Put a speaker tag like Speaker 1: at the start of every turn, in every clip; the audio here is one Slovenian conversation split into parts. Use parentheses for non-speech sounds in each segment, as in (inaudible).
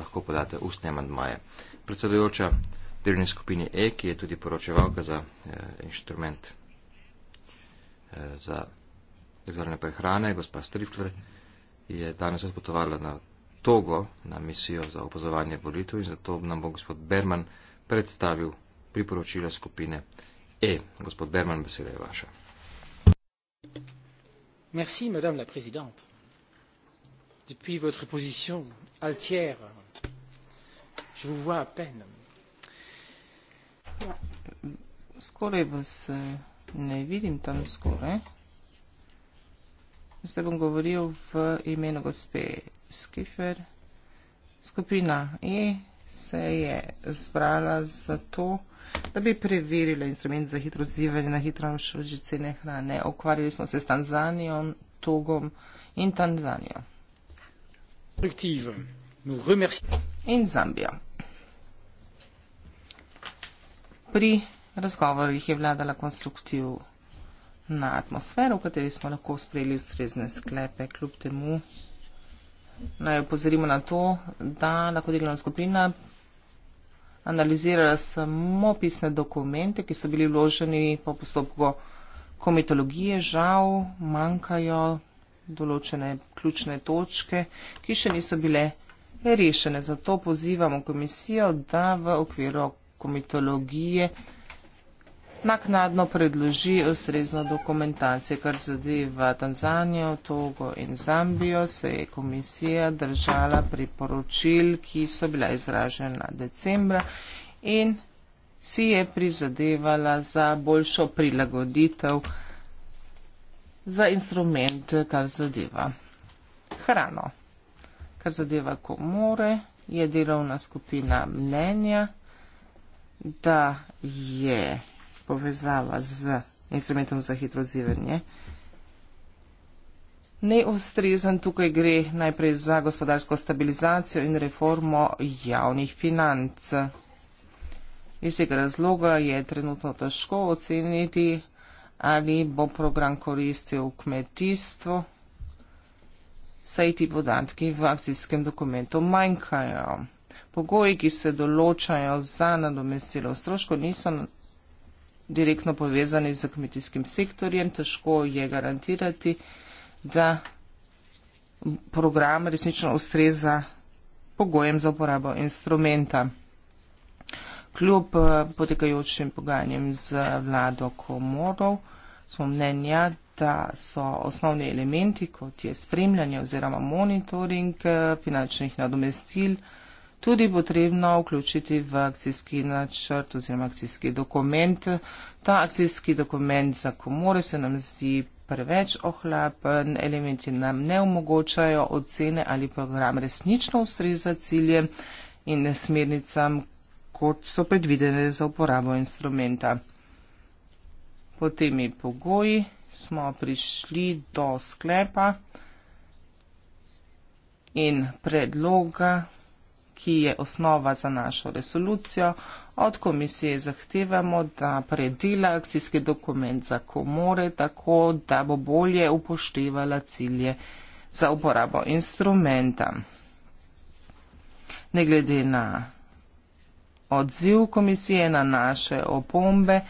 Speaker 1: lahko podate ustne amandmaje. Predsedujoča delovne skupine E, ki je tudi poročevalka za eh, inštrument eh, za regularne prehrane, gospa Strifler, je danes odpotovala na togo na misijo za opozovanje volitev in zato nam bo gospod Berman predstavil priporočila skupine E. Gospod Berman, beseda je vaša.
Speaker 2: Merci, madame la présidente. Depuis votre position altière
Speaker 3: je vous vois à peine. Skoraj vas eh, ne vidim tam skoraj. Zdaj bom govoril v imenu gospe Skifer. Skupina E se je zbrala za to, da bi preverila instrument za hitro odzivanje na hitro šloži cene hrane. Okvarjali smo se s Tanzanijom, Togom in Tanzanijo. In Zambijo pri razgovorih je vladala konstruktivna atmosfera, v kateri smo lahko sprejeli ustrezne sklepe. Kljub temu naj upozorimo na to, da lahko delovna skupina analizirala samo pisne dokumente, ki so bili vloženi po postopku komitologije. Žal manjkajo določene ključne točke, ki še niso bile rešene. Zato pozivamo komisijo, da v okviru komitologije naknadno predloži ustrezno dokumentacijo, kar zadeva Tanzanijo, Togo in Zambijo, se je komisija držala priporočil, ki so bila izražena decembra in si je prizadevala za boljšo prilagoditev za instrument, kar zadeva hrano. Kar zadeva komore, je delovna skupina mnenja da je povezava z instrumentom za hitro odzivanje. Neustrezen tukaj gre najprej za gospodarsko stabilizacijo in reformo javnih financ. Iz tega razloga je trenutno težko oceniti, ali bo program koristil kmetijstvu, saj ti podatki v akcijskem dokumentu manjkajo. Pogoji, ki se določajo za nadomestilo stroško, niso direktno povezani z kmetijskim sektorjem. Težko je garantirati, da program resnično ustreza pogojem za uporabo instrumenta. Kljub eh, potekajočim pogajanjem z vlado komorov smo mnenja, da so osnovni elementi, kot je spremljanje oziroma monitoring eh, finančnih nadomestil, tudi potrebno vključiti v akcijski načrt oziroma akcijski dokument. Ta akcijski dokument za komore se nam zdi preveč ohlapen, elementi nam ne omogočajo ocene ali program resnično ustreza cilje in smernicam, kot so predvidene za uporabo instrumenta. Po temi pogoji smo prišli do sklepa in predloga ki je osnova za našo resolucijo, od komisije zahtevamo, da predela akcijski dokument za komore tako, da bo bolje upoštevala cilje za uporabo instrumenta. Ne glede na odziv komisije na naše opombe,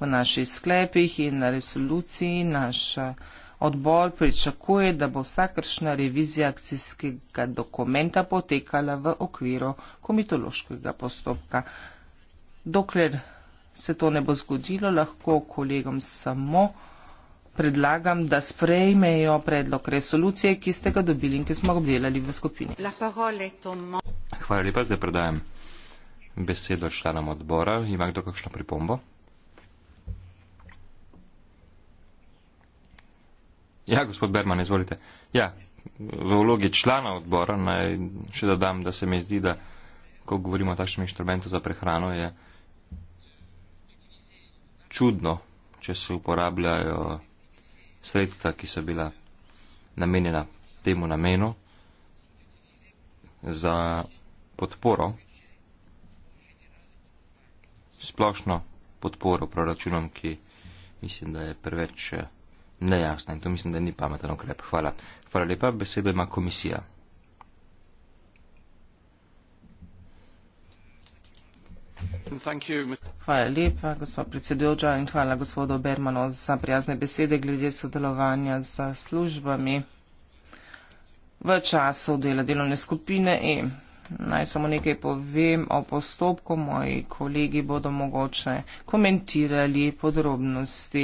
Speaker 3: v naših sklepih in na resoluciji naša. Odbor pričakuje, da bo vsakršna revizija akcijskega dokumenta potekala v okviru komitološkega postopka. Dokler se to ne bo zgodilo, lahko kolegom samo predlagam, da sprejmejo predlog resolucije, ki ste ga dobili in ki smo ga obdelali v skupini.
Speaker 2: Hvala
Speaker 1: lepa, da predajem besedo članom odbora. Ima kdo kakšno pripombo? Ja, gospod Berman, izvolite. Ja, v vlogi člana odbora naj še dodam, da se mi zdi, da ko govorimo o takšnem inštrumentu za prehrano, je čudno, če se uporabljajo sredstva, ki so bila namenjena temu namenu za podporo, splošno podporo proračunom, ki mislim, da je preveč. Eh, nejasna in to mislim, da ni pameten ukrep. Hvala. Hvala lepa. Besedo ima komisija.
Speaker 3: Hvala lepa, gospod predsedujoča in hvala gospodu Bermanu za prijazne besede glede sodelovanja z službami v času dela delovne skupine E. Naj samo nekaj povem o postopku. Moji kolegi bodo mogoče komentirali podrobnosti.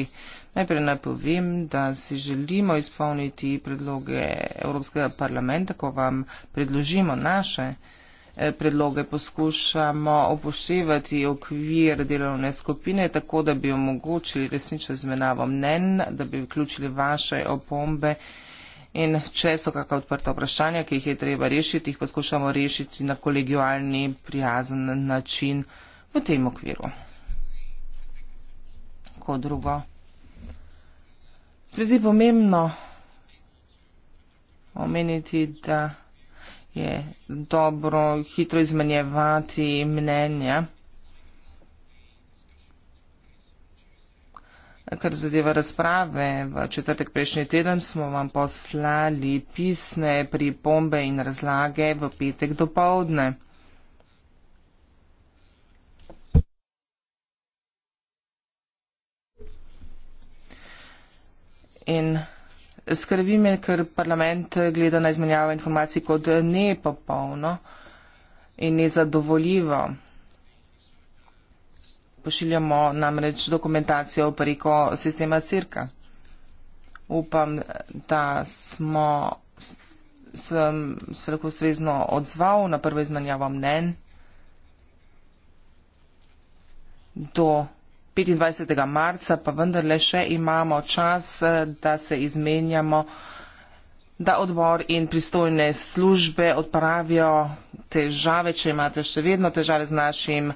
Speaker 3: Najprej naj povem, da si želimo izpolniti predloge Evropskega parlamenta, ko vam predložimo naše eh, predloge, poskušamo upoštevati okvir delovne skupine, tako da bi omogočili resnično izmenavo mnen, da bi vključili vaše opombe. In če so kakšna odprta vprašanja, ki jih je treba rešiti, jih poskušamo rešiti na kolegijalni, prijazen način v tem okviru. Kot drugo. Se mi zdi pomembno omeniti, da je dobro hitro izmenjevati mnenje. Kar zadeva razprave, v četrtek prejšnji teden smo vam poslali pisne pripombe in razlage v petek do povdne. In skrbi me, ker parlament gleda na izmenjavo informacij kot nepopolno in nezadovoljivo pošiljamo namreč dokumentacijo preko sistema Cirka. Upam, da smo, sem se lahko ustrezno odzval na prvo izmenjavo mnen do 25. marca, pa vendarle še imamo čas, da se izmenjamo, da odbor in pristojne službe odpravijo težave, če imate še vedno težave z našim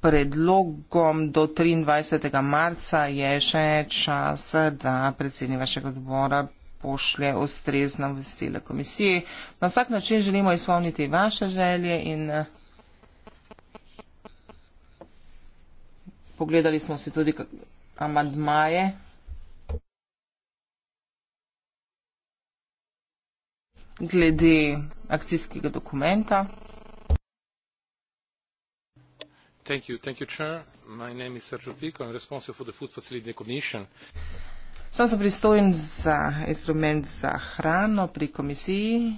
Speaker 3: predlogom do 23. marca je še čas, da predsednik vašega odbora pošlje ustrezna obvestila komisiji. Na vsak način želimo izpolniti vaše želje in eh, pogledali smo si tudi amadmaje. Glede akcijskega dokumenta. Sam sem pristojen za instrument za hrano pri komisiji.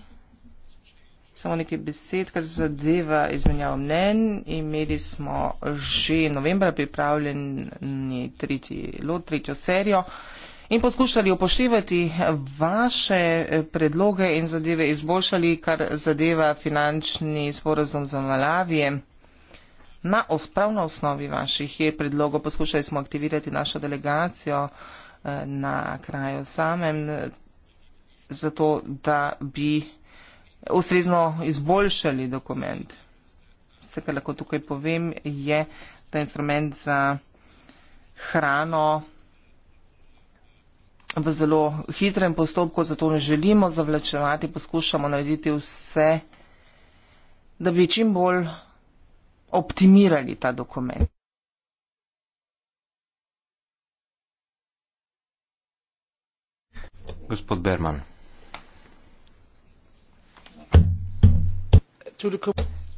Speaker 3: Samo nekaj besed, kar zadeva izmenjavo mnen. Imeli smo že novembra pripravljeni tretji lot, tretjo serijo in poskušali upoštevati vaše predloge in zadeve izboljšali, kar zadeva finančni sporozum za Malavijem. Na ospravno osnovi vaših je predlogo poskušali smo aktivirati našo delegacijo eh, na kraju samem, eh, zato da bi ustrezno izboljšali dokument. Vse, kar lahko tukaj povem, je, da instrument za hrano v zelo hitrem postopku, zato ne želimo zavlačevati, poskušamo narediti vse, da bi čim bolj optimirali ta dokument.
Speaker 1: Gospod Berman.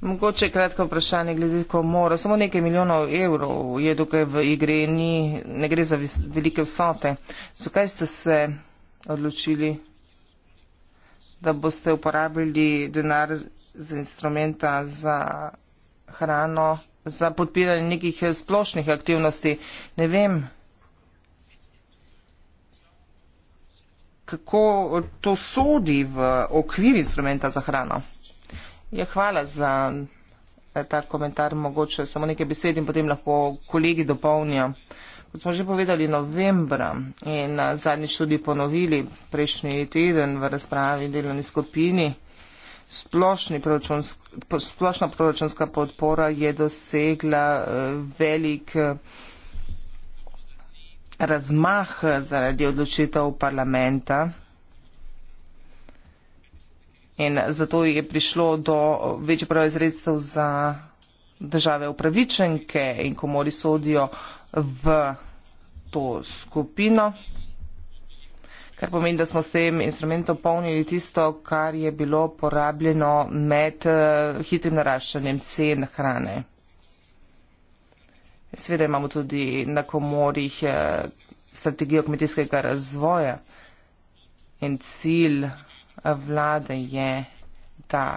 Speaker 3: Mogoče kratko vprašanje glede komora. Samo nekaj milijonov evrov je tukaj v igri, ni, ne gre za vis, velike vsote. Zakaj ste se odločili, da boste uporabili denar z instrumenta za hrano, za podpiranje nekih eh, splošnih aktivnosti. Ne vem, kako to sodi v okvir instrumenta za hrano. Ja, hvala za eh, ta komentar, mogoče samo nekaj besed in potem lahko kolegi dopolnijo. Kot smo že povedali novembra in eh, zadnjič tudi ponovili prejšnji teden v razpravi delovni skupini proračunsk, splošna proračunska podpora je dosegla eh, velik eh, razmah eh, zaradi odločitev parlamenta. In zato je prišlo do večje prave sredstev za države upravičenke in komori sodijo v to skupino kar pomeni, da smo s tem instrumentom polnili tisto, kar je bilo porabljeno med eh, hitrim naraščanjem cen hrane. Sveda imamo tudi na komorih eh, strategijo kmetijskega razvoja in cilj vlade je, da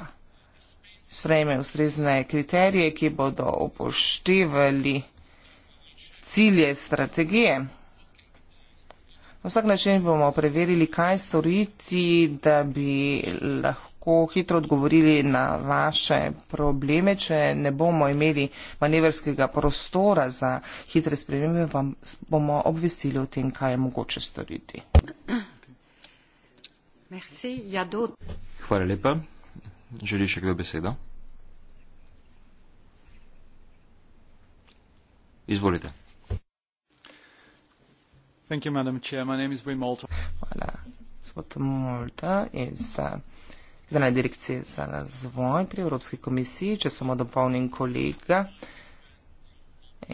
Speaker 3: sprejme ustrezne kriterije, ki bodo upoštevali cilje strategije. Na vsak način bomo preverili, kaj storiti, da bi lahko hitro odgovorili na vaše probleme. Če ne bomo imeli manevrskega prostora za hitre spremembe, vam bomo obvestili o tem, kaj je mogoče storiti.
Speaker 1: Hvala lepa. Želi še kdo besedo? Izvolite.
Speaker 4: Thank you, Madam Chair. My name is Wim Malta. Voilà.
Speaker 3: Votre multă însă de la direcție să razvoi pri Europskei Comisii, ce să mă dopolnim colega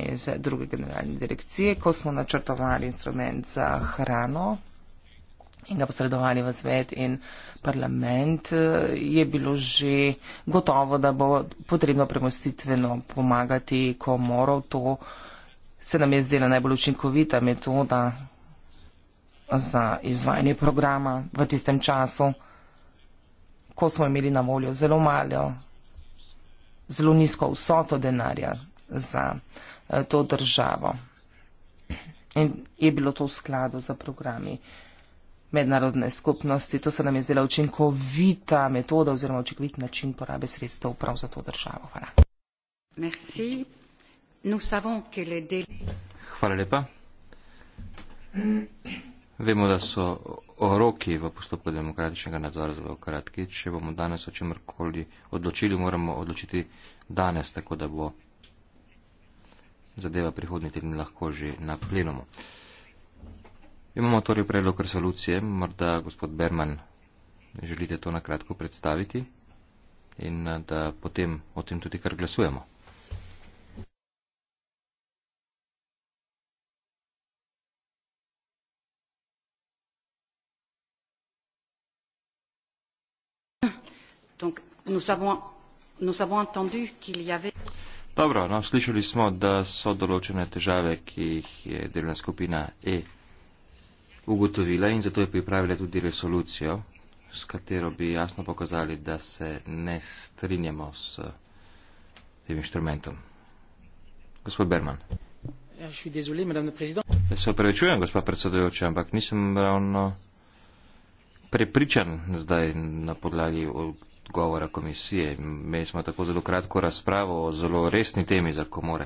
Speaker 3: iz druge generalne direkcije, ko smo načrtovali instrument za hrano in ga posredovali v svet in parlament, je bilo že gotovo, da bo potrebno premostitveno pomagati komorov to, uh, se nam je zdela najbolj učinkovita metoda za izvajanje programa v tistem času, ko smo imeli na voljo zelo malo, zelo nizko vsoto denarja za eh, to državo. In je bilo to v skladu za programi mednarodne skupnosti. To se nam je zdela učinkovita metoda oziroma učinkovit način porabe sredstev prav za
Speaker 1: to državo. Hvala.
Speaker 2: Merci.
Speaker 1: Hvala lepa. Vemo, da so roki v postopku demokratičnega nadzora zelo kratki. Če bomo danes o čemkoli odločili, moramo odločiti danes, tako da bo zadeva prihodnji teden lahko že na plenumu. Imamo torej predlog resolucije, morda gospod Berman želite to na kratko predstaviti in eh, da potem o tem tudi kar glasujemo.
Speaker 2: Donc, nous avons, nous avons entendu qu'il y avait.
Speaker 1: Dobro, no, slišali smo, da so določene težave, ki jih je delovna skupina E ugotovila in zato je pripravila tudi resolucijo, s katero bi jasno pokazali, da se ne strinjamo s tem inštrumentom. Gospod Berman. Ja, ja se opravičujem, gospa predsedujoča, ampak nisem ravno prepričan zdaj na podlagi govora komisije. Imeli smo tako zelo kratko razpravo o zelo resni temi za komore.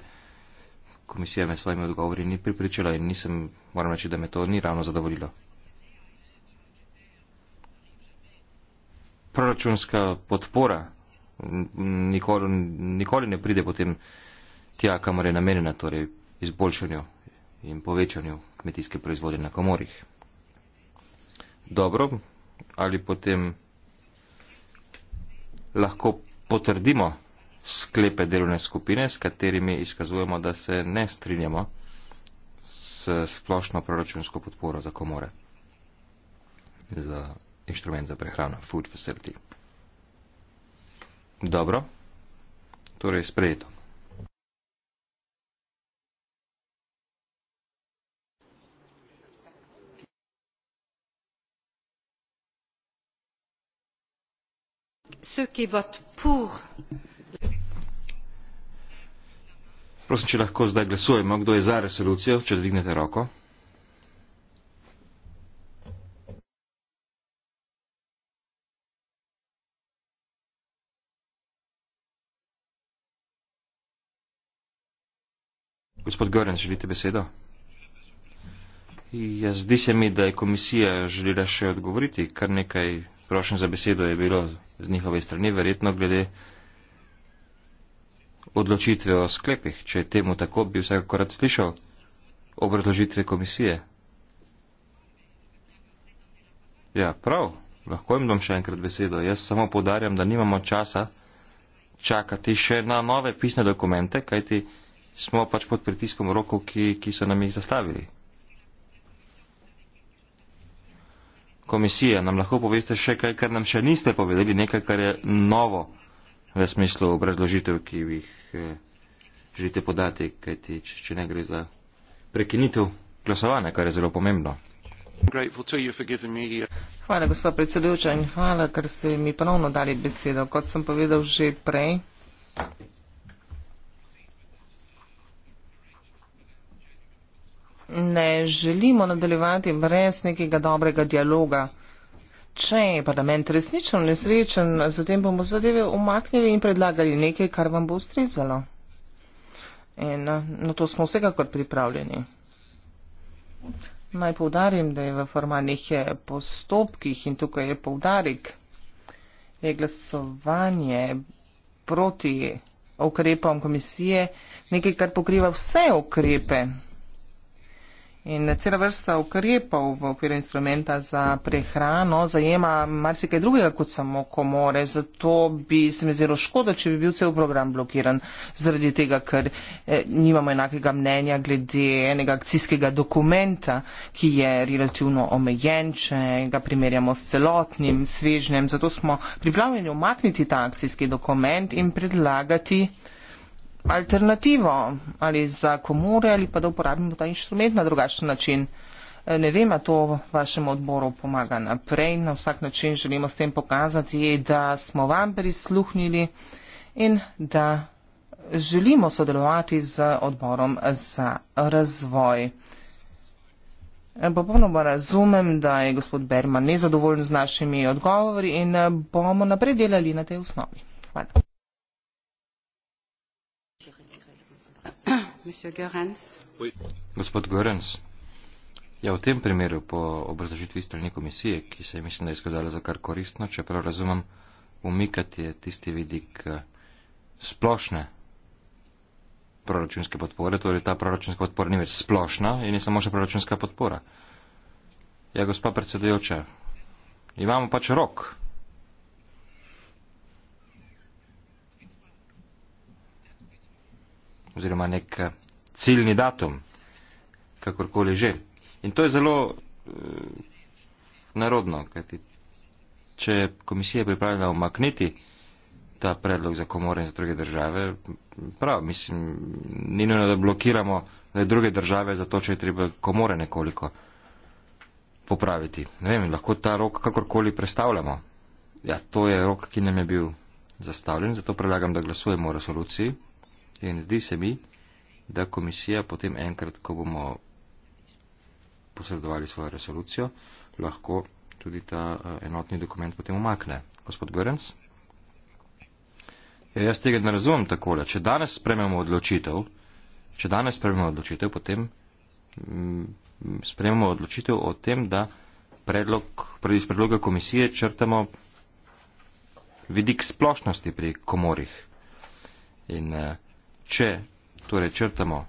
Speaker 1: Komisija me svojimi odgovori ni pripričala in nisem, moram reči, da me to ni ravno zadovoljilo. Proračunska podpora nikoli, nikoli ne pride potem tja, kamor je namenjena, torej izboljšanju in povečanju kmetijske proizvodnje na komorih. Dobro, ali potem lahko potrdimo sklepe delovne skupine, s katerimi izkazujemo, da se ne strinjamo s splošno proračunsko podporo za komore, za inštrument za prehrano, food facility. Dobro, torej sprejeto.
Speaker 2: ceux qui votent pour.
Speaker 1: Prosim, če lahko zdaj glasujemo, kdo je za resolucijo, če dvignete roko. Gospod Goren, želite besedo? Ja, zdi se mi, da je komisija želela še odgovoriti kar nekaj prošen za besedo je bilo z njihove strani, verjetno glede odločitve o sklepih. Če je temu tako, bi vsakokrat slišal obrazložitve komisije. Ja, prav, lahko jim dom še enkrat besedo. Jaz samo podarjam, da nimamo časa čakati še na nove pisne dokumente, kajti smo pač pod pritiskom rokov, ki, ki so nam jih zastavili. komisije, nam lahko poveste še kaj, kar nam še niste povedali, nekaj, kar je novo v smislu obrazložitev, ki bi jih eh, želite podati, kajti če ne gre za prekinitev glasovanja, kar je zelo pomembno.
Speaker 3: Hvala, gospod predsedujoča, in hvala, ker ste mi ponovno dali besedo. Kot sem povedal že prej, ne želimo nadaljevati brez nekega dobrega dialoga. Če je parlament resnično nesrečen, zatem bomo zadeve umaknili in predlagali nekaj, kar vam bo ustrezalo. In na, eh, na to smo vsekakor pripravljeni. Naj povdarim, da je v formalnih eh, postopkih in tukaj je povdarik, je glasovanje proti ukrepom komisije nekaj, kar pokriva vse ukrepe. In cela vrsta ukrepov v okviru instrumenta za prehrano zajema marsikaj drugega kot samo komore. Zato bi se mi zelo škoda, če bi bil cel program blokiran zaradi tega, ker eh, nimamo enakega mnenja glede enega akcijskega dokumenta, ki je relativno omejen, če ga primerjamo s celotnim svežnjem. Zato smo pripravljeni omakniti ta akcijski dokument in predlagati alternativo ali za komore ali pa da uporabimo ta inštrument na drugačen način. Ne vem, a to vašemu odboru pomaga naprej. Na vsak način želimo s tem pokazati, da smo vam prisluhnili in da želimo sodelovati z odborom za razvoj. Popolno pa razumem, da je gospod Berman nezadovoljen z našimi odgovori in bomo naprej delali na tej osnovi. Hvala.
Speaker 1: Gospod Gorens, ja, v tem primeru po obrazložitvi strani komisije, ki se je mislim, da je izkazala za kar koristno, čeprav razumem, umikati je tisti vidik eh, splošne proračunske podpore, torej ta proračunska podpora ni več splošna in je samo še proračunska podpora. Ja, gospa predsedujoča, imamo pač rok, oziroma nek eh, ciljni datum, kakorkoli že. In to je zelo uh, eh, narodno, kajti če je komisija pripravljena omakniti ta predlog za komore in za druge države, prav, mislim, ni nujno, da blokiramo da druge države, zato če je treba komore nekoliko popraviti. Ne vem, lahko ta rok kakorkoli predstavljamo. Ja, to je rok, ki nam je bil zastavljen, zato predlagam, da glasujemo o resoluciji. In zdi se mi, da komisija potem enkrat, ko bomo posredovali svojo resolucijo, lahko tudi ta eh, enotni dokument potem umakne. Gospod Görens? Ja, jaz tega ne razumem takole. Če danes sprememo odločitev, če danes sprememo odločitev, potem mm, sprememo odločitev o tem, da predlog, predlog iz predloga komisije črtamo vidik splošnosti pri komorih. In, uh, če torej črtamo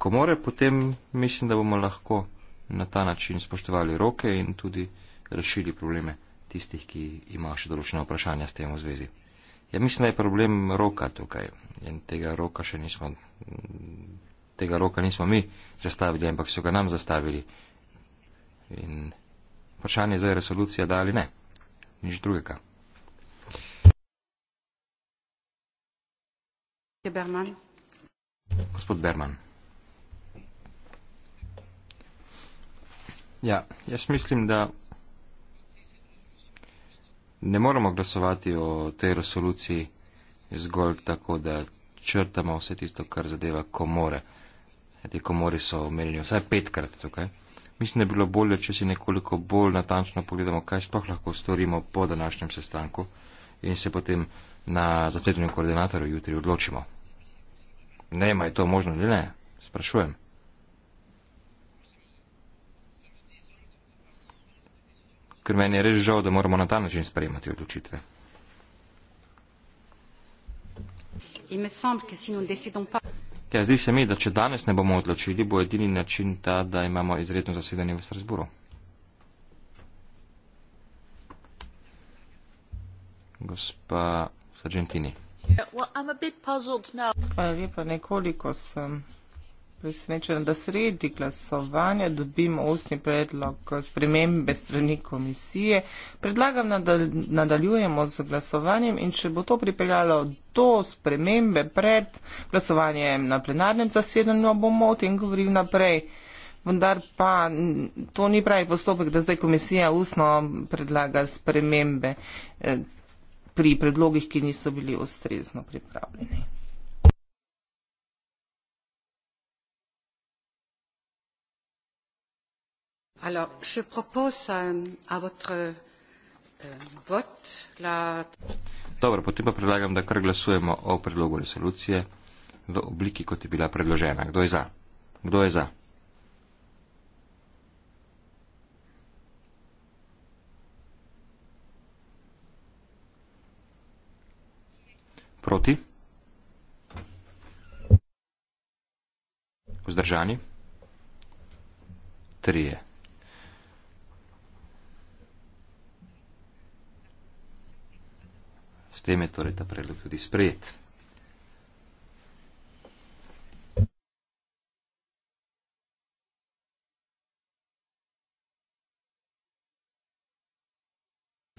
Speaker 1: komore, potem mislim, da bomo lahko na ta način spoštovali roke in tudi rešili probleme tistih, ki imajo še določene vprašanja s tem v zvezi. Ja, mislim, da je problem roka tukaj in tega roka še nismo, tega roka nismo mi zastavili, ampak so ga nam zastavili. In vprašanje za resolucija da ali ne, nič drugega. Herr Bermann. Gospod Berman. Ja, jaz mislim, da ne moramo glasovati o tej resoluciji zgolj tako, da črtamo vse tisto, kar zadeva komore. Te komore so omenjeni vsaj petkrat tukaj. Mislim, da bi bilo bolje, če si nekoliko bolj natančno pogledamo, kaj sploh lahko storimo po današnjem sestanku in se potem na zasedanju koordinatorju jutri odločimo. Ne vem, je to možno ali ne, sprašujem. Ker meni je res žal, da moramo na ta način sprejemati odločitve. Ja, zdi se mi, da če danes ne bomo odločili, bo edini način ta, da imamo izredno zasedanje v Strasburu. Gospa Sargentini. Hvala
Speaker 3: lepa. Nekoliko sem presenečena, da sredi glasovanja dobimo ustni predlog spremembe strani komisije. Predlagam, da nadaljujemo z glasovanjem in če bo to pripeljalo do spremembe pred glasovanjem na plenarnem zasedanju, bomo o tem govorili naprej. Vendar pa to ni pravi postopek, da zdaj komisija ustno predlaga spremembe pri predlogih, ki niso bili ustrezno pripravljeni.
Speaker 2: Euh, euh,
Speaker 1: Dobro, potem pa predlagam, da kar glasujemo o predlogu resolucije v obliki, kot je bila predložena. Kdo je za? Kdo je za? Proti? Vzdržani? Trije. S tem je torej ta predlog tudi sprejet.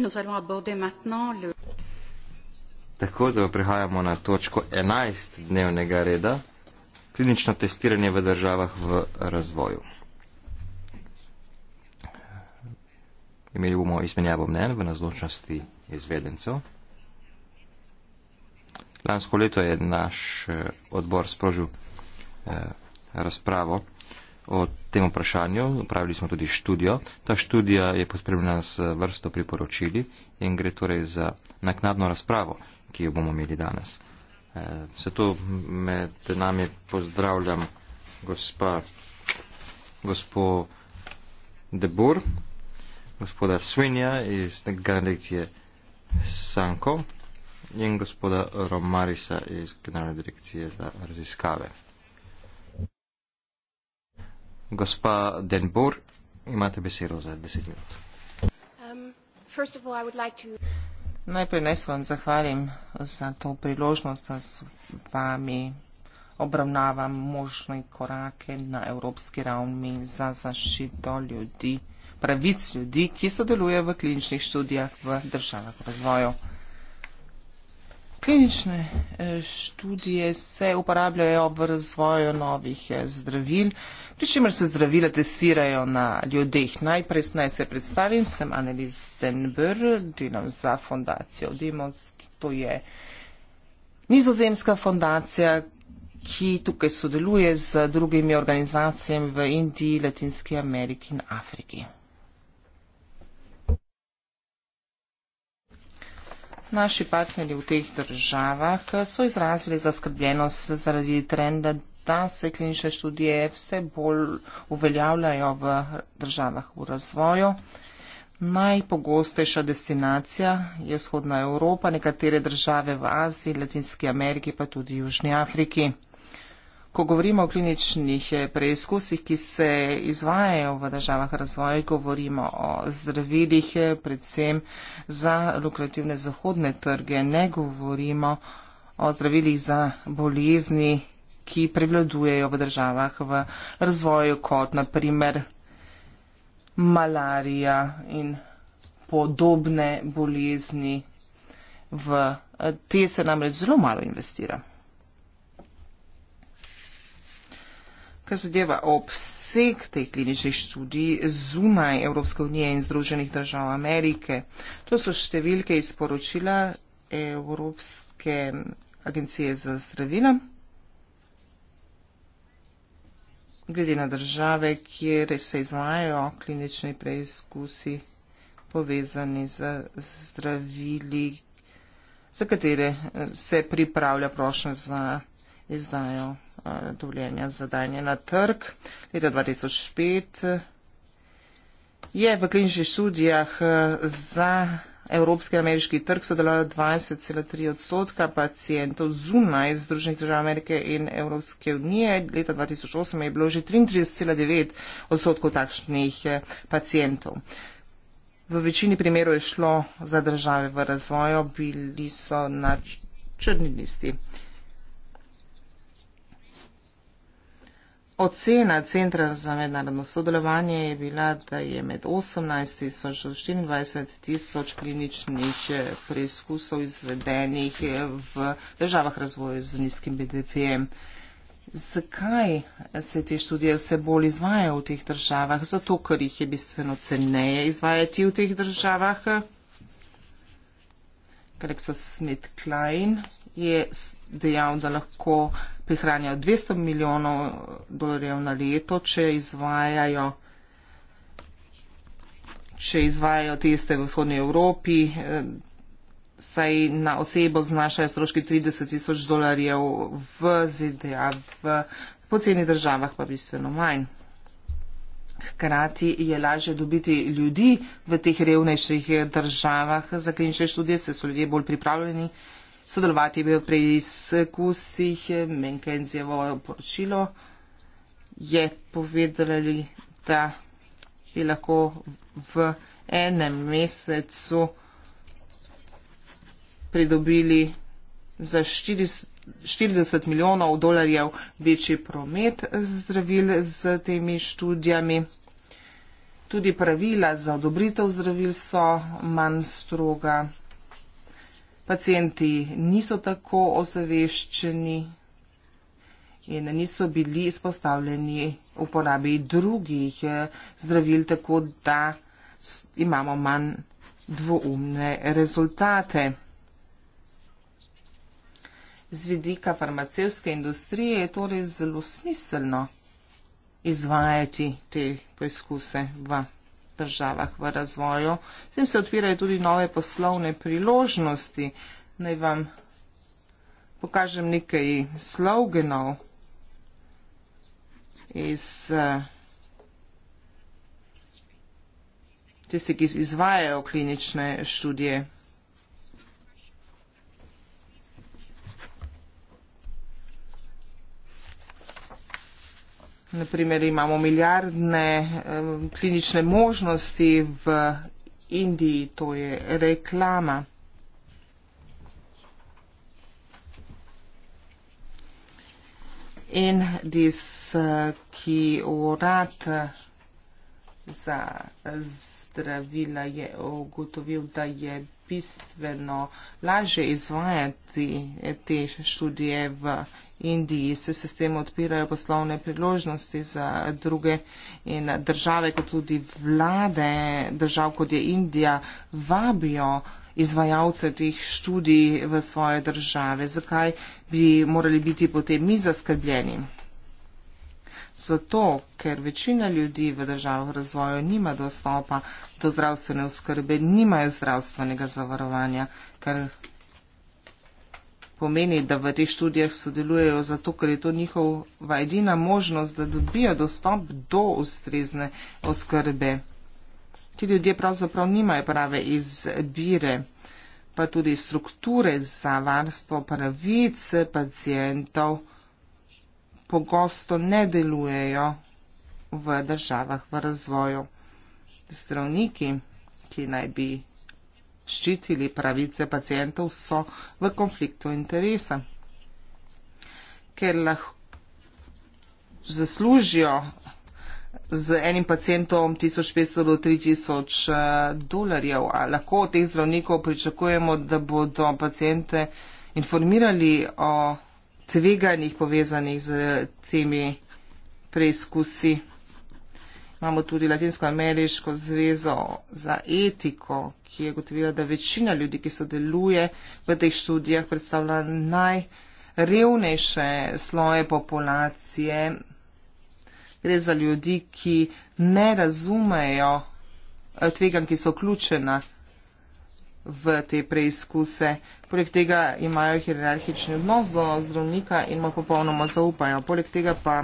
Speaker 2: Nous allons aborder maintenant le...
Speaker 1: Tako, da prehajamo na točko 11 dnevnega reda, klinično testiranje v državah v razvoju. Imeli bomo izmenjavo mnen v nazločnosti izvedencev. Lansko leto je naš eh, odbor sprožil eh, razpravo o tem vprašanju, upravili smo tudi študijo. Ta študija je pospremljena z vrsto priporočili in gre torej za naknadno razpravo ki jo bomo imeli danes. E, zato med nami pozdravljam gospa, gospo Debor, gospoda Svinja iz Generalitije Sanko in gospoda Romarisa iz Generalne direkcije za raziskave. Gospa Denbor, imate besedo za 10 minut.
Speaker 2: Um,
Speaker 3: Najprej naj se vam zahvalim za to priložnost, da z vami obravnavam možne korake na evropski ravni za zaščito ljudi, pravic ljudi, ki sodelujejo v kliničnih študijah v državah razvoju klinične e, študije se uporabljajo v razvoju novih e, zdravil, pri čemer se zdravila testirajo na ljudeh. Najprej naj se predstavim, sem Annelies Denber, delam za fondacijo Demos, to je nizozemska fondacija, ki tukaj sodeluje z drugimi organizacijami v Indiji, Latinski Ameriki in Afriki. Naši partnerji v teh državah eh, so izrazili zaskrbljenost zaradi trenda, da se klinične študije vse bolj uveljavljajo v državah v razvoju. Najpogostejša destinacija je vzhodna Evropa, nekatere države v Aziji, Latinski Ameriki pa tudi Južni Afriki. Ko govorimo o kliničnih eh, preizkusih, ki se izvajajo v državah razvoja, govorimo o zdravilih, eh, predvsem za lukrativne zahodne trge, ne govorimo o zdravilih za bolezni, ki prevladujejo v državah v razvoju, kot naprimer malarija in podobne bolezni. V eh, te se namreč zelo malo investira. Kar zadeva obseg teh kliničnih študij zunaj Evropske unije in Združenih držav Amerike, to so številke iz poročila Evropske agencije za zdravila. Glede na države, kjer se izvajajo klinični preizkusi povezani z zdravili, za katere se pripravlja prošnja za izdajo eh, dovoljenja za danje na trg. Leta 2005 je v kliničnih študijah eh, za evropski in ameriški trg sodelovalo 20,3 odstotka pacijentov zunaj Združenih držav Amerike in Evropske unije. Leta 2008 je bilo že 33,9 odstotkov takšnih eh, pacijentov. V večini primerov je šlo za države v razvoju, bili so na črni listi. Ocena Centra za mednarodno sodelovanje je bila, da je med 18 tisoč in 24 tisoč kliničnih eh, preizkusov izvedenih eh, v državah razvoju z nizkim BDP-em. Zakaj eh, se te študije vse bolj izvajajo v teh državah? Zato, ker jih je bistveno ceneje izvajati v teh državah. Alexa Smith Klein je dejal, da lahko prihranijo 200 milijonov dolarjev na leto, če izvajajo, če izvajajo teste v vzhodnji Evropi, eh, saj na osebo znašajo stroški 30 tisoč dolarjev v ZDA, v poceni državah pa bistveno manj. Hkrati je lažje dobiti ljudi v teh revnejših državah za klinične študije, se so ljudje bolj pripravljeni sodelovati je bil pri izkusih Menkenzjevo poročilo, je povedali, da bi lahko v enem mesecu pridobili za 40 milijonov dolarjev večji promet zdravil z temi študijami. Tudi pravila za odobritev zdravil so manj stroga pacijenti niso tako ozaveščeni in niso bili izpostavljeni uporabi drugih eh, zdravil, tako da imamo manj dvoumne rezultate. Z vidika farmacevske industrije je torej zelo smiselno izvajati te poizkuse v državah v razvoju. S tem se odpirajo tudi nove poslovne priložnosti. Naj vam pokažem nekaj sloganov iz eh, tistih, ki izvajajo klinične študije. naprimer imamo milijardne klinične možnosti v Indiji, to je reklama. Indis, eh, ki urad eh, za zdravila je ugotovil, da je bistveno lažje izvajati te študije v Indiji. Indiji. Se, se s tem odpirajo poslovne priložnosti za druge in države, kot tudi vlade držav, kot je Indija, vabijo izvajalce teh študij v svoje države. Zakaj bi morali biti potem mi zaskrbljeni? Zato, ker večina ljudi v državah razvoju nima dostopa do zdravstvene oskrbe, nimajo zdravstvenega zavarovanja, ker pomeni, da v teh študijah sodelujejo zato, ker je to njihova edina možnost, da dobijo dostop do ustrezne oskrbe. Ti ljudje pravzaprav nimajo prave izbire, pa tudi strukture za varstvo pravic pacijentov pogosto ne delujejo v državah v razvoju. Zdravniki, ki naj bi ščitili pravice pacijentov, so v konfliktu interesa. Ker lahko zaslužijo z enim pacijentom 1500 do 3000 eh, dolarjev, ali lahko od teh zdravnikov pričakujemo, da bodo pacijente informirali o tveganjih povezanih z temi preizkusi. Imamo tudi Latinsko-ameriško zvezo za etiko, ki je gotovila, da večina ljudi, ki sodeluje v teh študijah, predstavlja najrevnejše sloje populacije. Gre za ljudi, ki ne razumejo eh, tvegan, ki so vključena v te preizkuse. Poleg tega imajo hierarhični odnos do zdravnika in mu popolnoma zaupajo. Poleg tega pa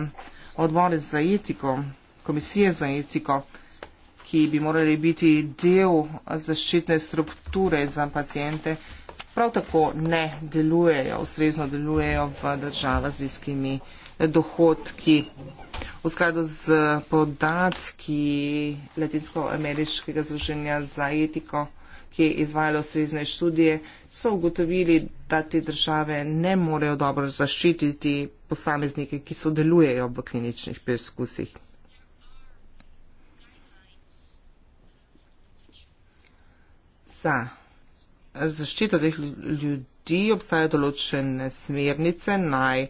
Speaker 3: odbore za etiko komisije za etiko, ki bi morali biti del zaščitne strukture za pacijente, prav tako ne delujejo, ustrezno delujejo v država z nizkimi dohodki. V skladu z podatki Latinsko-ameriškega združenja za etiko, ki je izvajalo ustrezne študije, so ugotovili, da te države ne morejo dobro zaščititi posameznike, ki sodelujejo v kliničnih preizkusih. za zaščito teh ljudi obstajajo določene smernice, naj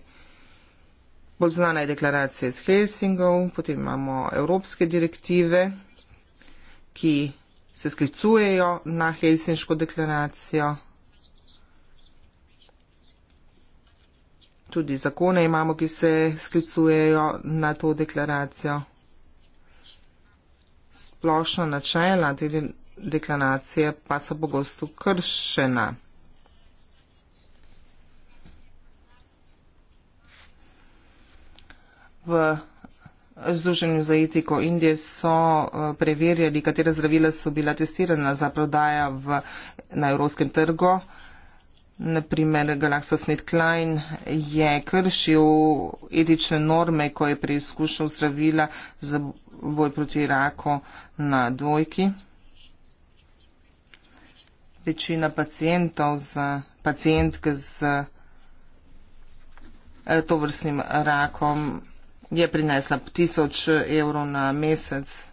Speaker 3: bolj znana je deklaracija iz Helsingov, potem imamo evropske direktive, ki se sklicujejo na Helsinško deklaracijo. Tudi zakone imamo, ki se sklicujejo na to deklaracijo. Splošna načela te deklanacije pa so pogosto kršena. V Združenju za etiko Indije so eh, preverjali, katere zdravila so bila testirana za prodaja v, na evropskem trgu. Naprimer, Galaxo Smith Klein je kršil etične norme, ko je preizkušal zdravila za boj proti raku na dojki večina pacijentov, z, pacijentke z eh, to vrstnim rakom je prinesla 1000 evrov na mesec.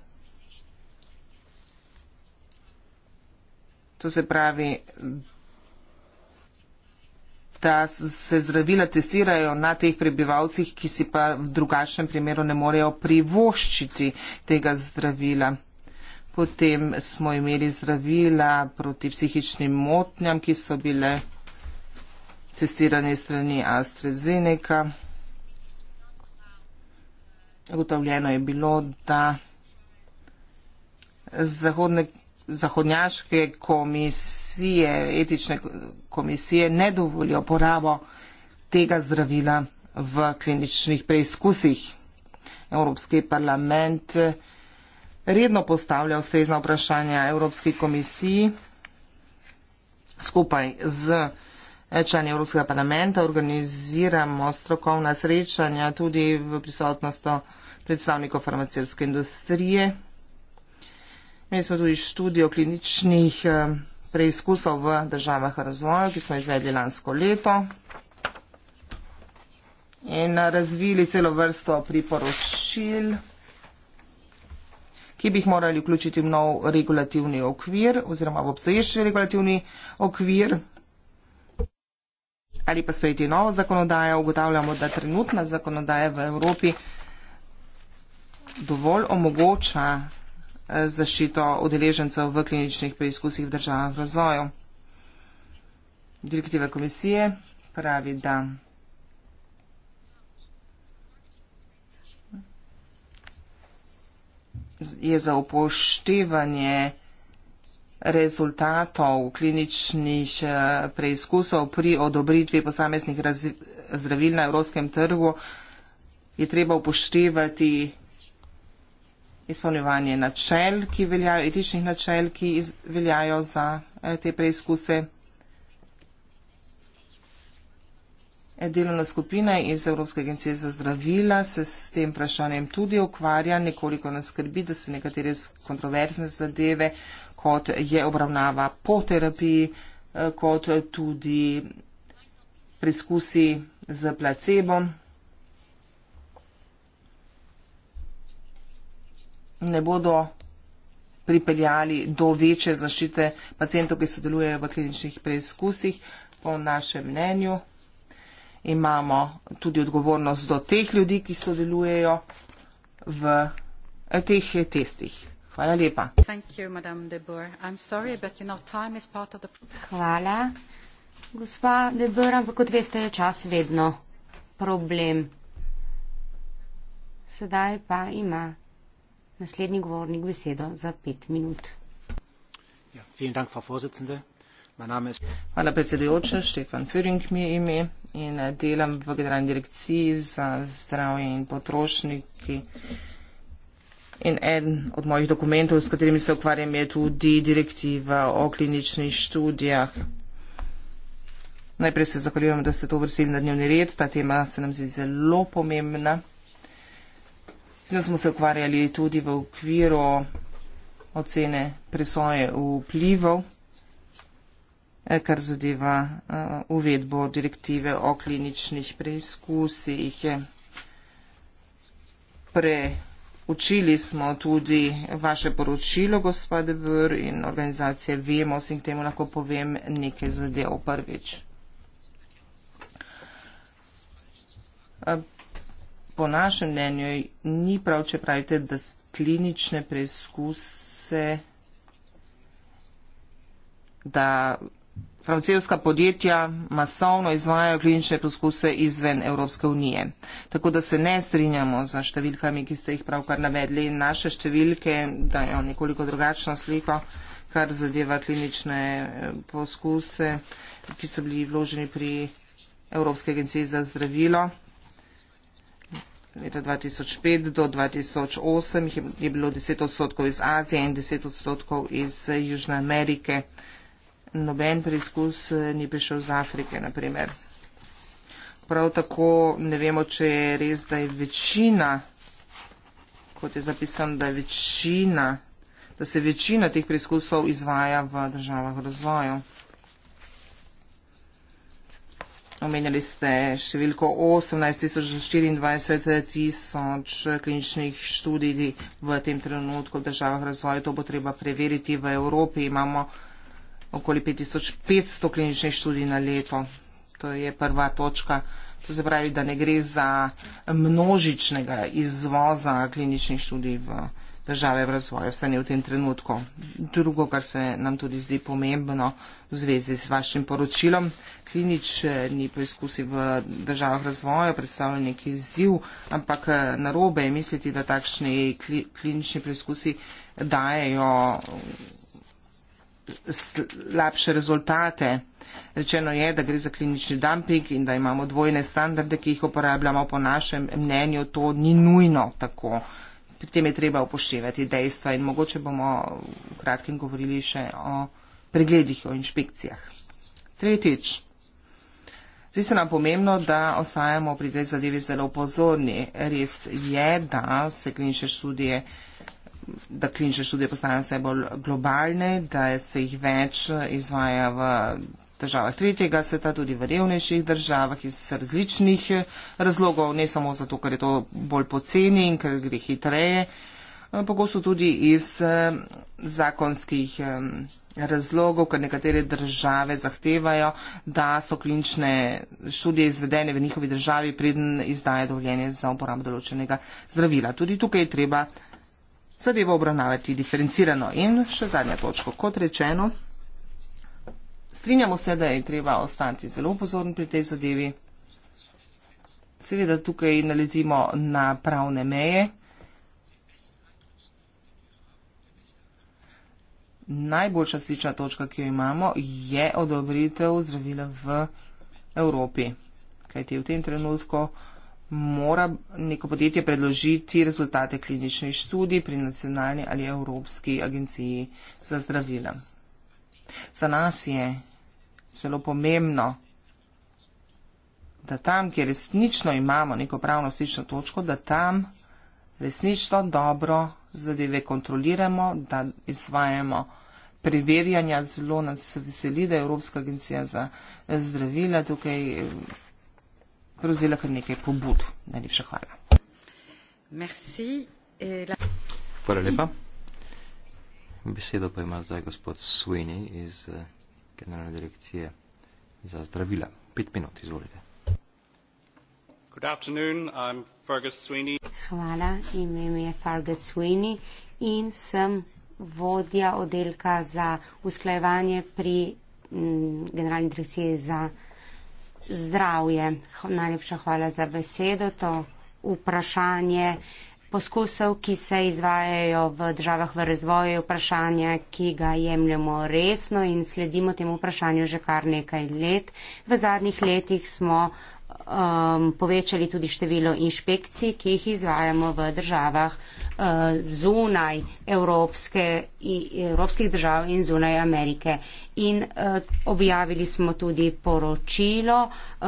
Speaker 3: To se pravi, da se zdravila testirajo na teh prebivalcih, ki si pa v drugačnem primeru ne morejo privoščiti tega zdravila. Potem smo imeli zdravila proti psihičnim motnjam, ki so bile testirane strani AstraZeneca. Ugotovljeno je bilo, da zahodne, zahodnjaške komisije, etične komisije ne dovolijo porabo tega zdravila v kliničnih preizkusih. Evropski parlament redno postavlja ustrezna vprašanja Evropski komisiji skupaj z eh, člani Evropskega parlamenta. Organiziramo strokovna srečanja tudi v prisotnosti predstavnikov farmacevske industrije. Imeli smo tudi študijo kliničnih eh, preizkusov v državah razvoja, ki smo izvedli lansko leto in eh, razvili celo vrsto priporočil ki bi jih morali vključiti v nov regulativni okvir oziroma v obstoječi regulativni okvir ali pa sprejeti novo zakonodajo. Ugotavljamo, da trenutna zakonodaja v Evropi dovolj omogoča eh, zaščito udeležencev v kliničnih preizkusih v državah razvoju. Direktiva komisije pravi, da je za upoštevanje rezultatov kliničnih eh, preizkusov pri odobritvi posameznih zdravil na evropskem trgu, je treba upoštevati izpolnjevanje načel, ki veljajo, etičnih načel, ki veljajo za eh, te preizkuse. Delovna skupina iz Evropske agencije za zdravila se s tem vprašanjem tudi ukvarja, nekoliko nas skrbi, da se nekatere kontroverzne zadeve, kot je obravnava po terapiji, eh, kot tudi preizkusi z placebom, ne bodo pripeljali do večje zaščite pacijentov, ki sodelujejo v kliničnih preizkusih, po našem mnenju imamo tudi odgovornost do teh ljudi, ki sodelujejo v
Speaker 4: eh, teh eh, testih. Hvala lepa.
Speaker 2: You, the...
Speaker 4: Hvala. Gospa De Boer, ampak kot veste, je čas vedno problem. Sedaj pa ima naslednji govornik besedo za pet minut.
Speaker 3: Ja, dank, Hvala predsedujoča, Štefan Füring mi je ime in eh, delam v generalni direkciji za zdravje in potrošniki. In eden od mojih dokumentov, s katerimi se ukvarjam, je tudi direktiva o kliničnih študijah. Najprej se zahvaljujem, da ste to vrsili na dnevni red. Ta tema se nam zdi zelo pomembna. Z njo smo se ukvarjali tudi v okviru ocene presoje vplivov. Eh, kar zadeva eh, uvedbo direktive o kliničnih preizkusih. Preučili smo tudi vaše poročilo, gospod Debr, in organizacije Vemo, in k temu lahko povem nekaj zadev prvič. Eh, po našem mnenju ni prav, če pravite, da klinične preizkuse da Francoska podjetja masovno izvajajo klinične poskuse izven Evropske unije. Tako da se ne strinjamo za številkami, ki ste jih pravkar navedli. Naše številke dajo nekoliko drugačno sliko, kar zadeva klinične eh, poskuse, ki so bili vloženi pri Evropske agenciji za zdravilo. Leta 2005 do 2008 je bilo 10 odstotkov iz Azije in 10 odstotkov iz Južne Amerike noben preizkus eh, ni prišel z Afrike, naprimer. Prav tako ne vemo, če je res, da je večina, kot je zapisano, da, večina, da se večina teh preizkusov izvaja v državah v razvoju. Omenjali ste številko 18.024 tisoč kliničnih študij v tem trenutku v državah razvoju. To bo treba preveriti v Evropi. Imamo okoli 5500 kliničnih študij na leto. To je prva točka. To se pravi, da ne gre za množičnega izvoza kliničnih študij v države v razvoju, vse ne v tem trenutku. Drugo, kar se nam tudi zdi pomembno v zvezi s vašim poročilom, klinični poizkusi v državah razvoja predstavljajo nek izziv, ampak eh, narobe je misliti, da takšni klinični poizkusi dajejo slabše rezultate. Rečeno je, da gre za klinični dumping in da imamo dvojne standarde, ki jih uporabljamo po našem mnenju. To ni nujno tako. Pri tem je treba upoštevati dejstva in mogoče bomo v kratkem govorili še o pregledih, o inšpekcijah. Tretjič. Zdi se nam pomembno, da ostajamo pri tej zadevi zelo pozorni. Res je, da se klinične študije da klinične študije postanejo vse bolj globalne, da se jih več izvaja v državah tretjega sveta, tudi v revnejših državah iz različnih razlogov, ne samo zato, ker je to bolj poceni in ker gre hitreje, eh, pogosto tudi iz eh, zakonskih eh, razlogov, ker nekatere države zahtevajo, da so klinične študije izvedene v njihovi državi, preden izdaje dovoljenje za uporabo določenega zdravila. Tudi tukaj je treba zadevo obravnavati diferencirano. In še zadnja točka, kot rečeno, strinjamo se, da je treba ostati zelo pozoren pri tej zadevi. Seveda tukaj naletimo na pravne meje. Najboljša stična točka, ki jo imamo, je odobritev zdravila v Evropi. Kajti v tem trenutku mora neko podjetje predložiti rezultate kliničnih študij pri nacionalni ali evropski agenciji za zdravila. Za nas je zelo pomembno, da tam, kjer resnično imamo neko pravno slično točko, da tam resnično dobro zadeve kontroliramo, da izvajamo preverjanja. Zelo nas veseli, da je Evropska agencija za zdravila tukaj prevzela kar nekaj pobud. Najlepša hvala.
Speaker 2: Merci. Eh, la...
Speaker 1: Hvala lepa. Besedo pa ima zdaj gospod Sweeney iz eh, Generalne direkcije za zdravila. Pet minut, izvolite.
Speaker 4: Hvala, ime mi je Fergus Sweeney in sem vodja oddelka za usklajevanje pri m, mm, Generalni direkciji za zdravila zdravje. Najlepša hvala za besedo. To vprašanje poskusov, ki se izvajajo v državah v razvoju, vprašanja, ki ga jemljamo resno in sledimo temu vprašanju že kar nekaj let. V zadnjih letih smo um, povečali tudi število inšpekcij, ki jih izvajamo v državah Eh, zunaj Evropske, Evropskih držav in zunaj Amerike. In eh, objavili smo tudi poročilo eh,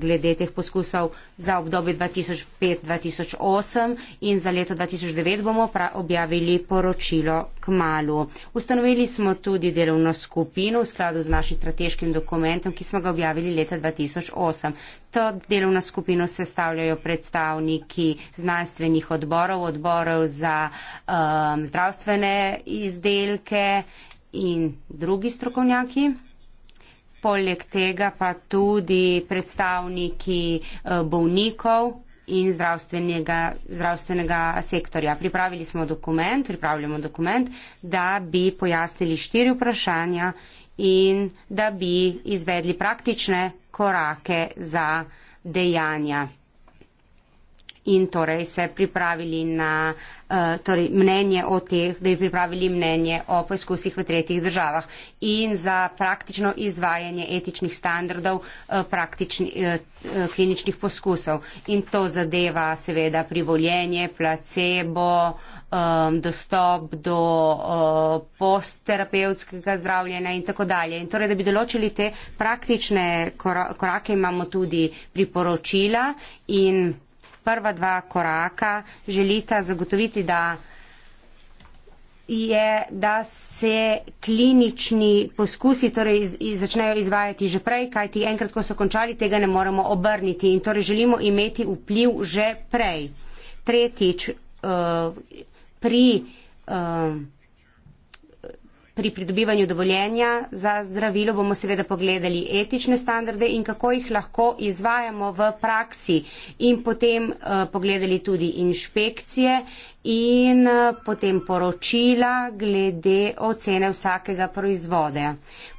Speaker 4: glede teh poskusov za obdobje 2005-2008 in za leto 2009 bomo objavili poročilo k malu. Ustanovili smo tudi delovno skupino v skladu z našim strateškim dokumentom, ki smo ga objavili leta 2008. To delovno skupino sestavljajo predstavniki znanstvenih odborov, odborov za um, zdravstvene izdelke in drugi strokovnjaki. Poleg tega pa tudi predstavniki uh, bolnikov in zdravstvenega, zdravstvenega sektorja. Pripravili smo dokument, pripravljamo dokument, da bi pojasnili štiri vprašanja in da bi izvedli praktične korake za dejanja in torej se pripravili na uh, torej mnenje o teh, da bi pripravili mnenje o poskusih v tretjih državah in za praktično izvajanje etičnih standardov uh, praktični, uh, kliničnih poskusov. In to zadeva seveda privoljenje, placebo, um, dostop do uh, postterapevtskega zdravljenja in tako dalje. In torej, da bi določili te praktične korake, imamo tudi priporočila in prva dva koraka želita zagotoviti, da je, da se klinični poskusi torej, iz, začnejo izvajati že prej, kajti enkrat, ko so končali, tega ne moremo obrniti in torej želimo imeti vpliv že prej. Tretjič, uh, pri uh, pri pridobivanju dovoljenja za zdravilo bomo seveda pogledali etične standarde in kako jih lahko izvajamo v praksi in potem uh, pogledali tudi inšpekcije in uh, potem poročila glede ocene vsakega proizvode.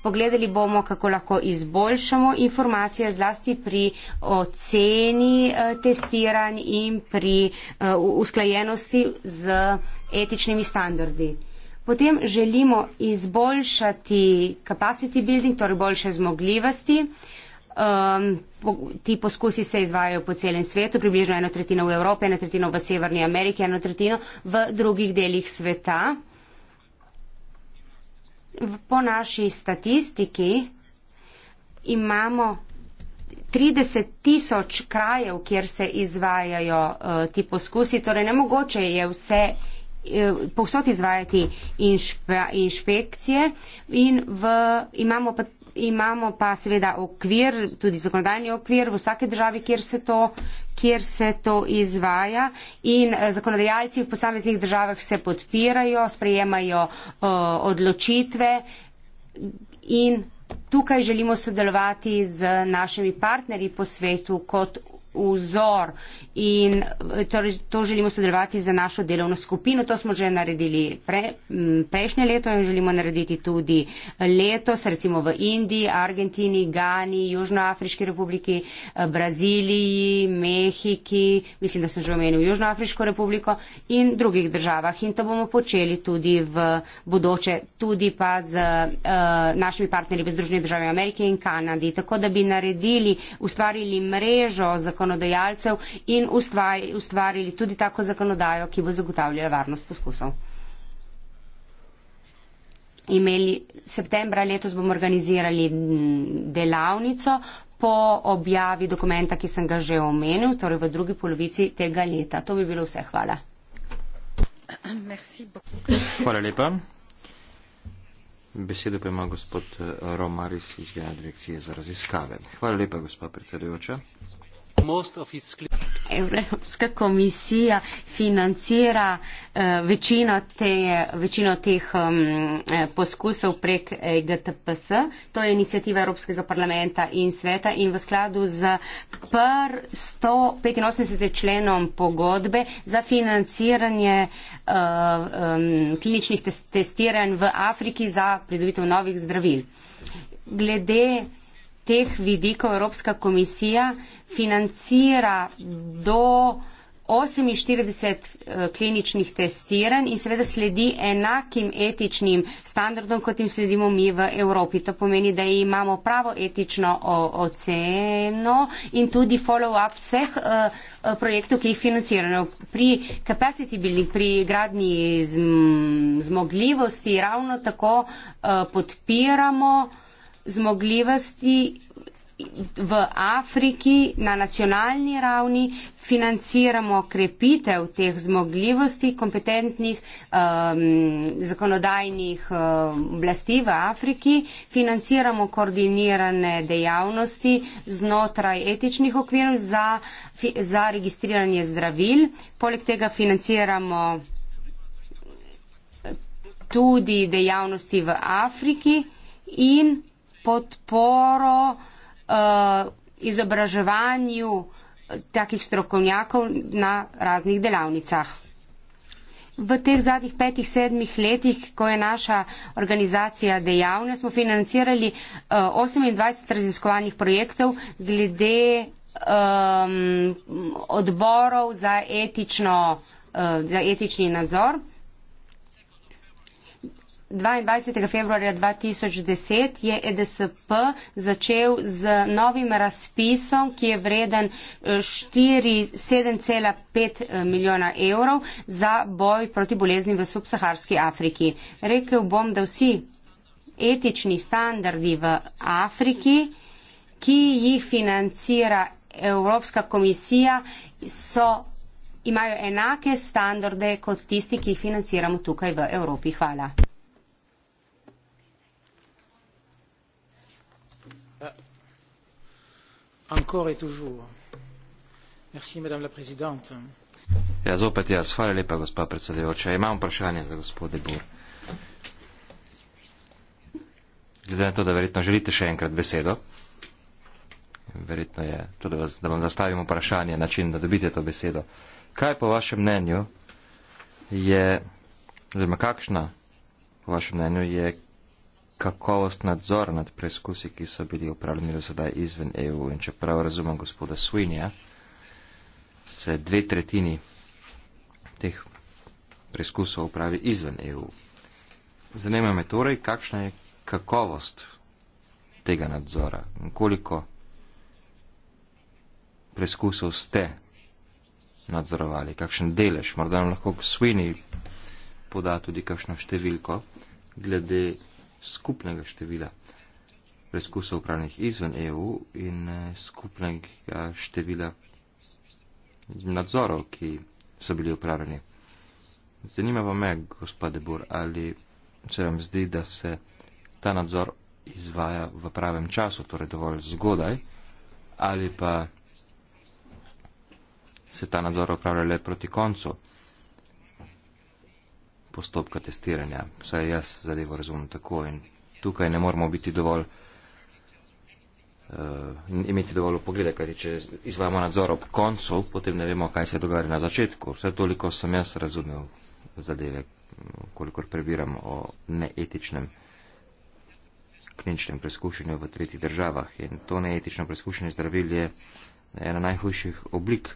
Speaker 4: Pogledali bomo, kako lahko izboljšamo informacije zlasti pri oceni uh, testiranj in pri uh, usklajenosti z etičnimi standardi. Potem želimo izboljšati capacity building, torej boljše zmogljivosti. Um, ti poskusi se izvajajo po celem svetu, približno eno tretjino v Evropi, eno tretjino v Severni Ameriki, eno tretjino v drugih delih sveta. Po naši statistiki imamo 30 tisoč krajev, kjer se izvajajo uh, ti poskusi, torej nemogoče je vse Eh, povsod izvajati inšpe, inšpekcije in v, imamo pa. Imamo pa seveda okvir, tudi zakonodajni okvir v vsake državi, kjer se to, kjer se to izvaja in eh, zakonodajalci v posameznih državah se podpirajo, sprejemajo uh, odločitve in tukaj želimo sodelovati z našimi partnerji po svetu kot vzor in eh, torej, to želimo sodelovati za našo delovno skupino. To smo že naredili pre, prejšnje leto in želimo narediti tudi eh, letos, recimo v Indiji, Argentini, Gani, Južnoafriški republiki, eh, Braziliji, Mehiki, mislim, da sem že omenil Južnoafriško republiko in drugih državah. In to bomo počeli tudi v bodoče, tudi pa z uh, našimi partnerji v Združenih državah Amerike in Kanadi. Tako da bi naredili, ustvarili mrežo zakonodajalcev in in ustvari, ustvarili tudi tako zakonodajo, ki bo zagotavljala varnost poskusov. Imeli, septembra letos bomo organizirali delavnico po objavi dokumenta, ki sem ga že omenil, torej v drugi polovici tega leta. To bi bilo vse. Hvala.
Speaker 1: Hvala lepa. Besedo pa ima gospod Romaris iz Generalne direkcije za raziskave. Hvala lepa, gospod predsedujoča.
Speaker 4: Evropska komisija financira uh, večino, te, večino teh um, eh, poskusov prek eh, GTPS. To je inicijativa Evropskega parlamenta in sveta in v skladu z pr 185 členom pogodbe za financiranje uh, um, kliničnih tes testiranj v Afriki za pridobitev novih zdravil. Glede teh vidikov Evropska komisija financira do 48 eh, kliničnih testiranj in seveda sledi enakim etičnim standardom, kot jim sledimo mi v Evropi. To pomeni, da imamo pravo etično oceno in tudi follow-up vseh eh, eh, projektov, ki jih financirajo. Pri capacity building, pri gradni zmogljivosti ravno tako podpiramo zmogljivosti v Afriki na nacionalni ravni financiramo krepitev teh zmogljivosti kompetentnih um, zakonodajnih um, oblasti um, v Afriki, financiramo koordinirane dejavnosti znotraj etičnih okvirov za, za registriranje zdravil. Poleg tega financiramo tudi dejavnosti v Afriki in podporo uh, izobraževanju takih strokovnjakov na raznih delavnicah. V teh zadnjih petih, sedmih letih, ko je naša organizacija dejavna, smo financirali uh, eh, 28 raziskovalnih projektov glede um, odborov za, etično, uh, za etični nadzor. 22. februarja 2010 je EDSP začel z novim razpisom, ki je vreden 47,5 eh, eh, milijona evrov za boj proti bolezni v subsaharski Afriki. Rekel bom, da vsi etični standardi v Afriki, ki jih financira Evropska komisija, so imajo enake standarde kot tisti, ki jih financiramo tukaj v Evropi. Hvala.
Speaker 3: encore et toujours.
Speaker 2: Merci, Madame la Présidente.
Speaker 1: Ja, zopet jaz. Hvala lepa, gospod predsedujoča. Imam vprašanje za gospod Debor. Glede na to, da verjetno želite še enkrat besedo, verjetno je to, da vam zastavim vprašanje, način, da dobite to besedo. Kaj po vašem mnenju je, oziroma kakšna po vašem mnenju je kakovost nadzora nad preizkusi, ki so bili upravljeni do sedaj izven EU. In če prav razumem gospoda Swinja, se dve tretjini teh preizkusov upravi izven EU. Zanima me torej, kakšna je kakovost tega nadzora in koliko preizkusov ste nadzorovali, kakšen delež. Morda nam lahko Swinji poda tudi kakšno številko glede skupnega števila preskusov upravljenih izven EU in eh, skupnega števila nadzorov, ki so bili upravljeni. Zanima me, gospod Debor, ali se vam zdi, da se ta nadzor izvaja v pravem času, torej dovolj zgodaj, ali pa se ta nadzor opravlja le proti koncu postopka testiranja. Vsaj jaz zadevo razumem tako in tukaj ne moramo biti dovolj, uh, imeti dovolj pogleda, kajti če izvajamo nadzor ob koncu, potem ne vemo, kaj se je dogajalo na začetku. Vse toliko sem jaz razumel zadeve, kolikor prebiram o neetičnem kliničnem preskušanju v tretjih državah. In to neetično preskušanje zdravil je ena najhujših oblik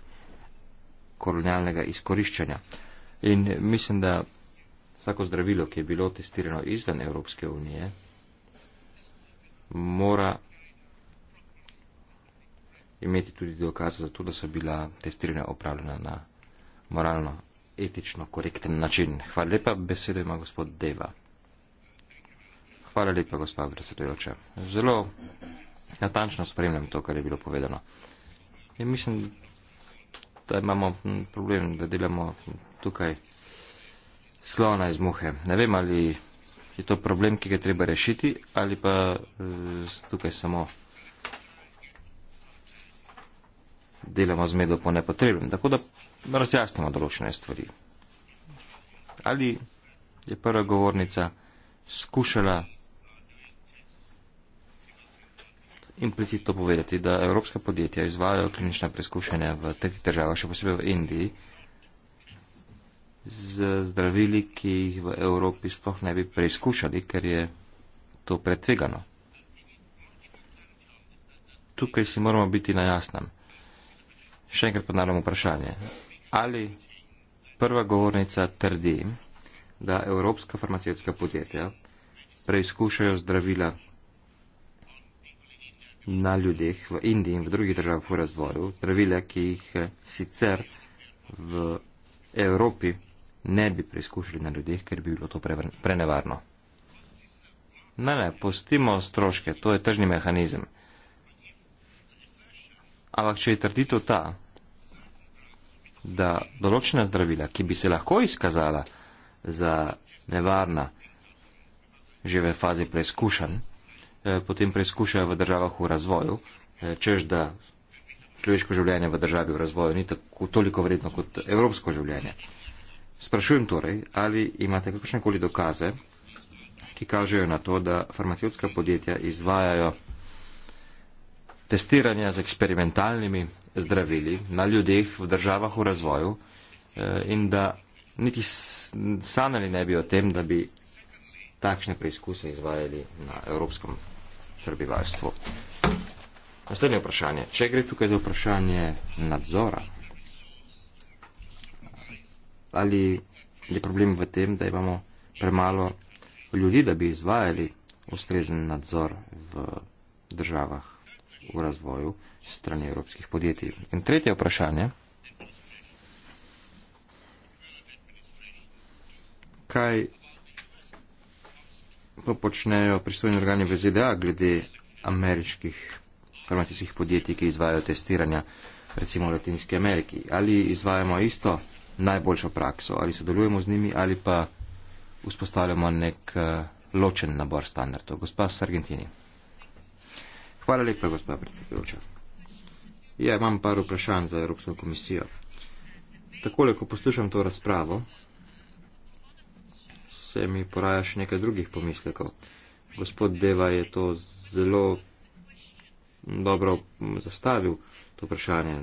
Speaker 1: kolonialnega izkoriščanja. In mislim, da Vsako zdravilo, ki je bilo testirano izven Evropske unije, mora imeti tudi dokaze za to, da so bila testiranja opravljena na moralno, etično, korekten način. Hvala lepa, besedo ima gospod Deva. Hvala lepa, gospa predsedujoča. Zelo natančno spremljam to, kar je bilo povedano. In mislim, da imamo problem, da delamo tukaj slona iz muhe. Ne vem, ali je to problem, ki ga treba rešiti, ali pa eh, tukaj samo delamo zmedo po nepotrebnem. Tako da razjasnimo določene stvari. Ali je prva govornica skušala implicitno povedati, da evropska podjetja izvajo klinična preizkušanja v teh državah, še posebej v Indiji, z zdravili, ki jih v Evropi sploh ne bi preizkušali, ker je to pretvegano. Tukaj si moramo biti na jasnem. Še enkrat ponavljam vprašanje. Ali prva govornica trdi, da evropska farmacijska podjetja preizkušajo zdravila na ljudeh v Indiji in v drugih državah v razvoju, zdravila, ki jih sicer v Evropi ne bi preizkušali na ljudeh, ker bi bilo to prenevarno. Ne, ne, pustimo stroške, to je tržni mehanizem. Ampak če je trditev ta, da določena zdravila, ki bi se lahko izkazala za nevarna, že v fazi preizkušen, eh, potem preizkušajo v državah v razvoju, eh, čež da človeško življenje v državi v razvoju ni tako toliko vredno kot evropsko življenje. Sprašujem torej, ali imate kakršnekoli dokaze, ki kažejo na to, da farmacijska podjetja izvajajo testiranja z eksperimentalnimi zdravili na ljudeh v državah v razvoju eh, in da niti sanjali ne bi o tem, da bi takšne preizkuse izvajali na evropskem prebivalstvu. Naslednje vprašanje. Če gre tukaj za vprašanje nadzora ali je problem v tem, da imamo premalo ljudi, da bi izvajali ustrezen nadzor v državah v razvoju strani evropskih podjetij. In tretje vprašanje. Kaj pa počnejo pristojni organi v ZDA glede ameriških farmacijskih podjetij, ki izvajo testiranja recimo v Latinski Ameriki? Ali izvajamo isto najboljšo prakso, ali sodelujemo z njimi, ali pa vzpostavljamo nek eh, ločen nabor standardov. Gospa s Argentini. Hvala lepa, gospa predsedujoča. Ja, imam par vprašanj za Evropsko komisijo. Takole, ko poslušam to razpravo, se mi poraja še nekaj drugih pomislekov. Gospod Deva je to zelo dobro zastavil to vprašanje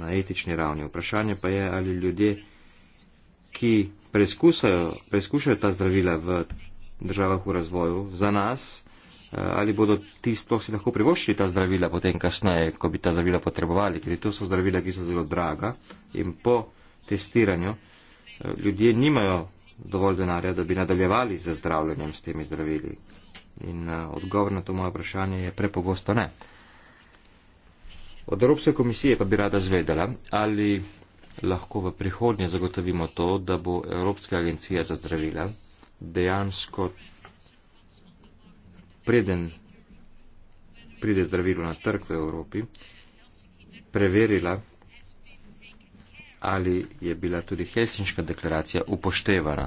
Speaker 1: na etični ravni. Vprašanje pa je, ali ljudje, ki preizkusajo, preizkušajo ta zdravila v državah v razvoju za nas, eh, ali bodo ti sploh si lahko privoščili ta zdravila potem kasneje, ko bi ta zdravila potrebovali, ker to so zdravila, ki so zelo draga in po testiranju eh, ljudje nimajo dovolj denarja, da bi nadaljevali z zdravljenjem s temi zdravili. In eh, odgovor na to moje vprašanje je prepogosto ne. Od Evropske komisije pa bi rada zvedela, ali lahko v prihodnje zagotovimo to, da bo Evropska agencija za zdravila dejansko preden pride zdravilo na trg v Evropi, preverila, ali je bila tudi Helsinška deklaracija upoštevana,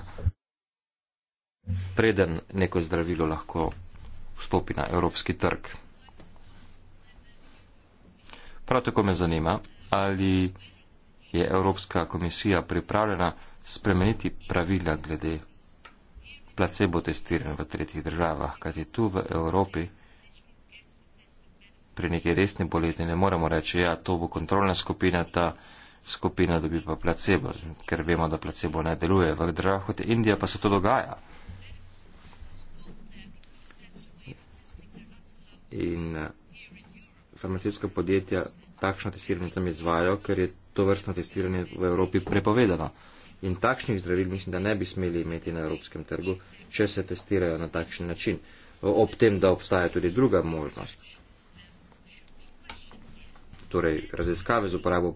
Speaker 1: preden neko zdravilo lahko vstopi na evropski trg. Prav tako me zanima, ali je Evropska komisija pripravljena spremeniti pravila glede placebo testiranj v tretjih državah, kajti tu v Evropi pri neki resni bolezni ne moremo reči, ja, to bo kontrolna skupina, ta skupina dobi pa placebo, ker vemo, da placebo ne deluje. V državah kot je Indija pa se to dogaja. In farmacijsko podjetja takšno testiranje tam izvajo, ker je to vrstno testiranje v Evropi prepovedano. In takšnih zdravil mislim, da ne bi smeli imeti na evropskem trgu, če se testirajo na takšen način. Ob tem, da obstaja tudi druga možnost. Torej, raziskave z uporabo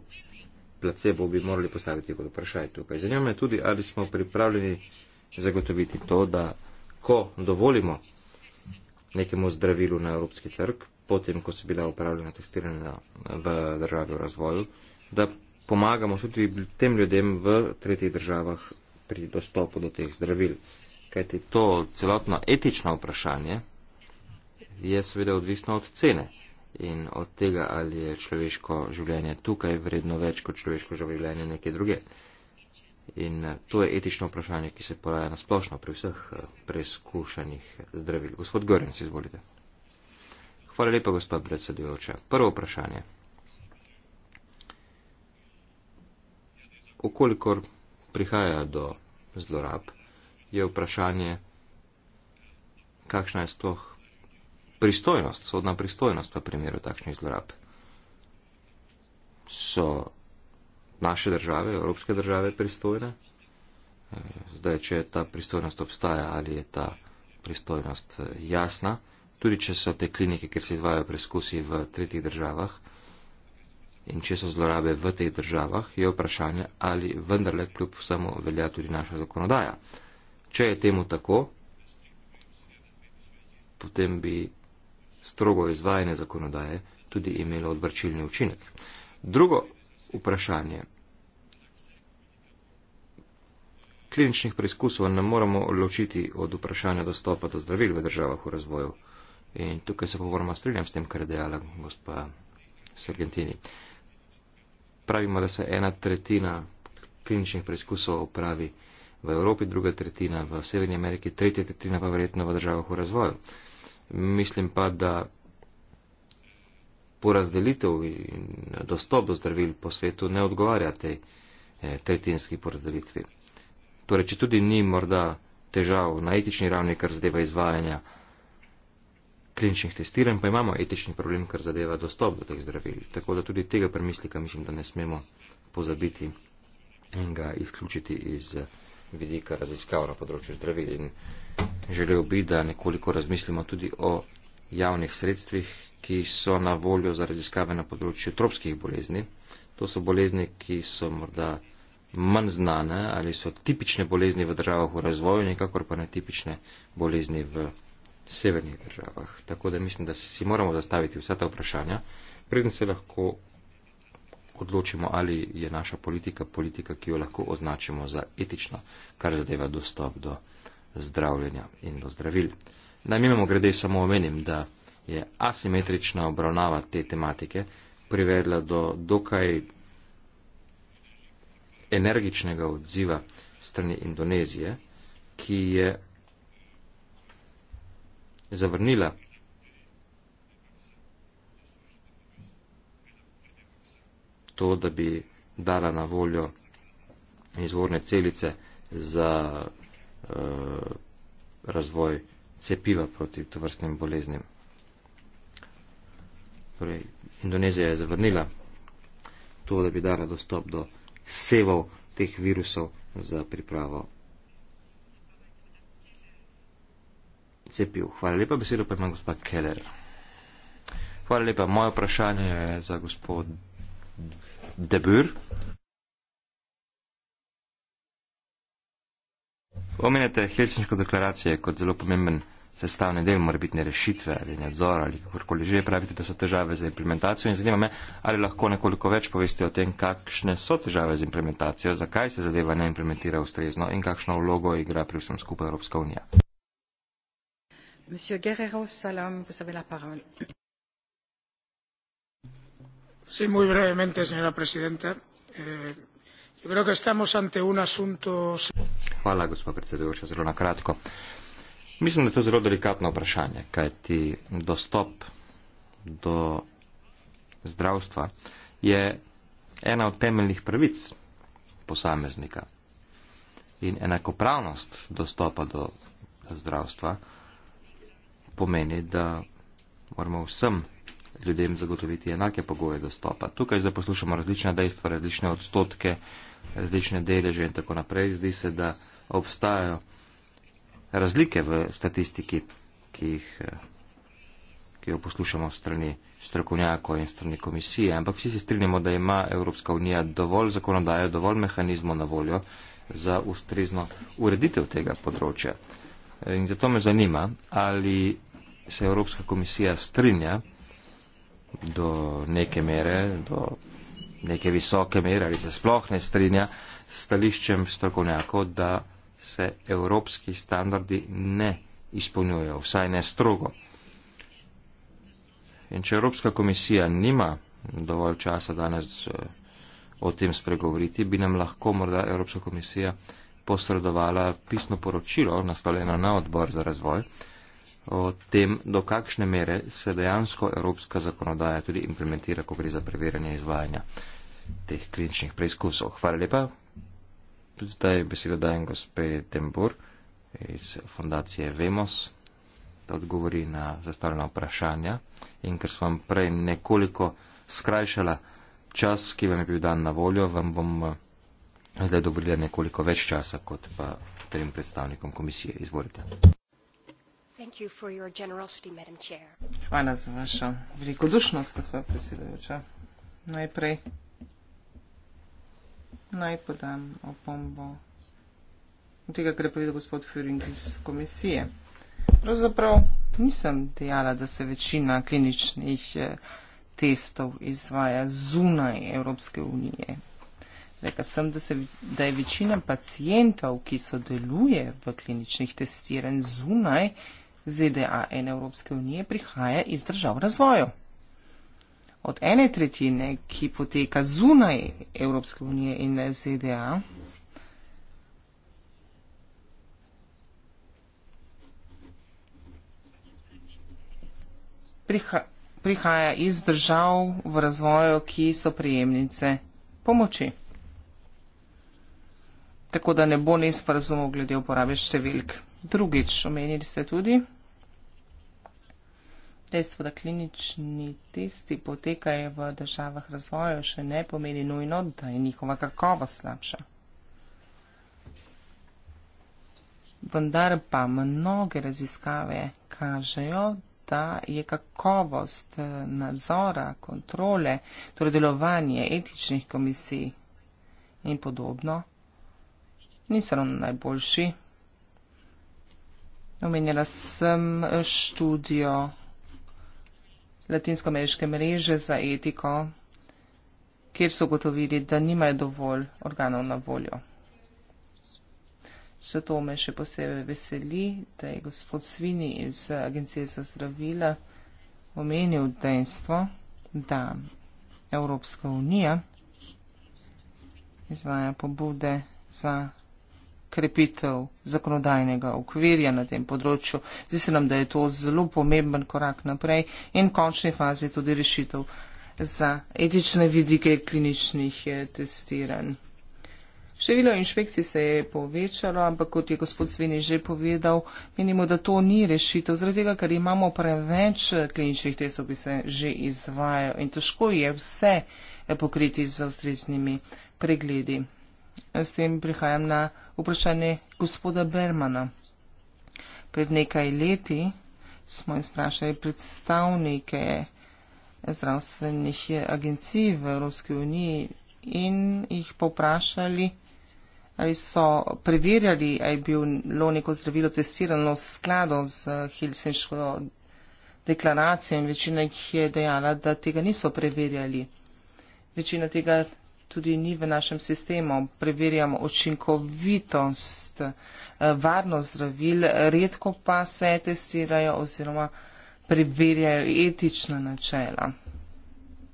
Speaker 1: placebo bi morali postaviti kot vprašanje tukaj. Zanima me tudi, ali smo pripravljeni zagotoviti to, da ko dovolimo nekemu zdravilu na evropski trg, potem, ko so bila upravljena testiranja v državi v razvoju, da pomagamo tudi tem ljudem v tretjih državah pri dostopu do teh zdravil. Kajti to celotno etično vprašanje je seveda odvisno od cene in od tega, ali je človeško življenje tukaj vredno več kot človeško življenje neke druge. In eh, to je etično vprašanje, ki se poraja na splošno pri vseh eh, preizkušanjih zdravil. Gospod Gorenc, izvolite. Hvala lepa, gospod predsedujoča. Prvo vprašanje. Okolikor prihaja do zlorab, je vprašanje, kakšna je sploh pristojnost, sodna pristojnost v primeru takšnih zlorab. So naše države, evropske države pristojne? Eh, zdaj, če ta pristojnost obstaja, ali je ta pristojnost eh, jasna? tudi če so te klinike, kjer se izvajo preskusi v tretjih državah in če so zlorabe v teh državah, je vprašanje, ali vendarle kljub vsemu velja tudi naša zakonodaja. Če je temu tako, potem bi strogo izvajanje zakonodaje tudi imelo odvrčilni učinek. Drugo vprašanje. Kliničnih preizkusov ne moremo ločiti od vprašanja dostopa do zdravil v državah v razvoju. In tukaj se povoroma strinjam s tem, kar je dejala gospa Sargentini. Pravimo, da se ena tretjina kliničnih preizkusov opravi v Evropi, druga tretjina v Severni Ameriki, tretja tretjina pa verjetno v državah v razvoju. Mislim pa, da porazdelitev in dostop do zdravil po svetu ne odgovarja tej eh, tretjinski porazdelitvi. Torej, če tudi ni morda težav na etični ravni, kar zadeva izvajanja, kliničnih testiranj, pa imamo etični problem, kar zadeva dostop do teh zdravil. Tako da tudi tega premislika mislim, da ne smemo pozabiti in ga izključiti iz vidika raziskav na področju zdravil. In želel bi, da nekoliko razmislimo tudi o javnih sredstvih, ki so na voljo za raziskave na področju tropskih bolezni. To so bolezni, ki so morda manj znane ali so tipične bolezni v državah v razvoju, nekakor pa ne tipične bolezni v severnih državah. Tako da mislim, da si moramo zastaviti vsa ta vprašanja, preden se lahko odločimo, ali je naša politika politika, ki jo lahko označimo za etično, kar zadeva dostop do zdravljenja in do zdravil. Naj mimo grede samo omenim, da je asimetrična obravnava te tematike privedla do dokaj energičnega odziva strani Indonezije, ki je je zavrnila. To, da bi dala na voljo izvorne celice za eh, razvoj cepiva proti tovrstnim boleznim. Torej, Indonezija je zavrnila to, da bi dala dostop do sevov teh virusov za pripravo cepil. Hvala lepa, besedo pa ima gospod Keller. Hvala lepa, moje vprašanje je za gospod Debur. Omenjate Helsinško deklaracijo kot zelo pomemben sestavni del morebitne rešitve ali nadzora ali kakorkoli že pravite, da so težave za implementacijo in zanima me, ali lahko nekoliko več poveste o tem, kakšne so težave z implementacijo, zakaj se zadeva ne implementira ustrezno in kakšno vlogo igra pri vsem skupaj Evropska unija
Speaker 2: monsieur guerrero salam vous avez la parole.
Speaker 3: muy brevemente señora presidenta eh, yo creo que estamos ante un asunto.
Speaker 1: mislim da je to zelo delikatno vprašanje kajti dostop do zdravstva je ena od temeljnih pravic posameznika in enakopravnost dostopa do zdravstva pomeni, da moramo vsem ljudem zagotoviti enake pogoje dostopa. Tukaj zdaj poslušamo različna dejstva, različne odstotke, različne deleže in tako naprej. Zdi se, da obstajajo razlike v statistiki, ki, jih, ki jo poslušamo strani strokovnjakov in strani komisije. Ampak vsi se strinjamo, da ima Evropska unija dovolj zakonodaje, dovolj mehanizmov na voljo za ustrezno ureditev tega področja. In zato me zanima, ali se Evropska komisija strinja do neke mere, do neke visoke mere ali se sploh ne strinja s stališčem strokovnjakov, da se evropski standardi ne izpolnjujejo, vsaj ne strogo. In če Evropska komisija nima dovolj časa danes eh, o tem spregovoriti, bi nam lahko morda Evropska komisija posredovala pisno poročilo, naslovljeno na odbor za razvoj, o tem, do kakšne mere se dejansko evropska zakonodaja tudi implementira, ko gre za preverjanje izvajanja teh kliničnih preizkusov. Hvala lepa. Zdaj besedo dajem gospe Dembur iz fundacije Vemos, da odgovori na zastavljena vprašanja in ker sem vam prej nekoliko skrajšala čas, ki vam je bil dan na voljo, vam bom eh, zdaj dovolila nekoliko več časa kot pa trim predstavnikom komisije. Izvolite.
Speaker 4: Thank you for your generosity, Madam Chair.
Speaker 3: Hvala za vašo velikodušnost, gospod predsedujoča. Najprej naj podam opombo tega, kar je povedal gospod Furing iz komisije. Pravzaprav nisem dejala, da se večina kliničnih eh, testov izvaja zunaj Evropske unije. Rekla sem, da, se, da je večina pacijentov, ki sodeluje v kliničnih testiranj zunaj, ZDA in Evropske unije prihaja iz držav razvoju. Od ene tretjine, ki poteka zunaj Evropske unije in ZDA, priha prihaja iz držav v razvoju, ki so prijemnice pomoči. Tako da ne bo nesporazumov glede uporabe številk. Drugič, omenili ste tudi, Dejstvo, da klinični testi potekajo v državah razvoja, še ne pomeni nujno, da je njihova kakovost slabša. Vendar pa mnoge raziskave kažejo, da je kakovost eh, nadzora, kontrole, torej delovanje etičnih komisij in podobno, niso ravno najboljši. Omenjala sem študijo latinskoameriške mreže za etiko, kjer so ugotovili, da nimajo dovolj organov na voljo. Zato me še posebej veseli, da je gospod Svini iz Agencije za zdravila omenil dejstvo, da Evropska unija izvaja pobude za krepitev zakonodajnega okvirja na tem področju. Zdi se nam, da je to zelo pomemben korak naprej in v končni fazi tudi rešitev za etične vidike kliničnih eh, testiranj. Število inšpekcij se je povečalo, ampak kot je gospod Sveni že povedal, menimo, da to ni rešitev, zaradi tega, ker imamo preveč eh, kliničnih testov, ki se že izvajajo in težko je vse eh, pokriti z ustreznimi pregledi. S tem prihajam na vprašanje gospoda Bermana. Pred nekaj leti smo izprašali predstavnike zdravstvenih agencij v Evropski uniji in jih poprašali, ali so preverjali, ali je bilo neko zdravilo testirano v skladu z Helsinško deklaracijo in večina jih je dejala, da tega niso preverjali. Večina tega tudi ni v našem sistemu. Preverjamo očinkovitost, eh, varnost zdravil, redko pa se testirajo oziroma preverjajo etična načela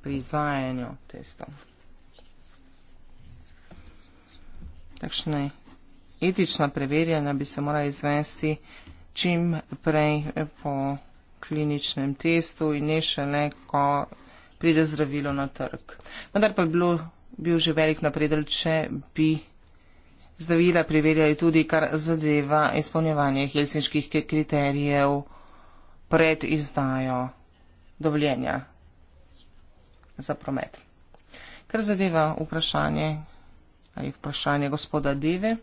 Speaker 3: pri izvajanju testov. Takšne etična preverjanja bi se morali izvesti čim prej eh, po kliničnem testu in ne šele, ko pride zdravilo na trg. Vendar pa je bilo bil že velik napredek, če bi zdravila preverjali tudi, kar zadeva izpolnjevanje helsinških kriterijev pred izdajo dovoljenja za promet. Kar zadeva vprašanje ali vprašanje gospoda Deve,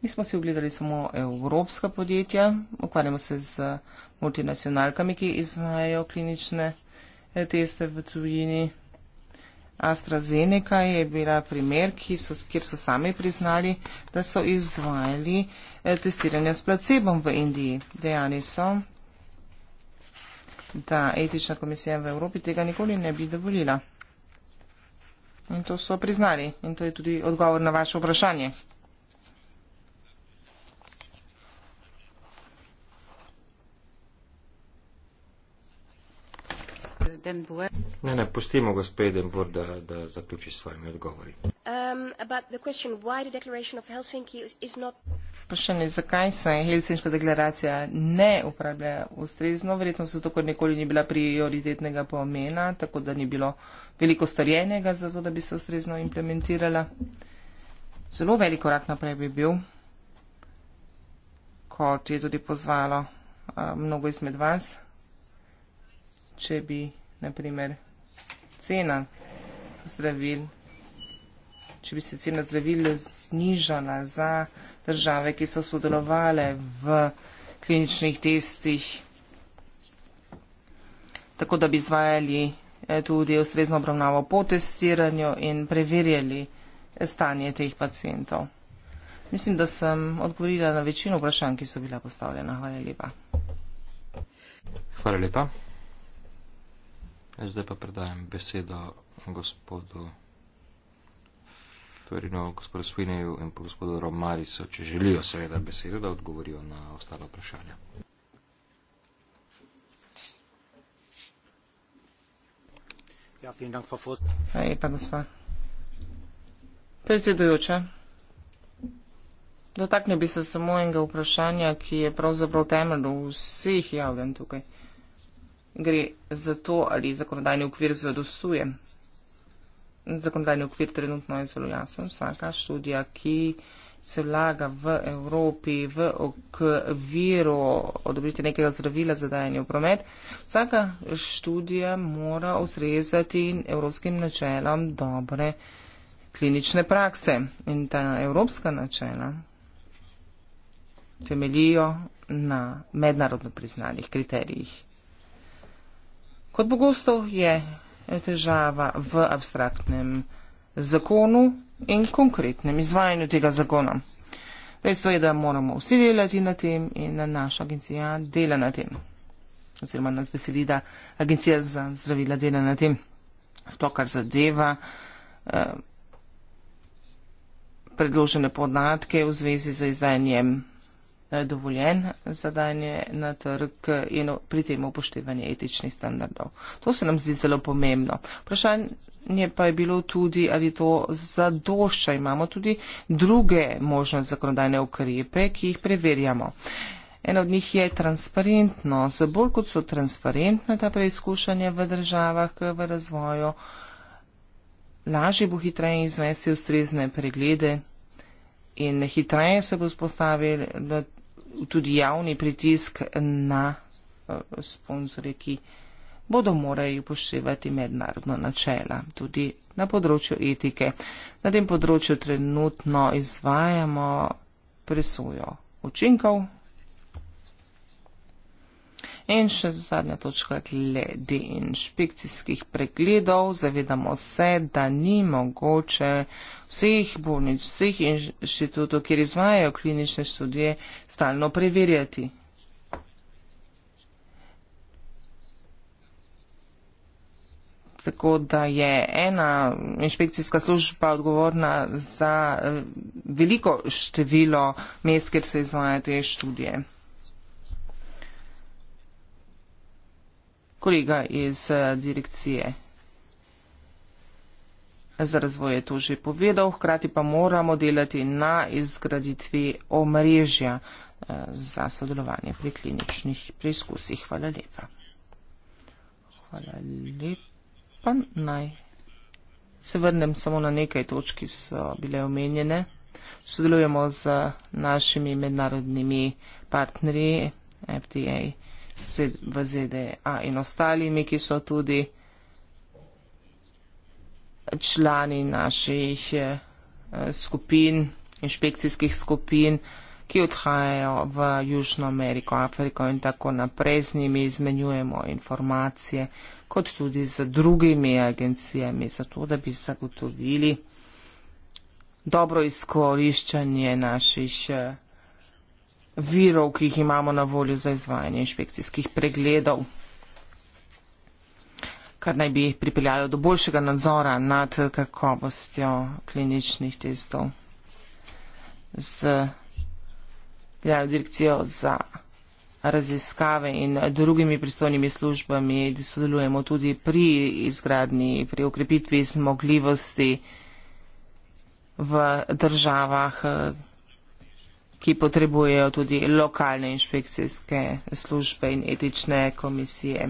Speaker 3: mi smo si ogledali samo evropska podjetja, ukvarjamo se z multinacionalkami, ki izvajajo klinične teste v tujini. AstraZeneca je bila primer, so, kjer so sami priznali, da so izvajali eh, testiranje s placebom v Indiji. Dejani so, da etična komisija v Evropi tega nikoli ne bi dovolila. In to so priznali. In to je tudi odgovor na vaše vprašanje.
Speaker 2: Denbuer.
Speaker 1: Ne, ne, pustimo gospe Denbuer, da, da zaključi svojimi odgovori.
Speaker 2: Um,
Speaker 3: Vprašanje, um, zakaj se Helsinška deklaracija ne uporablja ustrezno, verjetno zato, ker nikoli ni bila prioritetnega pomena, tako da ni bilo veliko storjenega za to, da bi se ustrezno implementirala. Zelo velik korak naprej bi bil, kot je tudi pozvalo a, uh, mnogo izmed vas, če bi naprimer cena zdravil, če bi se cena zdravil znižala za države, ki so sodelovale v kliničnih testih, tako da bi izvajali eh, tudi ustrezno obravnavo po testiranju in preverjali stanje teh pacijentov. Mislim, da sem odgovorila na večino vprašanj, ki so bila postavljena. Hvala lepa.
Speaker 1: Hvala lepa. Zdaj pa predajam besedo gospodu Ferino, gospodu Svineju in pa gospodu Romarico, če želijo seveda besedo, da odgovorijo na ostale vprašanja.
Speaker 3: Ja, vielen Dank, Frau Furt. Hvala lepa, gospa. Predsedujoča, dotaknil bi se samo enega vprašanja, ki je pravzaprav temelj vseh javljanj tukaj gre za to, ali zakonodajni okvir zadostuje. Zakonodajni okvir trenutno je zelo jasen. Vsaka študija, ki se vlaga v Evropi v okviru odobritve nekega zdravila za dajanje v promet, vsaka študija mora ustrezati evropskim načelom dobre klinične prakse. In ta evropska načela temelijo na mednarodno priznanih kriterijih. Kot pogosto je težava v abstraktnem zakonu in konkretnem izvajanju tega zakona. Dejstvo je, da moramo vsi delati na tem in na naša agencija dela na tem. Oziroma nas veseli, da agencija za zdravila dela na tem. Sploh kar zadeva eh, predložene podatke v zvezi z izdajanjem Eh, dovoljen za danje na trg in pri tem upoštevanje etičnih standardov. To se nam zdi zelo pomembno. Vprašanje pa je bilo tudi, ali to zadošča. Imamo tudi druge možne zakonodajne ukrepe, ki jih preverjamo. Eno od njih je transparentnost. Bolj kot so transparentne ta preizkušanja v državah v razvoju, lažje bo hitreje izvesti ustrezne preglede. In hitreje se bo spostavil tudi javni pritisk na eh, sponzore, ki bodo morali upoštevati mednarodna načela, tudi na področju etike. Na tem področju trenutno izvajamo presojo učinkov In še zadnja točka glede inšpekcijskih pregledov. Zavedamo se, da ni mogoče vseh bolnic, vseh inštitutov, kjer izvajajo klinične študije, stalno preverjati. Tako da je ena inšpekcijska služba odgovorna za eh, veliko število mest, kjer se izvajajo te študije. kolega iz eh, direkcije za razvoj je to že povedal, hkrati pa moramo delati na izgraditvi omrežja eh, za sodelovanje pri kliničnih preizkusih. Hvala lepa. Hvala lepa. Naj se vrnem samo na nekaj točk, ki so bile omenjene. Sodelujemo z našimi mednarodnimi partnerji FDA v ZDA in ostalimi, ki so tudi člani naših eh, skupin, inšpekcijskih skupin, ki odhajajo v Južno Ameriko, Afriko in tako naprej z njimi izmenjujemo informacije, kot tudi z drugimi agencijami, zato da bi zagotovili dobro izkoriščanje naših eh, virov, ki jih imamo na voljo za izvajanje inšpekcijskih pregledov, kar naj bi pripeljalo do boljšega nadzora nad kakovostjo kliničnih testov z direkcijo za raziskave in drugimi pristojnimi službami, da sodelujemo tudi pri izgradni, pri okrepitvi zmogljivosti v državah, ki potrebujejo tudi lokalne inšpekcijske službe in etične komisije.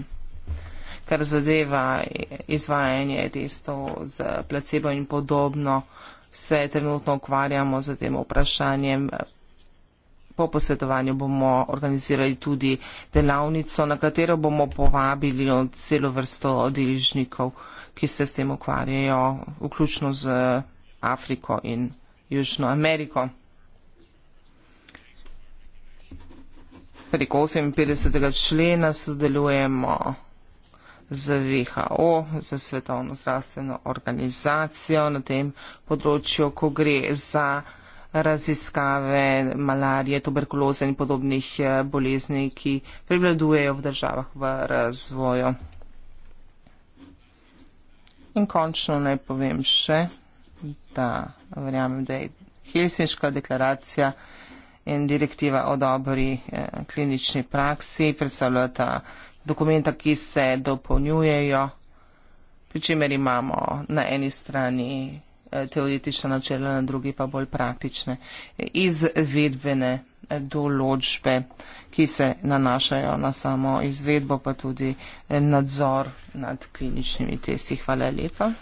Speaker 3: Kar zadeva izvajanje testov z placebo in podobno, se trenutno ukvarjamo z tem vprašanjem. Po posvetovanju bomo organizirali tudi delavnico, na katero bomo povabili celo vrsto deležnikov, ki se s tem ukvarjajo, vključno z Afriko in Južno Ameriko. Preko 58. člena sodelujemo z WHO, z Svetovno zdravstveno organizacijo na tem področju, ko gre za raziskave malarije, tuberkuloze in podobnih eh, bolezni, ki prevladujejo v državah v razvoju. In končno naj povem še, da verjamem, da je Helsinška deklaracija in direktiva o dobri eh, klinični praksi predstavljata dokumenta, ki se dopolnjujejo, pri čemer imamo na eni strani eh, teoretična načela, na drugi pa bolj praktične izvedbene eh, določbe, ki se nanašajo na samo izvedbo, pa tudi nadzor nad kliničnimi testi. Hvala lepa.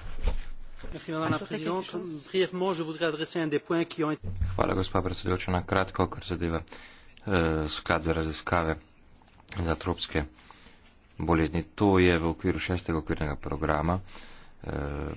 Speaker 2: Ah,
Speaker 1: Hvala, gospa predsedujoča. Na kratko, kar zadeva eh, sklad za raziskave za tropske bolezni. To je v okviru šestega okvirnega programa eh,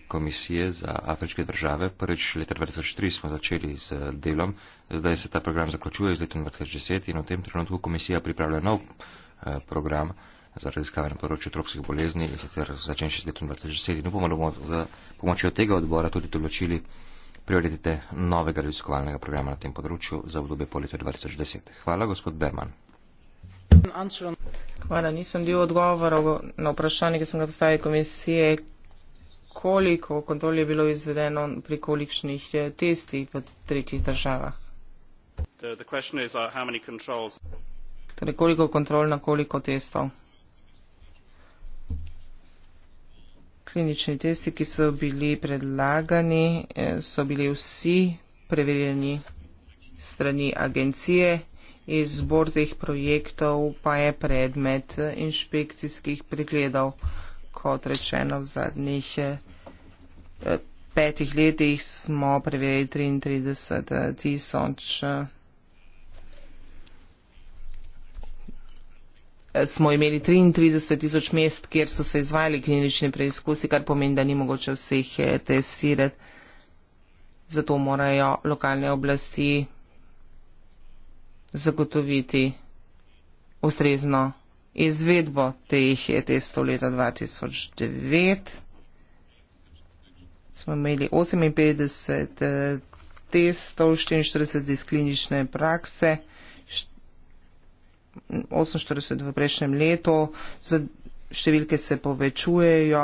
Speaker 1: Komisije za afriške države. Prvič leta 2003 smo začeli z delom, zdaj se ta program zaključuje z letom 2010 in v tem trenutku komisija pripravlja nov eh, program. Eh, za raziskave na področju tropskih bolezni in sicer začenši z letom 2010. In upamo, da bomo z pomočjo tega odbora tudi določili prioritete novega raziskovalnega programa na tem področju za obdobje po letu 2010. Hvala, gospod Berman.
Speaker 3: Hvala, nisem dio odgovora na vprašanje, ki sem ga postavil komisije, koliko kontrol je bilo izvedeno pri kolikšnih eh, testih v tretjih državah.
Speaker 4: The,
Speaker 2: the is, uh,
Speaker 3: torej, koliko kontrol na koliko testov? klinični testi, ki so bili predlagani, eh, so bili vsi preverjeni strani agencije. Izbor teh projektov pa je predmet eh, inšpekcijskih pregledov, kot rečeno v zadnjih
Speaker 1: eh,
Speaker 3: petih letih smo preverili 33 tisoč. Eh, smo imeli 33 tisoč mest, kjer so se izvajali klinični preizkusi, kar pomeni, da ni mogoče vseh eh, testirati. Zato morajo lokalne oblasti zagotoviti ustrezno izvedbo teh eh, testov leta 2009. Smo imeli 58 testov, 44 iz klinične prakse, 48 v prejšnjem letu, številke se povečujejo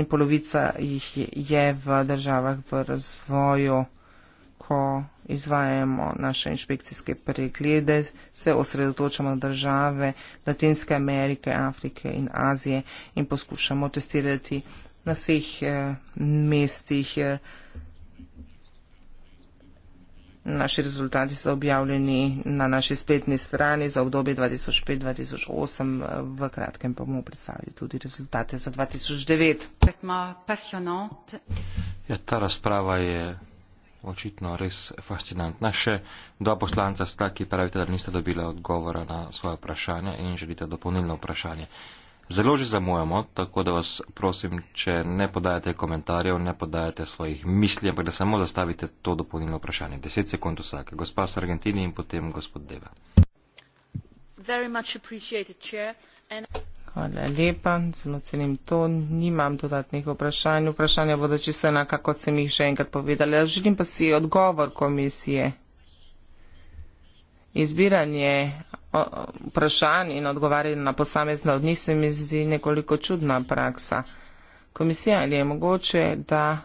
Speaker 3: in polovica jih je v državah v razvoju, ko izvajamo naše inšpekcijske preglede, se osredotočamo na države Latinske Amerike, Afrike in Azije in poskušamo testirati na vseh eh, mestih. Eh, Naši rezultati so objavljeni na naši spletni strani za obdobje 2005-2008. V kratkem pa bomo predstavili tudi rezultate za 2009.
Speaker 1: Ja, ta razprava je očitno res fascinantna. Še dva poslanca sta, ki pravite, da niste dobila odgovora na svoje vprašanje in želite dopolnilno vprašanje. Zelo že zamujamo, tako da vas prosim, če ne podajate komentarjev, ne podajate svojih misli, ampak da samo zastavite to dopolnilno vprašanje. Deset sekund vsake. Gospa s Argentini in potem gospod Deva.
Speaker 3: Hvala lepa, zelo cenim to. Nimam dodatnih vprašanj. Vprašanja bodo čisto enaka, kot sem jih že enkrat povedala. Želim pa si odgovor komisije. Izbiranje vprašanj in odgovarjali na posamezne od njih, se mi zdi nekoliko čudna praksa. Komisija, ali je mogoče, da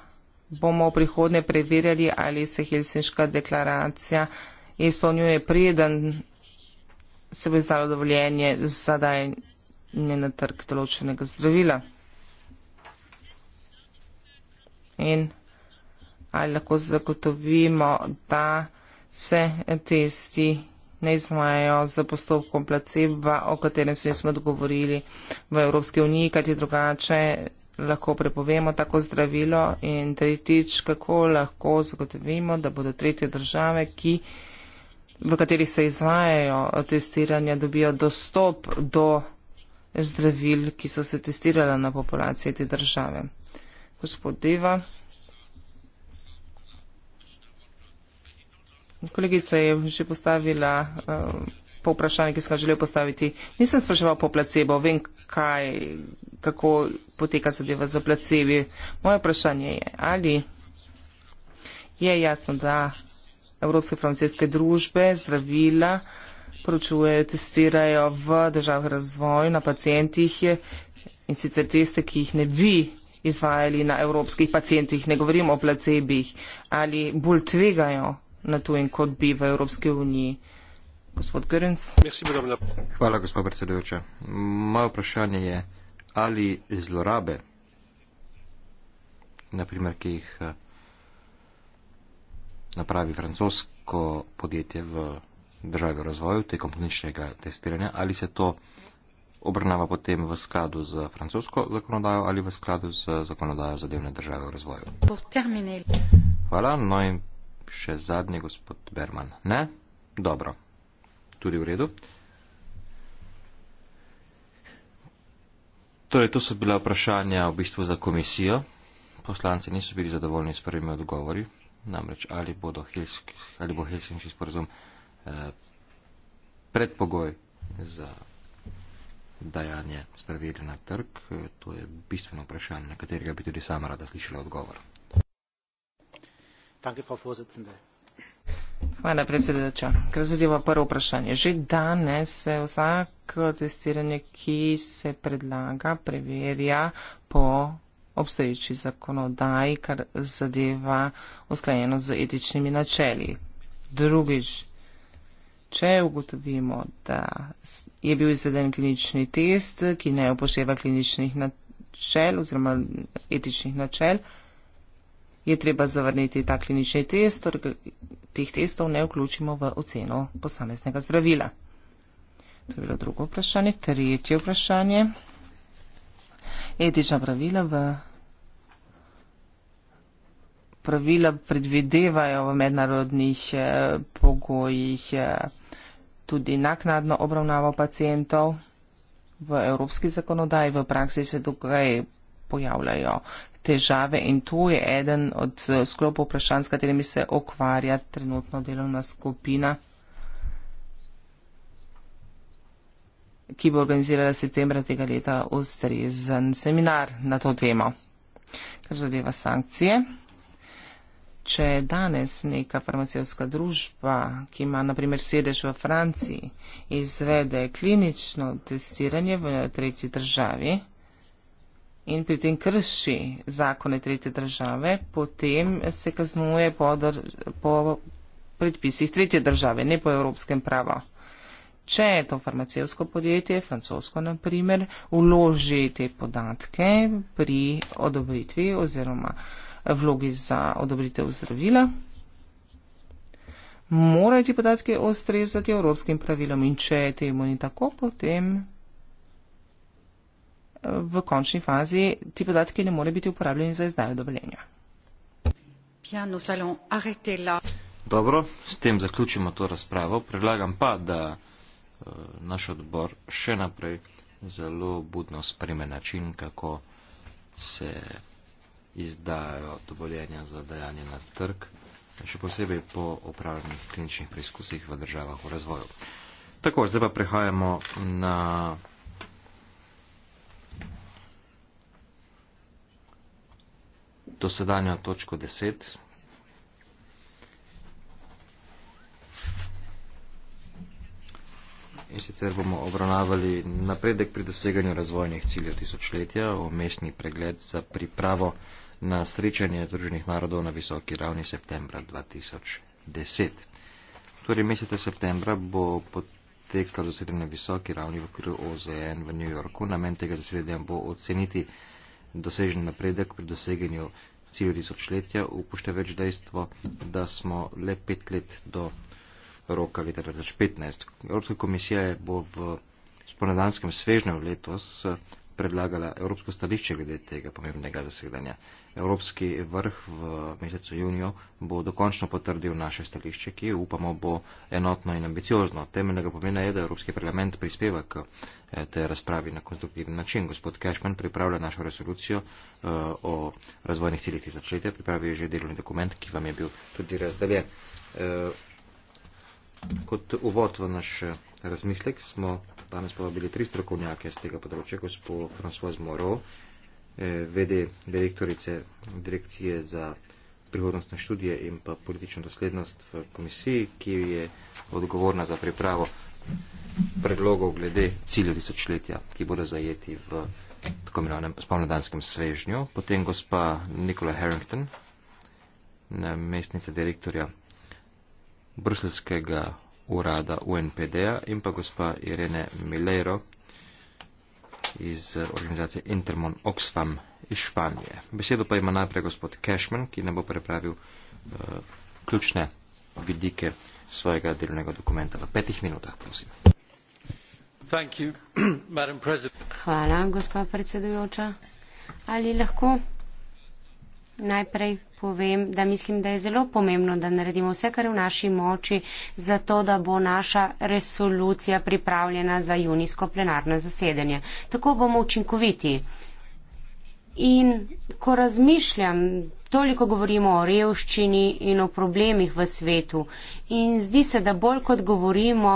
Speaker 3: bomo v prihodnje preverjali, ali se Helsinška deklaracija izpolnjuje preden se bo izdalo dovoljenje za dajanje na trg določenega zdravila. In ali lahko zagotovimo, da se testi ne izvajo z postopkom placeba, o katerem se nismo dogovorili v Evropski uniji, kajti drugače lahko prepovemo tako zdravilo in tretjič, kako lahko zagotovimo, da bodo tretje države, ki, v katerih se izvajajo testiranja, dobijo dostop do zdravil, ki so se testirala na populaciji te države. Gospod Deva. Kolegica je že postavila uh, eh, po vprašanju, ki sem ga želel postaviti. Nisem spraševal po placebo, vem, kaj, kako poteka zadeva za placebi. Moje vprašanje je, ali je jasno, da Evropske francoske družbe zdravila poročujejo, testirajo v državah razvoju na pacijentih in sicer teste, ki jih ne bi izvajali na evropskih pacijentih, ne govorimo o placebih, ali bolj tvegajo na tujem, kot bi v Evropski uniji. Gospod Grens.
Speaker 1: Hvala, gospod predsedujoča. Moje vprašanje je, ali zlorabe, naprimer, ki jih eh, napravi francosko podjetje v državi razvoju tekom kliničnega testiranja, ali se to obrnava potem v skladu z francosko zakonodajo ali v skladu z zakonodajo zadevne države v razvoju. Hvala, no in še zadnji, gospod Berman. Ne? Dobro. Tudi v redu. Torej, to so bila vprašanja v bistvu za komisijo. Poslanci niso bili zadovoljni s prvimi odgovori, namreč ali, Helsinki, ali bo Helsinki sporozum eh, predpogoj za dajanje zdravil na trg. Eh, to je bistveno vprašanje, na katerega bi tudi sama rada slišala odgovor.
Speaker 3: Hvala, predsedujoča. Kar zadeva prvo vprašanje. Že danes se vsako testiranje, ki se predlaga, preverja po obstoječi zakonodaji, kar zadeva usklajeno z etičnimi načeli. Drugič, če ugotovimo, da je bil izveden klinični test, ki ne upošteva kliničnih načel oziroma etičnih načel, je treba zavrniti ta klinični test, torej teh testov ne vključimo v oceno posameznega zdravila. To je bilo drugo vprašanje. Tretje vprašanje. Etična pravila v. Pravila predvidevajo v mednarodnih eh, pogojih eh, tudi naknadno obravnavo pacijentov. V evropski zakonodaji v praksi se tukaj pojavljajo težave in to je eden od eh, sklopov vprašanj, s katerimi se okvarja trenutno delovna skupina, ki bo organizirala septembra tega leta ustrezen seminar na to temo. Kar zadeva sankcije, če danes neka farmacijska družba, ki ima na primer sedež v Franciji, izvede klinično testiranje v tretji državi, in pri tem krši zakone tretje države, potem se kaznuje po, dr, po predpisih tretje države, ne po evropskem pravu. Če je to farmacevsko podjetje, francosko naprimer, vloži te podatke pri odobritvi oziroma vlogi za odobritev zdravila, morajo ti podatki ostrezati evropskim pravilom in če temu ni tako, potem v končni fazi ti podatki ne more biti uporabljeni za izdajo dovoljenja.
Speaker 1: Dobro, s tem zaključimo to razpravo. Predlagam pa, da eh, naš odbor še naprej zelo budno spreme način, kako se izdajo dovoljenja za dajanje na trg, še posebej po opravljenih kliničnih preizkusih v državah v razvoju. Tako, zdaj pa prehajamo na. dosedanjo točko 10. In sicer bomo obravnavali napredek pri doseganju razvojnih ciljev tisočletja, omestni pregled za pripravo na srečanje Združenih narodov na visoki ravni septembra 2010. Torej, mesece septembra bo potekalo zasedanje na visoki ravni v okviru OZN v New Yorku. Namen tega zasedanja bo oceniti dosežen napredek pri doseganju cilj tisočletja, upošte več dejstvo, da smo le pet let do roka leta 2015. Evropska komisija je bo v spomladanskem svežnju letos predlagala Evropsko stališče glede tega pomembnega zasedanja. Evropski vrh v mesecu junijo bo dokončno potrdil naše stališče, ki upamo bo enotno in ambiciozno. Temeljnega pomena je, da Evropski parlament prispeva k eh, te razpravi na konstruktiven način. Gospod Cashman pripravlja našo resolucijo uh, o razvojnih ciljih iz začetja, pripravi že delovni dokument, ki vam je bil tudi razdeljen. Uh, kot uvod v naš razmislek smo danes povabili tri strokovnjake z tega področja, gospod François Moreau, Eh, vede direktorice Direkcije za prihodnostne študije in pa politično doslednost v komisiji, ki je odgovorna za pripravo predlogov glede ciljev tisočletja, ki bodo zajeti v tako imenovanem spomladanskem svežnju. Potem gospa Nikola Harrington, mestnica direktorja brusljskega urada UNPD-a in pa gospa Irene Milero, iz eh, organizacije Intermon Oxfam iz Španije. Besedo pa ima najprej gospod Cashman, ki ne bo prepravil uh, ključne vidike svojega delovnega dokumenta. V petih minutah, prosim.
Speaker 4: You, (clears throat) Hvala, gospod predsedujoča. Ali lahko najprej povem, da mislim, da je zelo pomembno, da naredimo vse, kar je v naši moči, zato da bo naša resolucija pripravljena za junijsko plenarno zasedanje. Tako bomo učinkoviti. In ko razmišljam, toliko govorimo o revščini in o problemih v svetu. In zdi se, da bolj kot govorimo,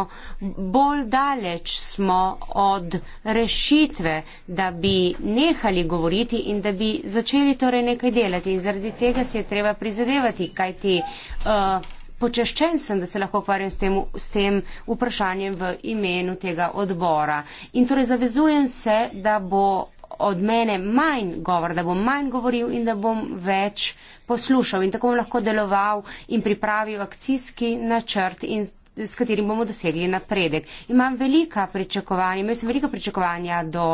Speaker 4: bolj daleč smo od rešitve, da bi nehali govoriti in da bi začeli torej nekaj delati. In zaradi tega si je treba prizadevati, kajti. Uh, Počaščen sem, da se lahko ukvarjam s, s tem vprašanjem v imenu tega odbora. In torej zavezujem se, da bo od mene manj govor, da bom manj govoril in da bom več poslušal in tako bom lahko deloval in pripravil akcijski načrt in s katerim bomo dosegli napredek. Imam velika pričakovanja, imel sem velika pričakovanja do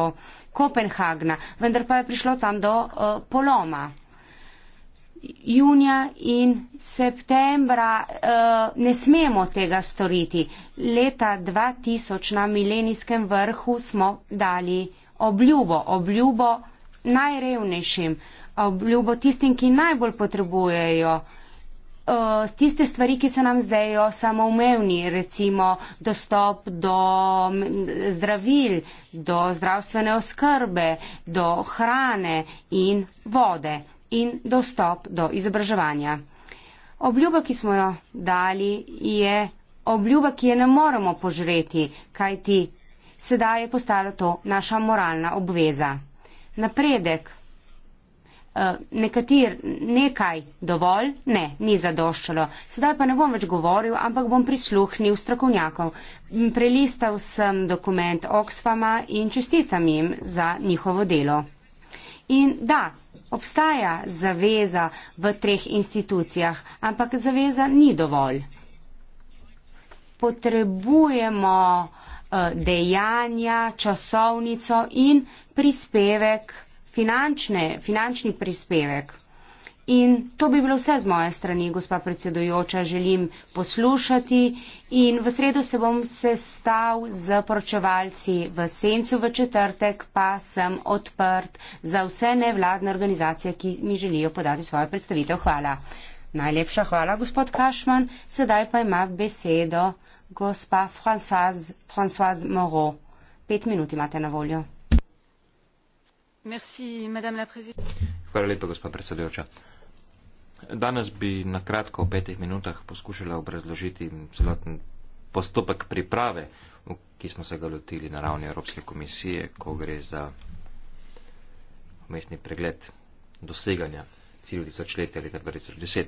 Speaker 4: Kopenhagna, vendar pa je prišlo tam do uh, poloma. Junija in septembra uh, ne smemo tega storiti. Leta 2000 na milenijskem vrhu smo dali obljubo, obljubo najrevnejšim, obljubo tistim, ki najbolj potrebujejo. Eh, tiste stvari, ki se nam zdajo samoumevni, recimo dostop do zdravil, do zdravstvene oskrbe, do hrane in vode in dostop do izobraževanja. Obljuba, ki smo jo dali, je obljuba, ki je ne moremo požreti, kajti sedaj je postalo to naša moralna obveza. Napredek. Eh, nekatir, nekaj dovolj, ne, ni zadoščalo. Sedaj pa ne bom več govoril, ampak bom prisluhnil strokovnjakov. Prelistal sem dokument Oxfama in čestitam jim za njihovo delo. In da, obstaja zaveza v treh institucijah, ampak zaveza ni dovolj. Potrebujemo. Eh, dejanja, časovnico in prispevek, finančni prispevek. In to bi bilo vse z moje strani, gospa predsedujoča. Želim poslušati in v sredo se bom sestal z poročevalci v Sencu, v četrtek pa sem odprt za vse nevladne organizacije, ki mi želijo podati svojo predstavitev. Hvala. Najlepša hvala, gospod Kašman. Sedaj pa ima besedo gospa Françoise, Françoise Moreau. Pet minut imate na voljo.
Speaker 2: Merci,
Speaker 1: Hvala lepa, gospa predsedujoča. Danes bi na kratko v petih minutah poskušala obrazložiti celoten postopek priprave, ki smo se ga lotili na ravni Evropske komisije, ko gre za mestni pregled doseganja cilju tisočletja leta 2010.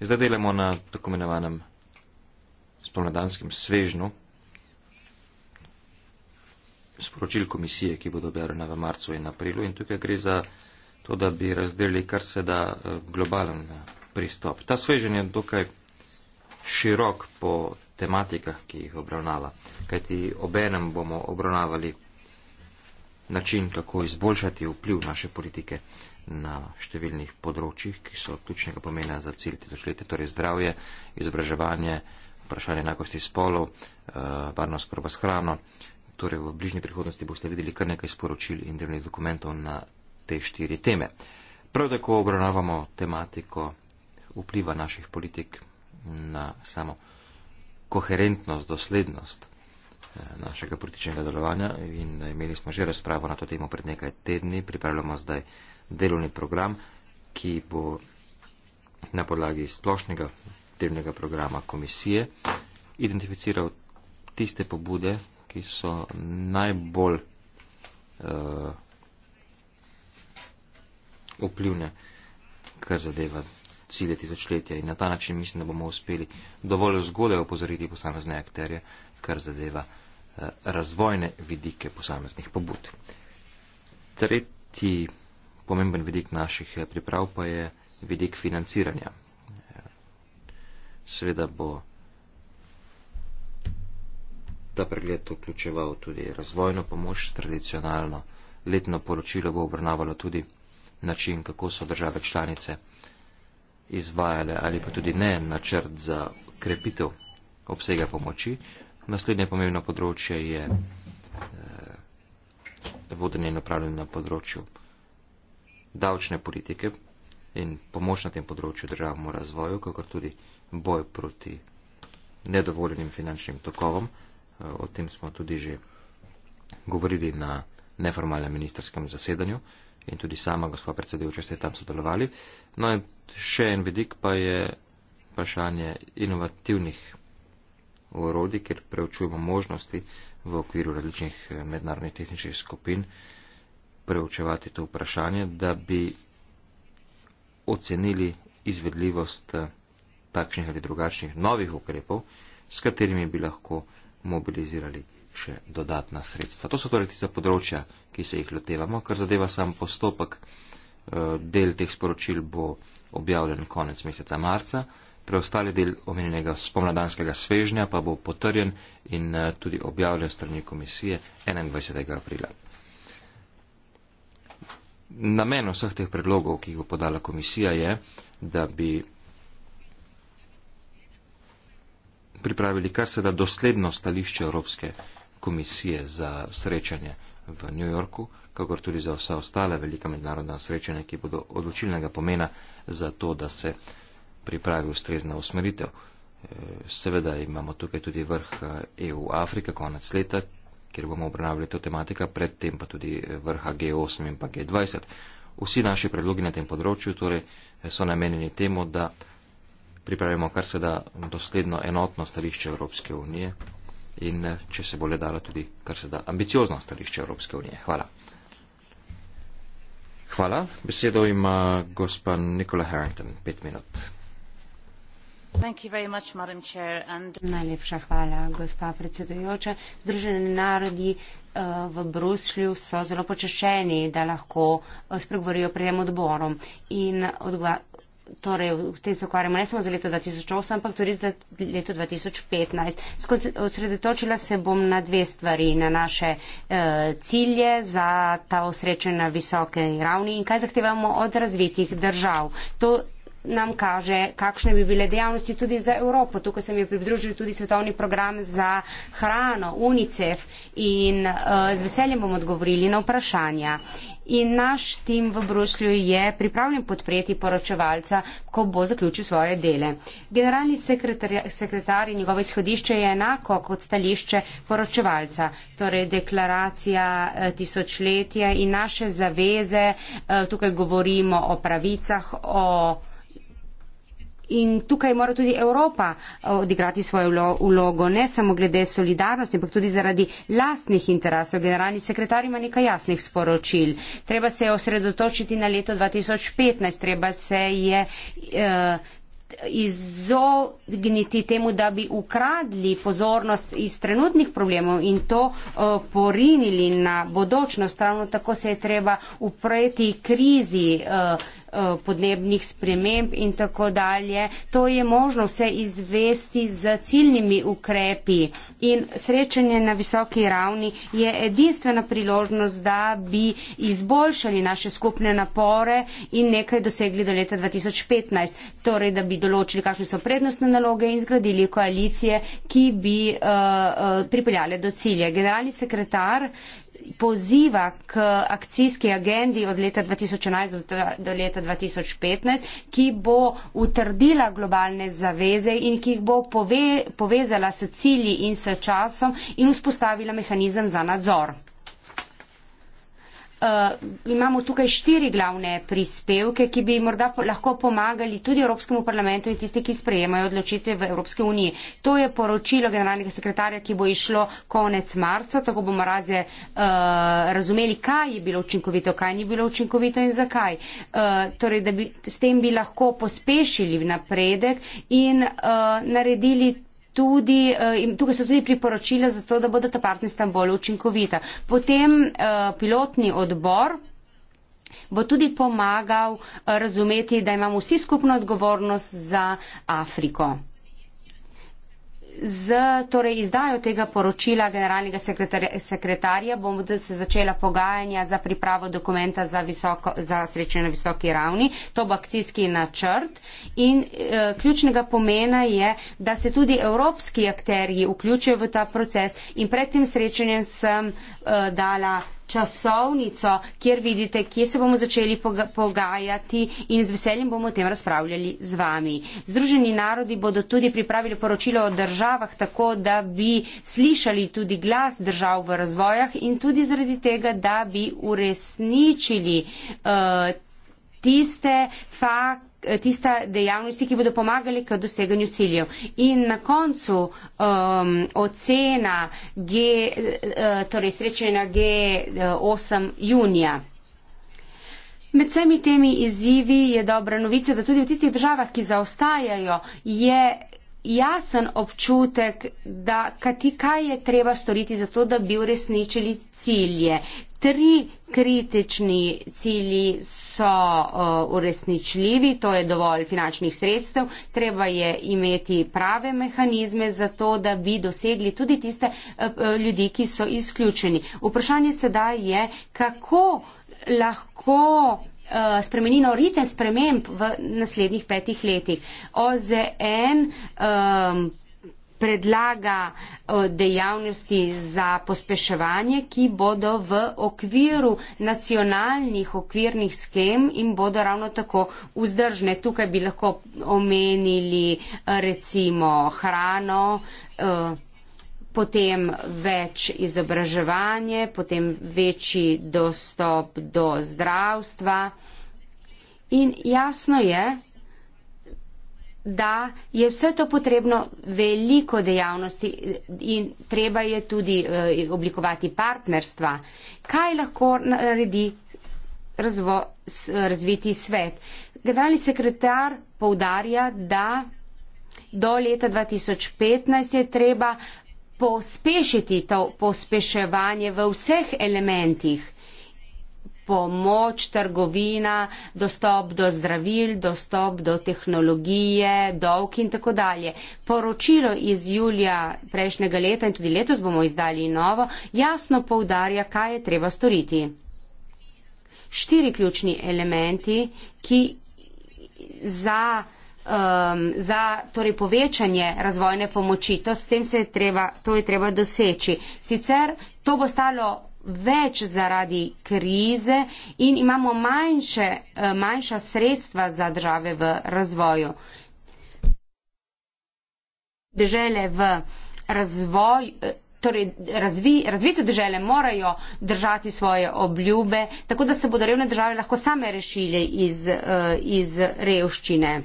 Speaker 1: Zdaj delamo na tako imenovanem spomladanskem svežnu sporočil komisije, ki bodo objavljena v marcu in aprilu. In tukaj gre za to, da bi razdelili kar se da eh, globalen eh, pristop. Ta svežen je dokaj širok po tematikah, ki jih obravnava. Kajti obenem bomo obravnavali način, kako izboljšati vpliv naše politike na številnih področjih, ki so ključnega pomena za cilj tisočletja, torej zdravje, izobraževanje, vprašanje enakosti spolov, eh, varnost proba s hrano. Torej v bližnji prihodnosti boste videli kar nekaj sporočil in delnih dokumentov na te štiri teme. Prav tako obravnavamo tematiko vpliva naših politik na samo koherentnost, doslednost eh, našega političnega delovanja in eh, imeli smo že razpravo na to temo pred nekaj tedni. Pripravljamo zdaj delovni program, ki bo na podlagi splošnega dnevnega programa komisije, identificiral tiste pobude, ki so najbolj uh, vplivne, kar zadeva cilje tisočletja in na ta način mislim, da bomo uspeli dovolj zgodaj opozoriti posamezne akterje, kar zadeva uh, razvojne vidike posameznih pobud. Tretji pomemben vidik naših eh, priprav pa je vidik financiranja seveda bo ta pregled vključeval tudi razvojno pomoč, tradicionalno letno poročilo bo obravnavalo tudi način, kako so države članice izvajale ali pa tudi ne načrt za krepitev obsega pomoči. Naslednje pomembno področje je eh, vodenje in upravljanje na področju davčne politike in pomoč na tem področju državnemu razvoju, kakor tudi boj proti nedovoljenim finančnim tokovom. E, o tem smo tudi že govorili na neformalnem ministerskem zasedanju in tudi sama gospod predsedujoča ste tam sodelovali. No in še en vidik pa je vprašanje inovativnih orodij, ker preučujemo možnosti v okviru različnih e, mednarodnih tehničnih skupin preučevati to vprašanje, da bi ocenili izvedljivost e, takšnih ali drugačnih novih ukrepov, s katerimi bi lahko mobilizirali še dodatna sredstva. To so torej tiste področja, ki se jih lotevamo, kar zadeva sam postopek. Eh, del teh sporočil bo objavljen konec meseca marca, preostali del omenjenega spomladanskega svežnja pa bo potrjen in eh, tudi objavljen strani komisije 21. aprila. Namen vseh teh predlogov, ki jih bo podala komisija, je, da bi pripravili kar se da dosledno stališče Evropske komisije za srečanje v New Yorku, kakor tudi za vsa ostale velika mednarodna srečanja, ki bodo odločilnega pomena za to, da se pripravi ustrezna usmeritev. E, seveda imamo tukaj tudi vrh EU-Afrika e konec leta, kjer bomo obravnavali to tematika, predtem pa tudi e, vrha G8 in pa G20. Vsi naši predlogi na tem področju torej, so namenjeni temu, da pripravimo kar se da dosledno enotno stališče Evropske unije in eh, če se bo le dalo tudi kar se da ambiciozno stališče Evropske unije. Hvala. Hvala. Besedo ima gospa Nikola Harrington. Pet minut.
Speaker 4: Thank you very much, Madam Chair. And... Najlepša hvala, gospa predsedujoča. Združeni narodi uh, v Bruslju so zelo počaščeni, da lahko uh, spregovorijo pred tem odborom. In torej v tem se ukvarjamo ne samo za leto 2008, ampak tudi za leto 2015. Osredotočila se bom na dve stvari, na naše e, cilje za ta osrečen na visoke ravni in kaj zahtevamo od razvitih držav. To nam kaže, kakšne bi bile dejavnosti tudi za Evropo. Tukaj se mi je pridružil tudi svetovni program za hrano, UNICEF in uh, z veseljem bom odgovorili na vprašanja. Uh, in naš tim v Bruslju je pripravljen podpreti poročevalca, ko bo zaključil svoje dele. Generalni sekretar, sekretar in njegovo izhodišče je enako kot stališče poročevalca, torej deklaracija eh, tisočletja in naše zaveze, eh, tukaj govorimo o pravicah, o In tukaj mora tudi Evropa eh, odigrati svojo vlogo, ne samo glede solidarnosti, ampak tudi zaradi lastnih interesov. Generalni sekretar ima nekaj jasnih sporočil. Treba se osredotočiti na leto 2015, treba se je eh, izogniti temu, da bi ukradli pozornost iz trenutnih problemov in to eh, porinili na bodočnost. Ravno tako se je treba upreti krizi. Eh, Eh, podnebnih sprememb in tako dalje. To je možno vse izvesti z ciljnimi ukrepi in srečanje na visoki ravni je edinstvena priložnost, da bi izboljšali naše skupne napore in nekaj dosegli do leta 2015. Torej, da bi določili, kakšne so prednostne naloge in zgradili koalicije, ki bi uh, uh, pripeljale do cilja. Generalni sekretar poziva k akcijski agendi od leta 2011 do, do leta 2015, ki bo utrdila globalne zaveze in ki jih bo pove, povezala s cilji in s časom in vzpostavila mehanizem za nadzor uh, imamo tukaj štiri glavne prispevke, ki bi morda po, lahko pomagali tudi Evropskemu parlamentu in tisti, ki sprejemajo odločitve v Evropske unije. To je poročilo generalnega sekretarja, ki bo išlo konec marca, tako bomo raze uh, razumeli, kaj je bilo učinkovito, kaj ni bilo učinkovito in zakaj. Uh, torej, da bi s tem bi lahko pospešili napredek in uh, naredili tudi, eh, tukaj so tudi priporočila za to, da bodo ta partnerstva bolj učinkovita. Potem eh, pilotni odbor bo tudi pomagal eh, razumeti, da imamo vsi skupno odgovornost za Afriko z torej, izdajo tega poročila generalnega sekretarja bomo se začela pogajanja za pripravo dokumenta za, visoko, za srečanje na visoki ravni. To bo akcijski načrt in e, ključnega pomena je, da se tudi evropski akterji vključijo v ta proces in pred tem srečanjem sem e, dala časovnico, kjer vidite, kje se bomo začeli poga pogajati in z veseljem bomo o tem razpravljali z vami. Združeni narodi bodo tudi pripravili poročilo o državah, tako da bi slišali tudi glas držav v razvojah in tudi zaradi tega, da bi uresničili uh, tiste fakte, tista dejavnosti, ki bodo pomagali k doseganju ciljev. In na koncu um, ocena G, eh, torej srečena G8 junija. Med vsemi temi izzivi je dobra novica, da tudi v tistih državah, ki zaostajajo, je jasen občutek, da kaj je treba storiti za to, da bi uresničili cilje tri kritični cilji so uh, uresničljivi, to je dovolj finančnih sredstev, treba je imeti prave mehanizme za to, da bi dosegli tudi tiste uh, uh, ljudi, ki so izključeni. Vprašanje sedaj je, kako lahko spremenino ritem sprememb v naslednjih petih letih. OZN um, predlaga eh, dejavnosti za pospeševanje, ki bodo v okviru nacionalnih okvirnih skem in bodo ravno tako vzdržne. Tukaj bi lahko omenili eh, recimo hrano, eh, potem več izobraževanje, potem večji dostop do zdravstva. In jasno je, da je vse to potrebno veliko dejavnosti in treba je tudi eh, oblikovati partnerstva. Kaj lahko naredi razvo, razviti svet? Generalni sekretar povdarja, da do leta 2015 je treba pospešiti to pospeševanje v vseh elementih pomoč, trgovina, dostop do zdravil, dostop do tehnologije, dolg in tako dalje. Poročilo iz julija prejšnjega leta in tudi letos bomo izdali novo, jasno poudarja, kaj je treba storiti. Štiri ključni elementi, ki za, um, za torej povečanje razvojne pomoči, to, se je treba, to je treba doseči. Sicer to bo stalo več zaradi krize in imamo manjše, eh, manjša sredstva za države v razvoju. Dežele v razvoj, eh, torej razvi, razvite države morajo držati svoje obljube, tako da se bodo revne države lahko same rešile iz, eh, iz revščine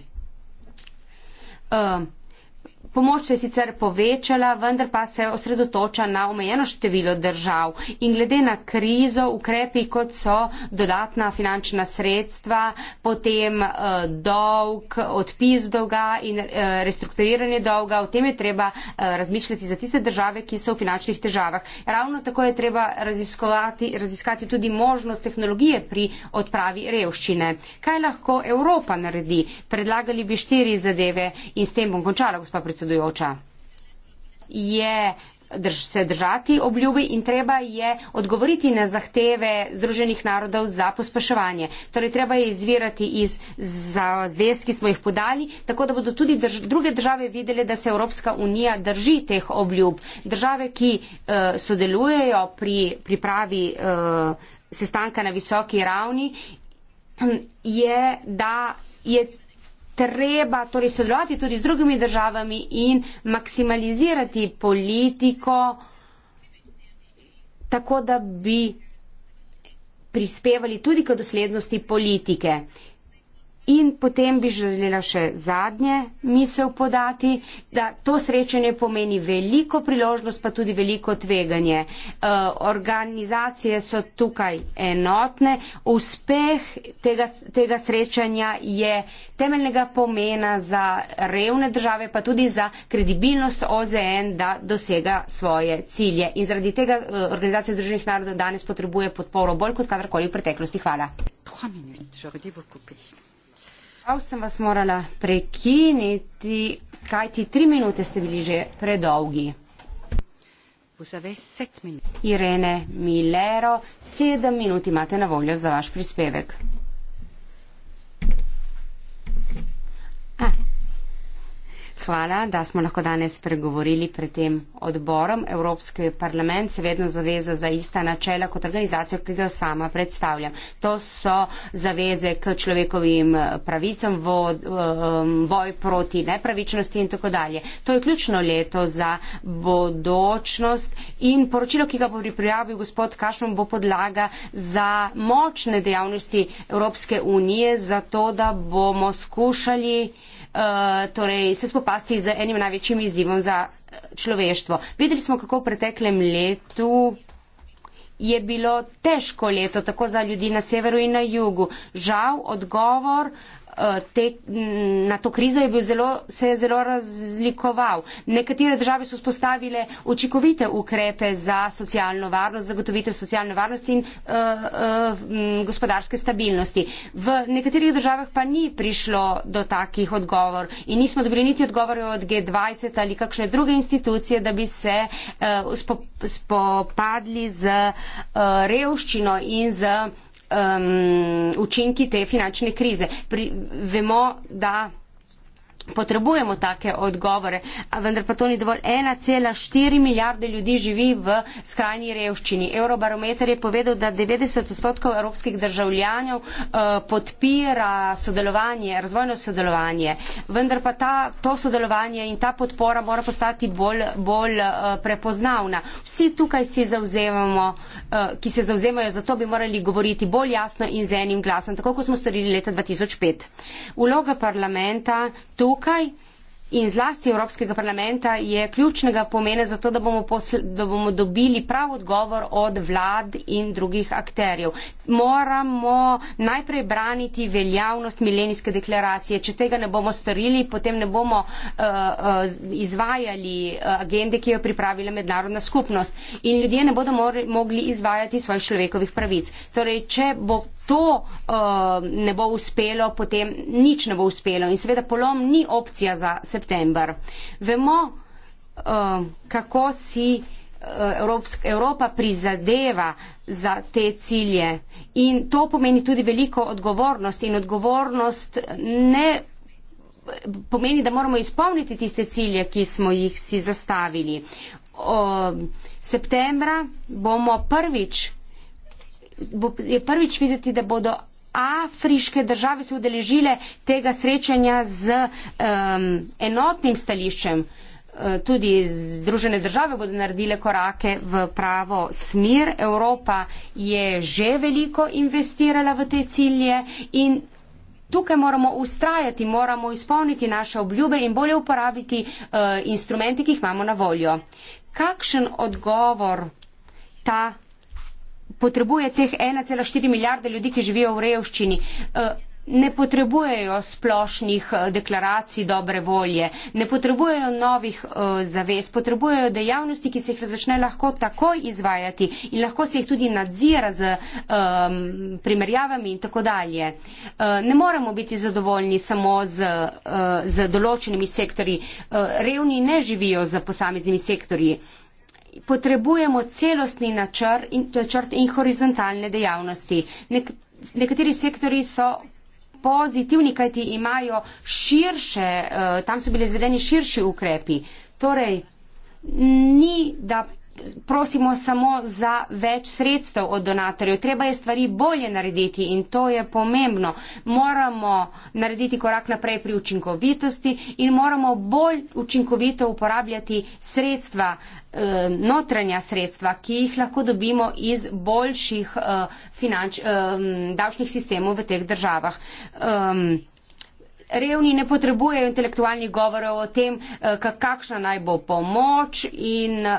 Speaker 4: pomoč se je sicer povečala, vendar pa se osredotoča na omejeno število držav. In glede na krizo, ukrepi kot so dodatna finančna sredstva, potem eh, dolg, odpis dolga in eh, restrukturiranje dolga, o tem je treba eh, razmišljati za tiste države, ki so v finančnih težavah. Ravno tako je treba raziskati tudi možnost tehnologije pri odpravi revščine. Kaj lahko Evropa naredi? Predlagali bi štiri zadeve in s tem bom končala, gospod predsednik predsedujoča. Je drž, se držati obljubi in treba je odgovoriti na zahteve Združenih narodov za pospeševanje. Torej, treba je izvirati iz zavest, ki smo jih podali, tako da bodo tudi drž, druge države videli, da se Evropska unija drži teh obljub. Države, ki uh, sodelujejo pri pripravi uh, sestanka na visoki ravni, je, da je treba torej sodelovati tudi z drugimi državami in maksimalizirati politiko, tako da bi prispevali tudi k doslednosti politike. In potem bi želela še zadnje misel podati, da to srečanje pomeni veliko priložnost, pa tudi veliko tveganje. E, organizacije so tukaj enotne. Uspeh tega, tega srečanja je temeljnega pomena za revne države, pa tudi za kredibilnost OZN, da dosega svoje cilje. In zaradi tega eh, Organizacija Združenih narodov danes potrebuje podporo bolj kot kadarkoli v preteklosti. Hvala. 3 minut, Žal sem vas morala prekiniti, kaj ti tri minute ste bili že predolgi. Irene Milero, sedem minut imate na voljo za vaš prispevek. Hvala, da smo lahko danes pregovorili pred tem odborom. Evropski parlament se vedno zaveza za ista načela kot organizacijo, ki ga sama predstavljam. To so zaveze k človekovim pravicam, vo, voj um, proti nepravičnosti in tako dalje. To je ključno leto za bodočnost in poročilo, ki ga bo pripravil gospod Kašman, bo podlaga za močne dejavnosti Evropske unije, za to, da bomo skušali uh, torej, se spopadati spopasti z enim največjim izzivom za eh, človeštvo. Videli smo, kako v preteklem letu je bilo težko leto, tako za ljudi na severu in na jugu. Žal, odgovor uh, Eh, te, na to krizo je bil zelo, se je zelo razlikoval. Nekatere države so spostavile očikovite ukrepe za socialno varnost, zagotovitev socialne varnosti in uh, uh, gospodarske stabilnosti. V nekaterih državah pa ni prišlo do takih odgovor in nismo dobili niti odgovore od G20 ali kakšne druge institucije, da bi se uh, spopadli z uh, revščino in z. Uh, um, učinki te finančne krize. Pri, vemo, da potrebujemo take odgovore, a vendar pa to ni dovolj. 1,4 milijarde ljudi živi v skrajni revščini. Eurobarometer je povedal, da 90 odstotkov evropskih državljanov uh, podpira sodelovanje, razvojno sodelovanje, vendar pa ta, to sodelovanje in ta podpora mora postati bolj bol, uh, eh, prepoznavna. Vsi tukaj si zauzemamo, uh, eh, ki se zauzemajo za to, bi morali govoriti bolj jasno in z enim glasom, tako kot smo storili leta 2005. Uloga parlamenta tu tukaj in zlasti Evropskega parlamenta je ključnega pomena za to, da bomo, posle, da bomo dobili prav odgovor od vlad in drugih akterjev. Moramo najprej braniti veljavnost milenijske deklaracije. Če tega ne bomo storili, potem ne bomo uh, uh, izvajali uh, agende, ki jo je pripravila mednarodna skupnost in ljudje ne bodo mori, mogli izvajati svojih človekovih pravic. Torej, če bo to uh, ne bo uspelo, potem nič ne bo uspelo. In seveda polom ni opcija za se september. Vemo, eh, kako si eh, Evropa prizadeva za te cilje in to pomeni tudi veliko odgovornost in odgovornost ne pomeni, da moramo izpolniti tiste cilje, ki smo jih si zastavili. O, septembra bomo prvič, bo, je prvič videti, da bodo afriške države se udeležile tega srečanja z um, enotnim stališčem. E, tudi Združene države bodo naredile korake v pravo smer. Evropa je že veliko investirala v te cilje in tukaj moramo ustrajati, moramo izpolniti naše obljube in bolje uporabiti uh, instrumente, ki jih imamo na voljo. Kakšen odgovor ta potrebuje teh 1,4 milijarde ljudi, ki živijo v revščini. Eh, ne potrebujejo splošnih eh, deklaracij dobre volje, ne potrebujejo novih eh, zavez, potrebujejo dejavnosti, ki se jih začne lahko takoj izvajati in lahko se jih tudi nadzira z um, primerjavami in tako dalje. Ne moramo biti zadovoljni samo z, z določenimi sektorji. Revni ne živijo za posameznimi sektorji potrebujemo celostni načrt in, načrt in horizontalne dejavnosti. Nek, nekateri sektori so pozitivni, kajti imajo širše, uh, tam so bili izvedeni širši ukrepi. Torej, ni da prosimo samo za več sredstev od donatorjev. Treba je stvari bolje narediti in to je pomembno. Moramo narediti korak naprej pri učinkovitosti in moramo bolj učinkovito uporabljati sredstva, eh, notranja sredstva, ki jih lahko dobimo iz boljših eh, finanč, eh, davčnih sistemov v teh državah revni ne potrebujejo intelektualnih govorov o tem, eh, kakšna naj bo pomoč in eh,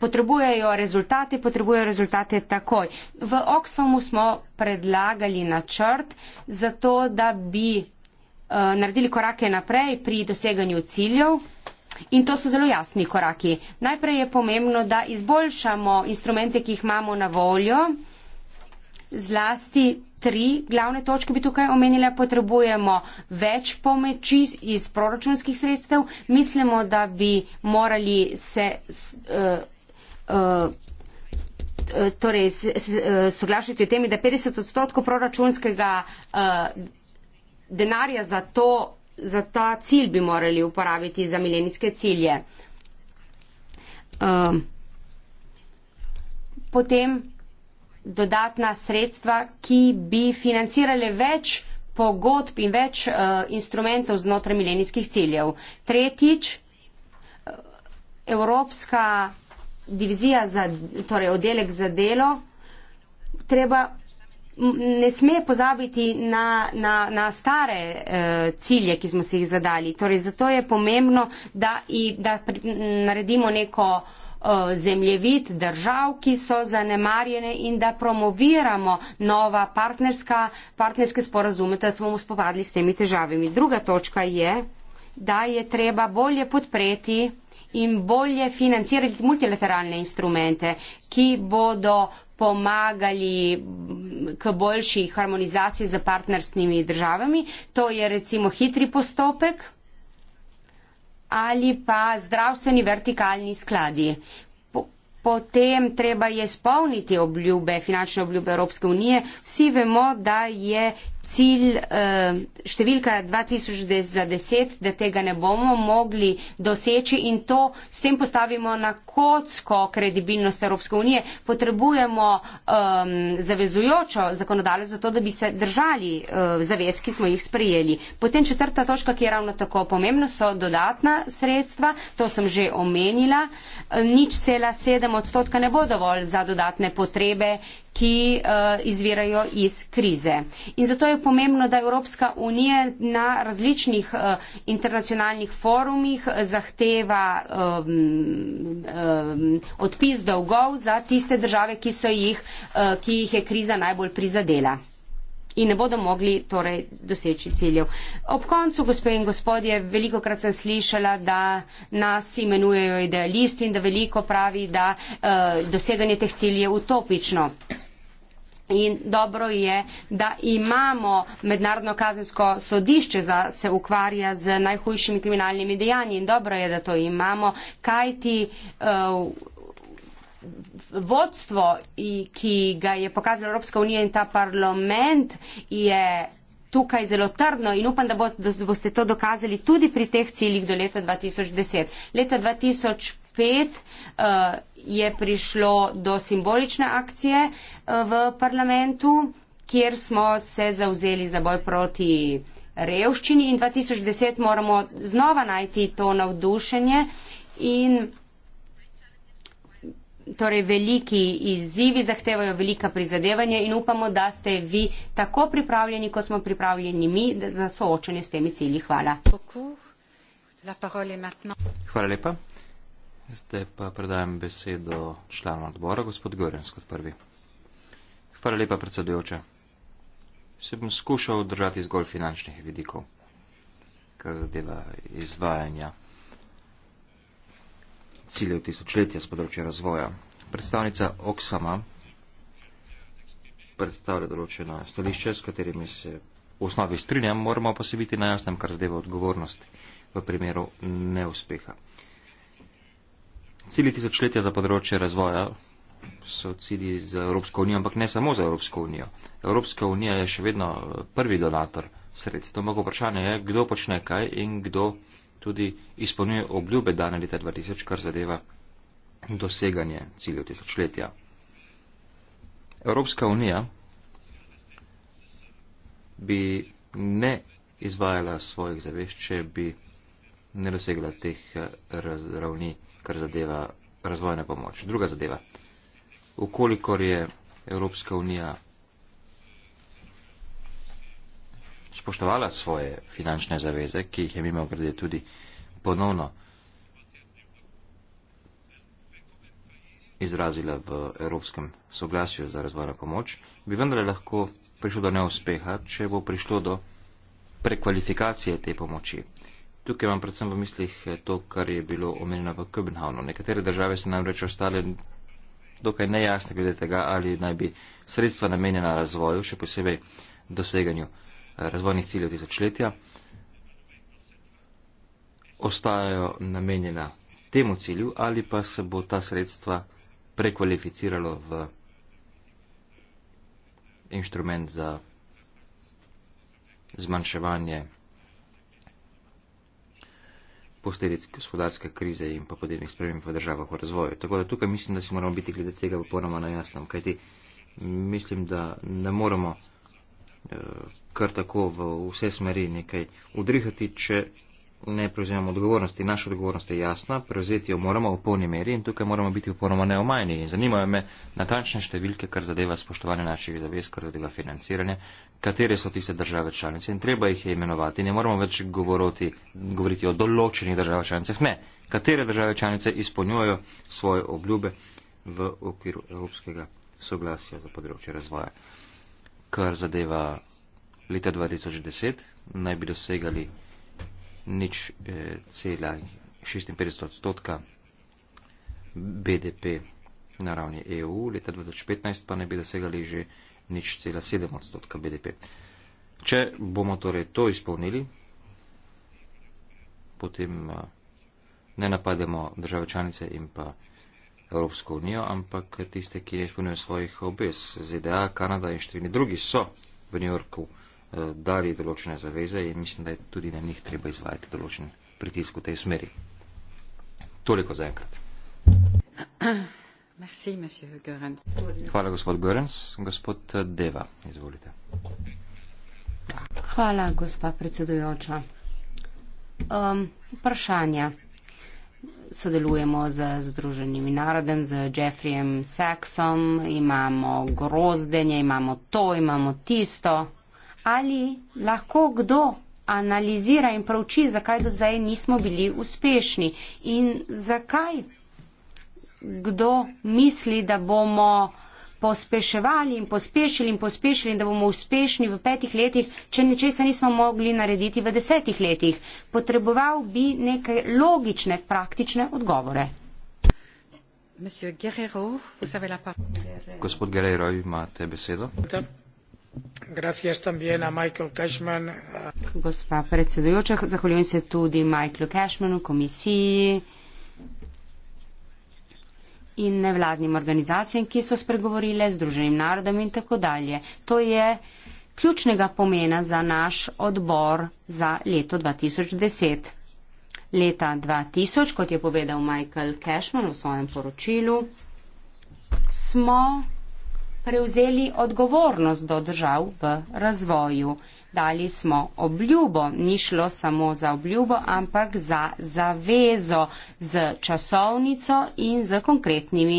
Speaker 4: potrebujejo rezultate, potrebujejo rezultate takoj. V Oxfamu smo predlagali načrt za to, da bi eh, naredili korake naprej pri doseganju ciljev. In to so zelo jasni koraki. Najprej je pomembno, da izboljšamo instrumente, ki jih imamo na voljo, zlasti tri glavne točke bi tukaj omenila. Potrebujemo več pomoči iz proračunskih sredstev. Mislimo, da bi morali se. Uh, uh, Torej, soglašati o tem, da 50 odstotkov proračunskega uh, denarja za, to, za ta cilj bi morali uporabiti za milenijske cilje. Uh, potem dodatna sredstva, ki bi financirale več pogodb in več uh, instrumentov znotraj milenijskih ciljev. Tretjič, eh, Evropska divizija, za, torej oddelek za delo, treba, ne sme pozabiti na, na, na stare uh, cilje, ki smo si jih zadali. Torej, zato je pomembno, da, i, da pri, naredimo neko uh, zemljevid držav, ki so zanemarjene in da promoviramo nova partnerske sporazume, da smo uspovadili s temi težavami. Druga točka je, da je treba bolje podpreti in bolje financirati multilateralne instrumente, ki bodo pomagali k boljši harmonizaciji z partnerskimi državami. To je recimo hitri postopek ali pa zdravstveni vertikalni skladi. Potem treba je spolniti obljube, finančne obljube Evropske unije. Vsi vemo, da je cilj eh, številka 2010, da tega ne bomo mogli doseči in to s tem postavimo na kocko kredibilnost Evropske unije. Potrebujemo um, zavezujočo zakonodajo za to, da bi se držali uh, zavez, ki smo jih sprejeli. Potem četrta točka, ki je ravno tako pomembna, so dodatna sredstva. To sem že omenila. Nič cela sedem odstotka ne bo dovolj za dodatne potrebe, ki uh, izvirajo iz krize. In zato je pomembno, da Evropska unija na različnih uh, internacionalnih forumih eh, zahteva um, um, odpis dolgov za tiste države, ki, jih, uh, ki jih je kriza najbolj prizadela. In ne bodo mogli torej doseči ciljev. Ob koncu, gospe in gospodje, veliko krat sem slišala, da nas imenujejo idealisti in da veliko pravi, da uh, doseganje teh ciljev je utopično. In dobro je, da imamo mednarodno kazensko sodišče, da se ukvarja z najhujšimi kriminalnimi dejanji. In dobro je, da to imamo, kajti uh, vodstvo, ki ga je pokazala Evropska unija in ta parlament, je tukaj zelo trdno in upam, da, bo, da boste to dokazali tudi pri teh ciljih do leta 2010. Leta 2015 pet eh, je prišlo do simbolične akcije eh, v parlamentu, kjer smo se zauzeli za boj proti revščini in 2010 moramo znova najti to navdušenje in torej veliki izzivi zahtevajo velika prizadevanja in upamo, da ste vi tako pripravljeni, kot smo pripravljeni mi za soočenje s temi cilji. Hvala.
Speaker 1: Hvala lepa. Zdaj pa predajam besedo članom odbora, gospod Gorens kot prvi. Hvala lepa, predsedujoča. Se bom skušal držati zgolj finančnih vidikov, kar zadeva izvajanja ciljev tisočletja z področja razvoja. Predstavnica Oxfama predstavlja določena stališče, s katerimi se v osnovi strinjam, moramo pa se biti na jasnem, kar zadeva odgovornost v primeru neuspeha cilji tisočletja za področje razvoja so cilji za Evropsko unijo, ampak ne samo za Evropsko unijo. Evropska unija je še vedno prvi donator sredstev, ampak vprašanje je, kdo počne kaj in kdo tudi izpolnjuje obljube dane leta 2000, kar zadeva doseganje ciljev tisočletja. Evropska unija bi ne izvajala svojih zavez, če bi ne dosegla teh eh, ravni. Raz, kar zadeva razvojne pomoč. Druga zadeva. Ukolikor je Evropska unija spoštovala svoje finančne zaveze, ki jih je mimo grede tudi ponovno izrazila v Evropskem soglasju za razvojno pomoč, bi vendarle lahko prišlo do neuspeha, če bo prišlo do prekvalifikacije te pomoči. Tukaj imam predvsem v mislih eh, to, kar je bilo omenjeno v Köbenhavnu. Nekatere države so namreč ostale dokaj nejasne glede tega, ali naj bi sredstva namenjena razvoju, še posebej doseganju eh, razvojnih ciljev tisočletja, ostajajo namenjena temu cilju ali pa se bo ta sredstva prekvalificiralo v inštrument za zmanjševanje posledic gospodarske krize in pa podnebnih sprememb v državah v razvoju. Tako da tukaj mislim, da si moramo biti glede tega popolnoma na jasnem, kajti mislim, da ne moremo eh, kar tako v vse smeri nekaj udrihati, če ne prevzemamo odgovornosti. Naša odgovornost je jasna, prevzeti jo moramo v polni meri in tukaj moramo biti uporoma neomajni. In zanimajo me natančne številke, kar zadeva spoštovanje naših zavez, kar zadeva financiranje, katere so tiste države članice in treba jih je imenovati. Ne moramo več govoriti, govoriti o določenih državah članicah, ne. Katere države članice izpolnjujejo svoje obljube v okviru Evropskega soglasja za področje razvoja. Kar zadeva leta 2010, naj bi dosegali nič eh, cela 56 odstotka BDP na ravni EU, leta 2015 pa ne bi dosegali že nič cela 7 odstotka BDP. Če bomo torej to izpolnili, potem eh, ne napademo države članice in pa Evropsko unijo, ampak tiste, ki ne izpolnijo svojih obvez. ZDA, Kanada in številni drugi so v New Yorku Eh, dali določene zaveze in mislim, da je tudi na njih treba izvajati določen pritisk v tej smeri. Toliko za enkrat.
Speaker 2: (clears throat) Merci, Hvala,
Speaker 1: gospod Görens. Gospod eh, Deva, izvolite.
Speaker 4: Hvala, gospa predsedujoča. Um, vprašanja. Sodelujemo z Združenimi narodem, z Jeffrejem Saxom, imamo grozdenje, imamo to, imamo tisto ali lahko kdo analizira in prouči, zakaj do zdaj nismo bili uspešni in zakaj kdo misli, da bomo pospeševali in pospešili in pospešili in da bomo uspešni v petih letih, če ničesa nismo mogli narediti v desetih letih. Potreboval bi neke logične, praktične odgovore.
Speaker 1: Gospod Guerrero, imate besedo.
Speaker 4: Gospa predsedujoča, zahvaljujem se tudi Michaelu Cashmanu, komisiji in nevladnim organizacijam, ki so spregovorile z druženim narodom in tako dalje. To je ključnega pomena za naš odbor za leto 2010. Leta 2000, kot je povedal Michael Cashman v svojem poročilu, smo prevzeli odgovornost do držav v razvoju. Dali smo obljubo, ni šlo samo za obljubo, ampak za zavezo z časovnico in z konkretnimi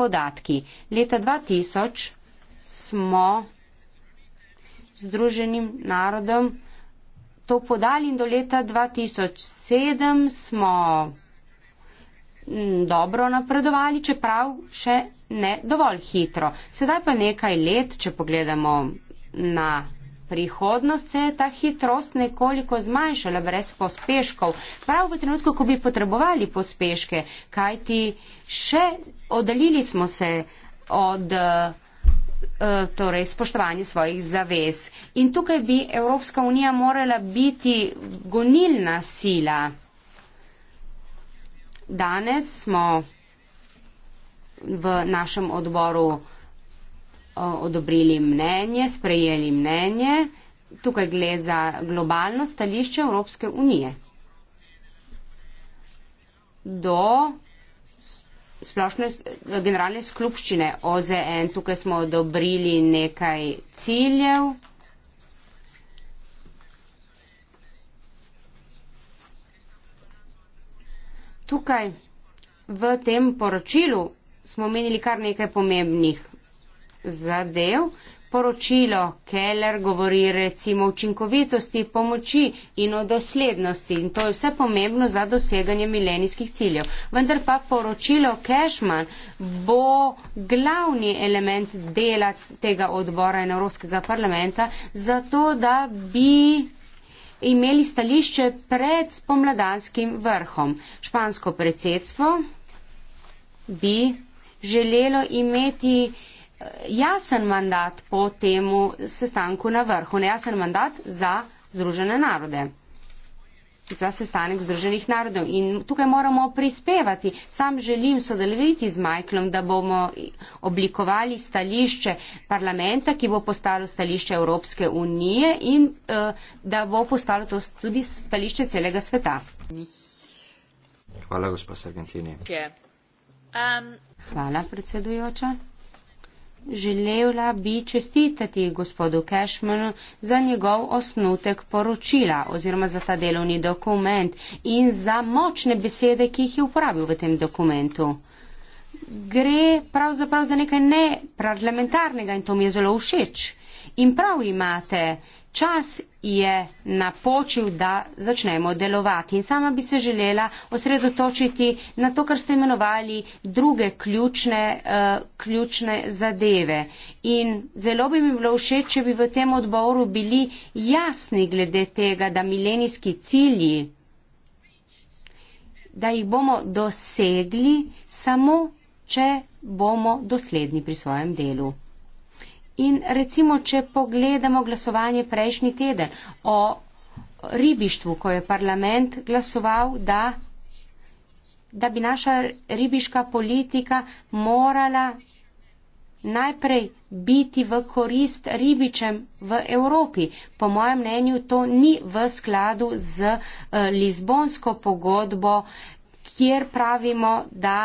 Speaker 4: podatki. Leta 2000 smo Združenim narodom to podali in do leta 2007 smo dobro napredovali, čeprav še ne dovolj hitro. Sedaj pa nekaj let, če pogledamo na prihodnost, se je ta hitrost nekoliko zmanjšala brez pospeškov. Prav v trenutku, ko bi potrebovali pospeške, kajti še oddaljili smo se od eh, torej spoštovanje svojih zavez. In tukaj bi Evropska unija morala biti gonilna sila. Danes smo v našem odboru eh, odobrili mnenje, sprejeli mnenje. Tukaj gre za globalno stališče Evropske unije do splošne generalne skupščine OZN. Tukaj smo odobrili nekaj ciljev. tukaj v tem poročilu smo omenili kar nekaj pomembnih zadev. Poročilo Keller govori recimo o učinkovitosti, pomoči in o doslednosti in to je vse pomembno za doseganje milenijskih ciljev. Vendar pa poročilo Cashman bo glavni element dela tega odbora in Evropskega parlamenta zato, da bi imeli stališče pred spomladanskim vrhom. Špansko predsedstvo bi želelo imeti eh, jasen mandat po temu sestanku na vrhu, nejasen mandat za Združene narode za sestanek Združenih narodov. In tukaj moramo prispevati. Sam želim sodelovati z Majklom, da bomo oblikovali stališče parlamenta, ki bo postalo stališče Evropske unije in uh, da bo postalo to tudi stališče celega sveta.
Speaker 1: Hvala, gospod Sargentini.
Speaker 4: Yeah. Um... Hvala, predsedujoča. Želela bi čestitati gospodu Cashmanu za njegov osnutek poročila oziroma za ta delovni dokument in za močne besede, ki jih je uporabil v tem dokumentu. Gre pravzaprav za nekaj neparlamentarnega in to mi je zelo všeč. In prav imate, čas je napočil, da začnemo delovati. In sama bi se želela osredotočiti na to, kar ste imenovali druge ključne, uh, ključne zadeve. In zelo bi mi bilo všeč, če bi v tem odboru bili jasni glede tega, da milenijski cilji, da jih bomo dosegli samo, če bomo dosledni pri svojem delu. In recimo, če pogledamo glasovanje prejšnji teden o ribištvu, ko je parlament glasoval, da, da bi naša ribiška politika morala najprej biti v korist ribičem v Evropi. Po mojem mnenju to ni v skladu z eh, Lizbonsko pogodbo, kjer pravimo, da,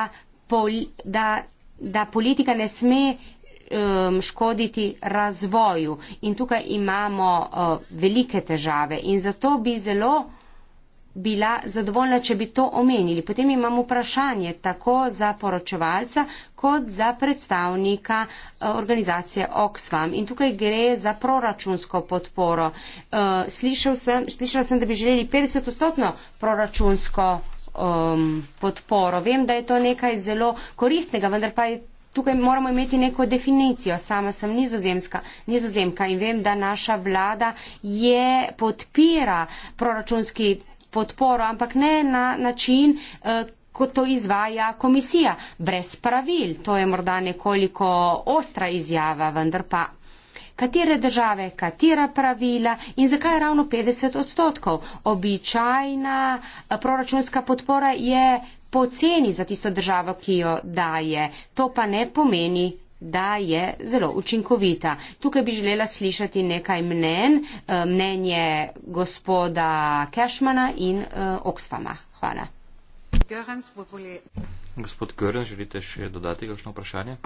Speaker 4: pol, da, da politika ne sme um, škoditi razvoju. In tukaj imamo uh, velike težave. In zato bi zelo bila zadovoljna, če bi to omenili. Potem imamo vprašanje tako za poročevalca, kot za predstavnika uh, organizacije Oxfam. In tukaj gre za proračunsko podporo. Uh, slišal sem, slišal sem da bi želeli 50-stotno proračunsko um, podporo. Vem, da je to nekaj zelo koristnega, vendar pa je tukaj moramo imeti neko definicijo. Sama sem nizozemska, nizozemka in vem, da naša vlada je podpira proračunski podporo, ampak ne na način, eh, kot to izvaja komisija. Brez pravil, to je morda nekoliko ostra izjava, vendar pa. Katere države, katera pravila in zakaj ravno 50 odstotkov? Običajna eh, proračunska podpora je poceni za tisto državo, ki jo daje. To pa ne pomeni, da je zelo učinkovita. Tukaj bi želela slišati nekaj mnen, eh, mnenje gospoda Kešmana in eh, Oxfama. Hvala.
Speaker 1: Gospod Görens, želite še dodati kakšno vprašanje?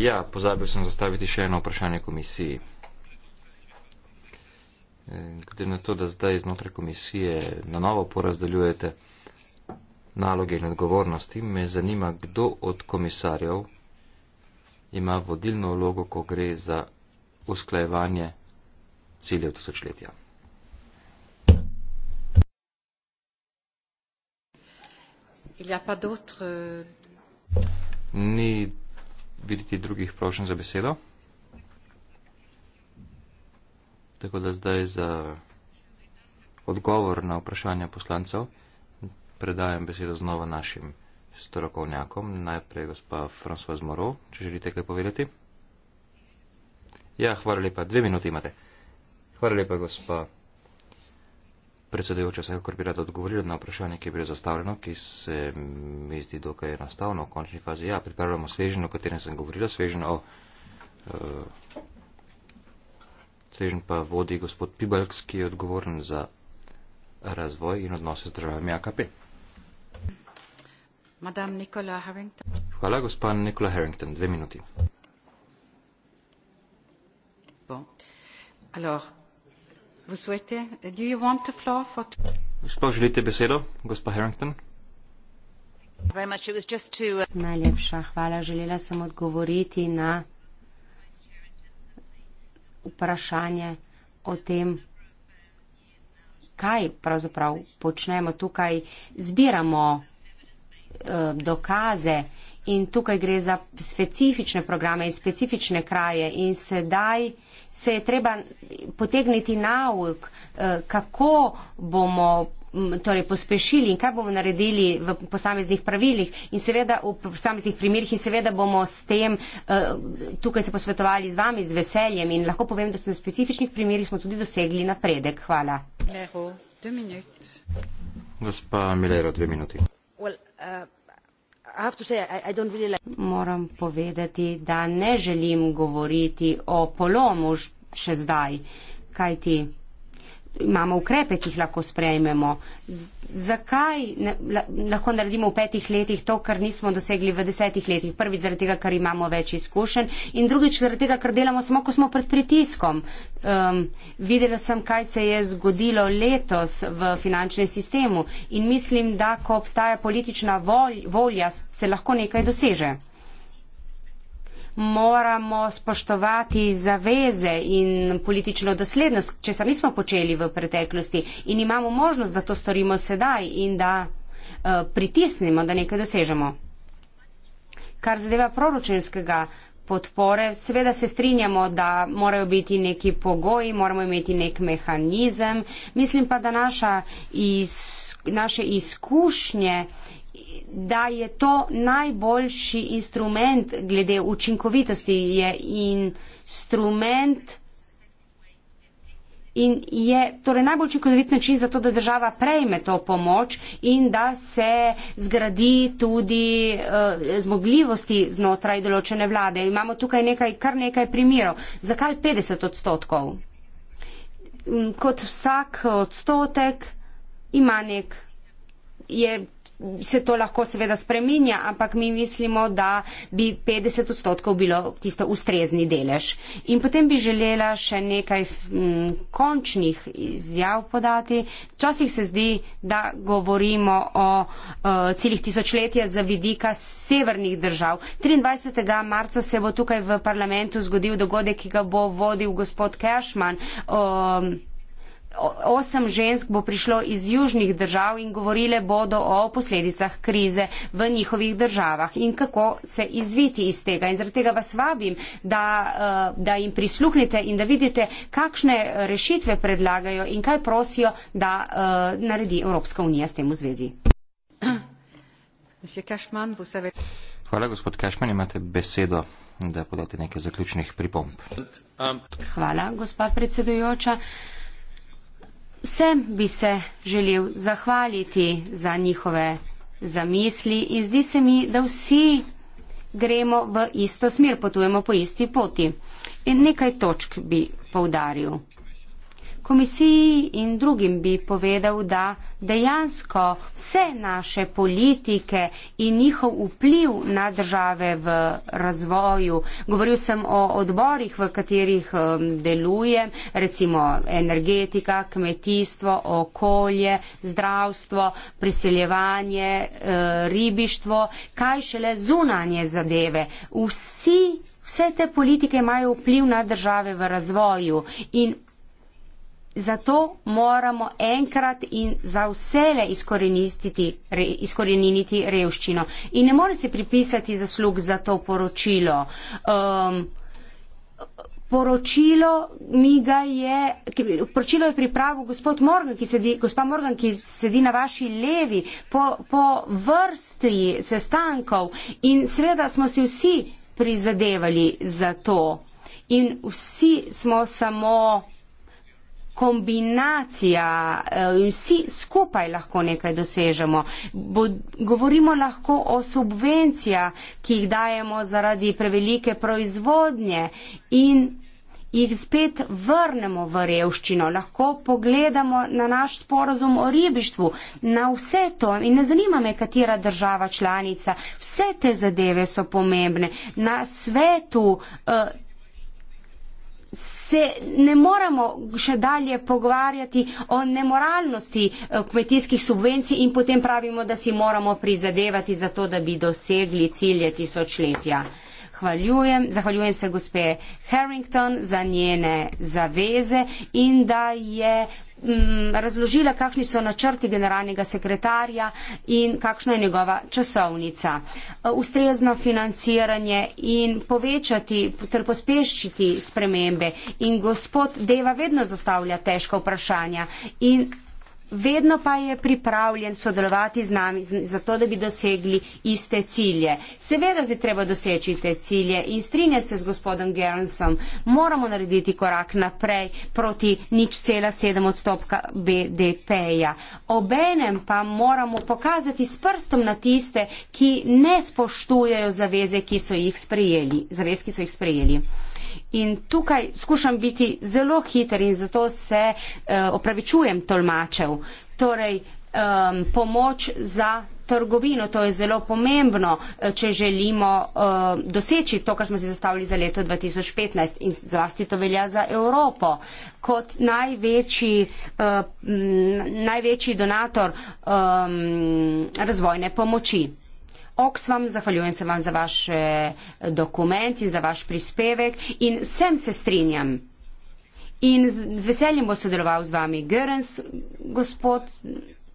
Speaker 1: Ja, pozabil sem zastaviti še eno vprašanje komisiji. Eh, glede na to, da zdaj znotraj komisije na novo porazdeljujete naloge in odgovornosti, me zanima, kdo od komisarjev ima vodilno vlogo, ko gre za usklajevanje ciljev tisočletja.
Speaker 2: Euh,
Speaker 1: Ni videti drugih prošenj za besedo. Tako da zdaj za odgovor na vprašanja poslancev predajam besedo znova našim strokovnjakom. Najprej gospa François Moreau, če želite kaj povedati. Ja, hvala lepa. Dve minuti imate. Hvala lepa, gospa predsedujoča. Vsekakor bi rada odgovorila na vprašanje, ki je bilo zastavljeno, ki se mi zdi dokaj enostavno v končni fazi. Ja, pripravljamo svežen, o katerem sem govorila, svežen o. Uh, svežen pa vodi gospod Pibalks, ki je odgovoren za razvoj in odnose z državami AKP. Hvala, gospa Nikola Harrington. Dve minuti. Gospod, želite besedo, gospa Harrington?
Speaker 2: Uh,
Speaker 4: Najlepša hvala. Želela sem odgovoriti na vprašanje o tem, kaj pravzaprav počnemo tukaj. Zbiramo Eh, dokaze in tukaj gre za specifične programe in specifične kraje in sedaj se je treba potegniti nauk, eh, kako bomo torej, pospešili in kaj bomo naredili v posameznih pravilih in seveda v posameznih primerjih in seveda bomo s tem eh, tukaj se posvetovali z vami z veseljem in lahko povem, da smo na specifičnih primerjih smo tudi dosegli napredek. Hvala.
Speaker 1: Gospa Milero, dve minuti.
Speaker 4: Uh, Moram povedati, da ne želim govoriti o polomu še zdaj, kajti imamo ukrepe, ki jih lahko sprejmemo. Z, zakaj ne, la, lahko naredimo v petih letih to, kar nismo dosegli v desetih letih? Prvi zaradi tega, ker imamo več izkušenj in drugič zaradi tega, ker delamo samo, ko smo pred pritiskom. Um, videla sem, kaj se je zgodilo letos v finančnem sistemu in mislim, da ko obstaja politična volj, volja, se lahko nekaj doseže moramo spoštovati zaveze in politično doslednost, če sami smo počeli v preteklosti in imamo možnost, da to storimo sedaj in da uh, pritisnemo, da nekaj dosežemo. Kar zadeva proročenskega podpore, seveda se strinjamo, da morajo biti neki pogoji, moramo imeti nek mehanizem. Mislim pa, da naša iz, naše izkušnje uh, da je to najboljši instrument glede učinkovitosti je instrument in je torej najbolj učinkovit način za to, da država prejme to pomoč in da se zgradi tudi uh, zmogljivosti znotraj določene vlade. Imamo tukaj nekaj, kar nekaj primerov. Zakaj 50 odstotkov? Mm, kot vsak odstotek ima nek, je se to lahko seveda spreminja, ampak mi mislimo, da bi 50 odstotkov bilo tisto ustrezni delež. In potem bi želela še nekaj m, mm, končnih izjav podati. Včasih se zdi, da govorimo o, o e, ciljih tisočletja za vidika severnih držav. 23. marca se bo tukaj v parlamentu zgodil dogodek, ki ga bo vodil gospod Kešman. O, osem žensk bo prišlo iz južnih držav in govorile bodo o posledicah krize v njihovih državah in kako se izviti iz tega. In zaradi tega vas vabim, da, eh, da jim prisluhnite in da vidite, kakšne rešitve predlagajo in kaj prosijo, da eh, naredi Evropska unija s tem v zvezi.
Speaker 1: Hvala, gospod Kašman, imate besedo, da podate nekaj zaključnih pripomb.
Speaker 2: Um,
Speaker 4: Hvala, gospod predsedujoča. Vsem bi se želel zahvaliti za njihove zamisli in zdi se mi, da vsi gremo v isto smer, potujemo po isti poti. In nekaj točk bi poudaril komisiji in drugim bi povedal, da dejansko vse naše politike in njihov vpliv na države v razvoju, govoril sem o odborih, v katerih um, delujem, recimo energetika, kmetijstvo, okolje, zdravstvo, priseljevanje, uh, ribištvo, kaj šele zunanje zadeve. Vsi Vse te politike imajo vpliv na države v razvoju in Zato moramo enkrat in za vsele re, izkoreniniti revščino. In ne more se pripisati zaslug za to poročilo. Um, poročilo mi ga je, ki, poročilo je pripravo gospod Morgan, ki sedi, gospa Morgan, ki sedi na vaši levi po, po vrsti sestankov in seveda smo si vsi prizadevali za to. In vsi smo samo kombinacija, eh, vsi skupaj lahko nekaj dosežemo. Bo, govorimo lahko o subvencijah, ki jih dajemo zaradi prevelike proizvodnje in jih spet vrnemo v revščino. Lahko pogledamo na naš sporozum o ribištvu, na vse to in ne zanima me, katera država članica. Vse te zadeve so pomembne. Na svetu. Uh, se ne moramo še dalje pogovarjati o nemoralnosti eh, kmetijskih subvencij in potem pravimo, da si moramo prizadevati za to, da bi dosegli cilje tisočletja. Hvaljujem, zahvaljujem se gospe Harrington za njene zaveze in da je razložila, kakšni so načrti generalnega sekretarja in kakšna je njegova časovnica. E, ustrezno financiranje in povečati ter pospešiti spremembe. In gospod Deva vedno zastavlja težka vprašanja. In vedno pa je pripravljen sodelovati z nami, zato da bi dosegli iste cilje. Seveda zdaj treba doseči te cilje in strinja se z gospodom Gernsom, moramo narediti korak naprej proti nič cela sedem odstotka BDP-ja. Obenem pa moramo pokazati s prstom na tiste, ki ne spoštujejo zaveze, ki so jih sprejeli. Zavez, ki so jih sprejeli. In tukaj skušam biti zelo hiter in zato se eh, opravičujem tolmačev. Torej, um, pomoč za trgovino, to je zelo pomembno, eh, če želimo um, doseči to, kar smo si zastavili za leto 2015 in zlasti to velja za Evropo. Kot največji, uh, m, največji donator um, razvojne pomoči. Oxfam, zahvaljujem se vam za vaš eh, dokument in za vaš prispevek in vsem se strinjam. In z veseljem bo sodeloval z vami Görens, gospod,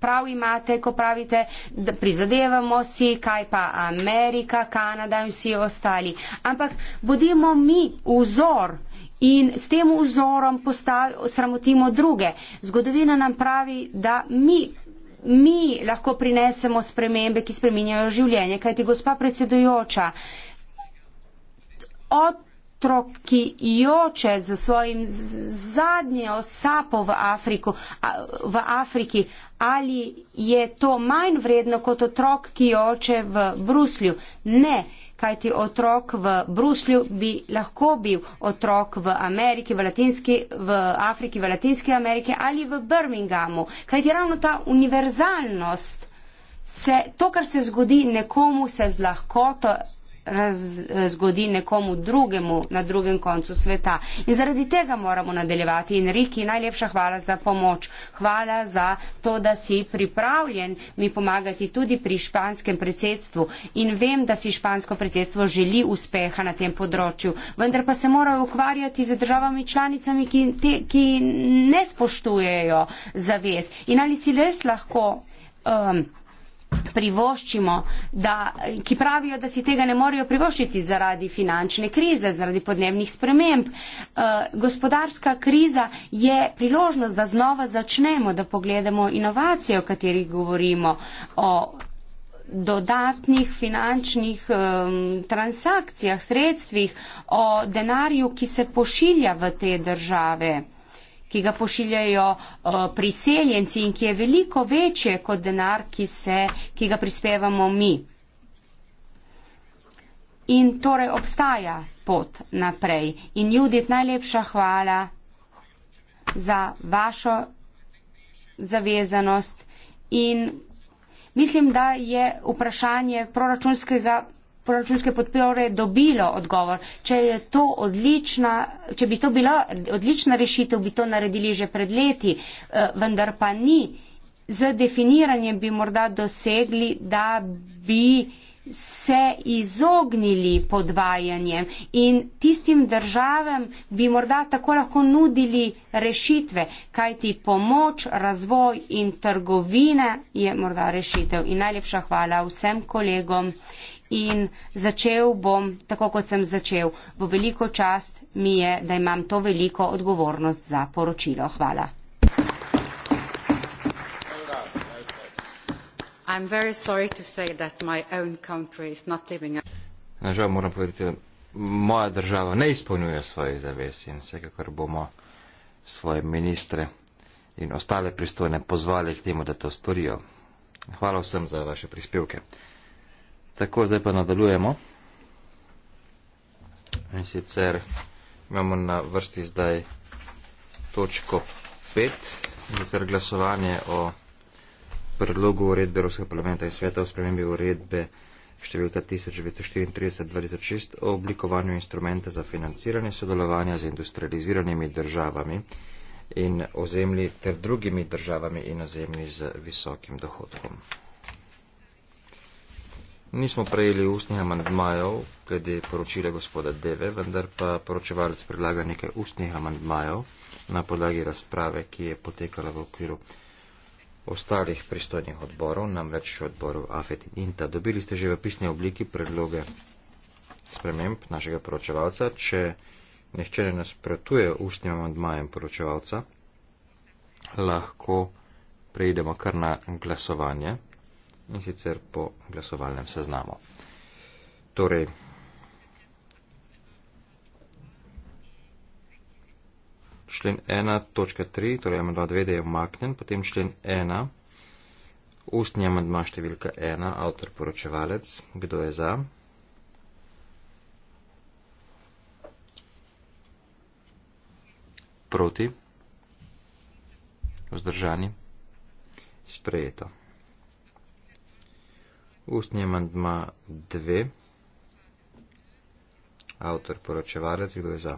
Speaker 4: prav imate, ko pravite, da prizadevamo si, kaj pa Amerika, Kanada in vsi ostali. Ampak bodimo mi vzor in s tem vzorom postav, sramotimo druge. Zgodovina nam pravi, da mi mi lahko prinesemo spremembe, ki spreminjajo življenje. Kajti, gospa predsedujoča, otrok, ki joče za svojim zadnjo sapo v, Afriku, v Afriki, ali je to manj vredno kot otrok, ki joče v Bruslju? Ne kajti otrok v Bruslju bi lahko bil otrok v Ameriki, v, Latinski, v Afriki, v Latinski Ameriki ali v Birminghamu. Kajti ravno ta univerzalnost, se, to, kar se zgodi nekomu, se z lahkoto raz, zgodi nekomu drugemu na drugem koncu sveta. In zaradi tega moramo nadaljevati. In Riki, najlepša hvala za pomoč. Hvala za to, da si pripravljen mi pomagati tudi pri španskem predsedstvu. In vem, da si špansko predsedstvo želi uspeha na tem področju. Vendar pa se morajo ukvarjati z državami članicami, ki, te, ki ne spoštujejo zavez. In ali si res lahko. Um, privoščimo, da, ki pravijo, da si tega ne morejo privoščiti zaradi finančne krize, zaradi podnebnih sprememb. E, gospodarska kriza je priložnost, da znova začnemo, da pogledamo inovacije, o katerih govorimo, o dodatnih finančnih um, transakcijah, sredstvih, o denarju, ki se pošilja v te države ki ga pošiljajo eh, priseljenci in ki je veliko večje kot denar, ki, se, ki ga prispevamo mi. In torej obstaja pot naprej. In Judit, najlepša hvala za vašo zavezanost. In mislim, da je vprašanje proračunskega proračunske podpore dobilo odgovor. Če, odlična, če bi to bila odlična rešitev, bi to naredili že pred leti, eh, vendar pa ni. Z definiranjem bi morda dosegli, da bi se izognili podvajanjem in tistim državam bi morda tako lahko nudili rešitve, kajti pomoč, razvoj in trgovina je morda rešitev. In najlepša hvala vsem kolegom in začel bom tako, kot sem začel. Bo veliko čast mi je, da imam to veliko odgovornost za poročilo. Hvala.
Speaker 1: Nažal moram povedati, da moja država ne izpolnjuje svojih zavez in vsekakor bomo svoje ministre in ostale pristojne pozvali k temu, da to storijo. Hvala vsem za vaše prispevke. Tako, zdaj pa nadaljujemo. In sicer imamo na vrsti zdaj točko 5, in sicer glasovanje o predlogu uredbe Evropskega parlamenta in sveta o spremembi uredbe številka 1934-2006 o oblikovanju instrumenta za financiranje sodelovanja z industrializiranimi državami in ozemlji ter drugimi državami in ozemlji z visokim dohodkom. Nismo prejeli ustnih amantmajev glede poročila gospoda Deve, vendar pa poročevalec predlaga nekaj ustnih amantmajev na podlagi razprave, ki je potekala v okviru ostalih pristojnih odborov, namreč odborov AFED in INTA. Dobili ste že v pisni obliki predloge sprememb našega poročevalca. Če nihče ne nasprotuje ustnim amantmajem poročevalca, lahko preidemo kar na glasovanje in sicer po glasovalnem seznamu. Torej, člen 1, točka 3, torej amandma 2D je omaknen, potem člen 1, ustni amandma številka 1, avtor poročevalec, kdo je za? Proti? Vzdržani? Sprejeto. Ustni amandma 2. Avtor poročevalec, kdo je za?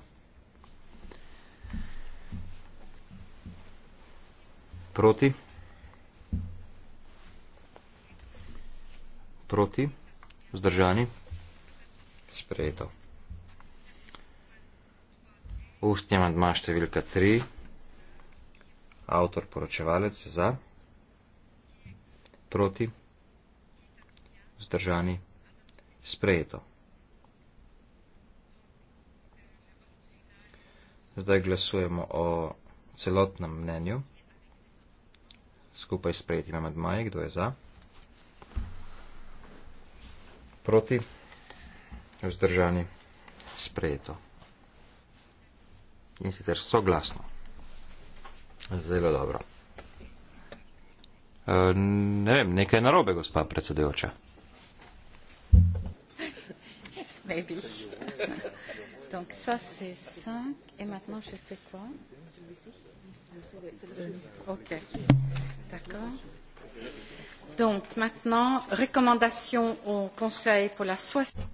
Speaker 1: Proti? Proti? Vzdržani? Sprejeto. Ustni amandma številka 3. Avtor poročevalec je za? Proti? zdržani, sprejeto. Zdaj glasujemo o celotnem mnenju, skupaj sprejetim med maji, kdo je za, proti, vzdržani, sprejeto. In sicer soglasno. Zelo dobro. E, ne vem, nekaj je narobe, gospa predsedujoča
Speaker 2: maybe. (laughs) Donc ça c'est 5 et maintenant je fais quoi euh, Ok, d'accord. Donc maintenant, recommandation au Conseil pour la soixante.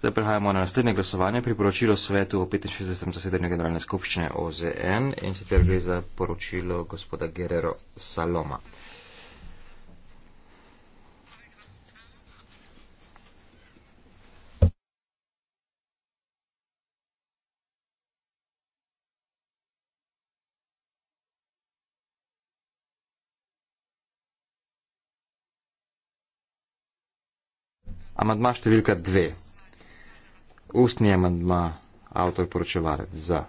Speaker 1: Zdaj prehajamo na naslednje glasovanje, priporočilo svetu o 65. zasedanju generalne skupščine OZN in sicer gre za poročilo gospoda Guerrero Saloma. Amandma številka dve. Ustni amandma avtor poročevalec za.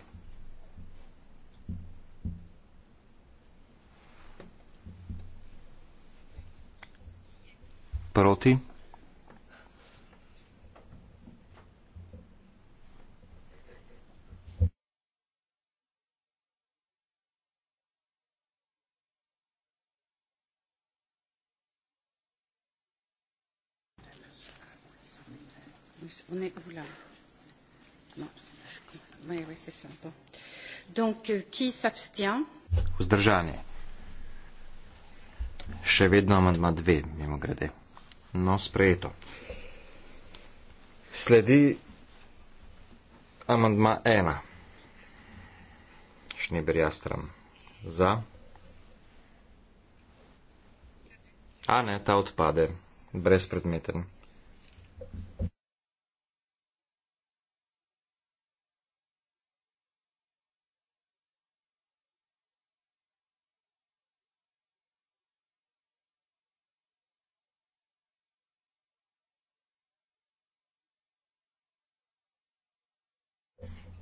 Speaker 1: Proti.
Speaker 2: On est où là non, je... Oui, oui, c'est ça. Bon. Donc, euh, qui s'abstient
Speaker 1: Zdržani. Še vedno amandma dve, mimo grede. No, sprejeto. Sledi amandma ena. Šneber jastram za. A ne, ta odpade. Brezpredmeten.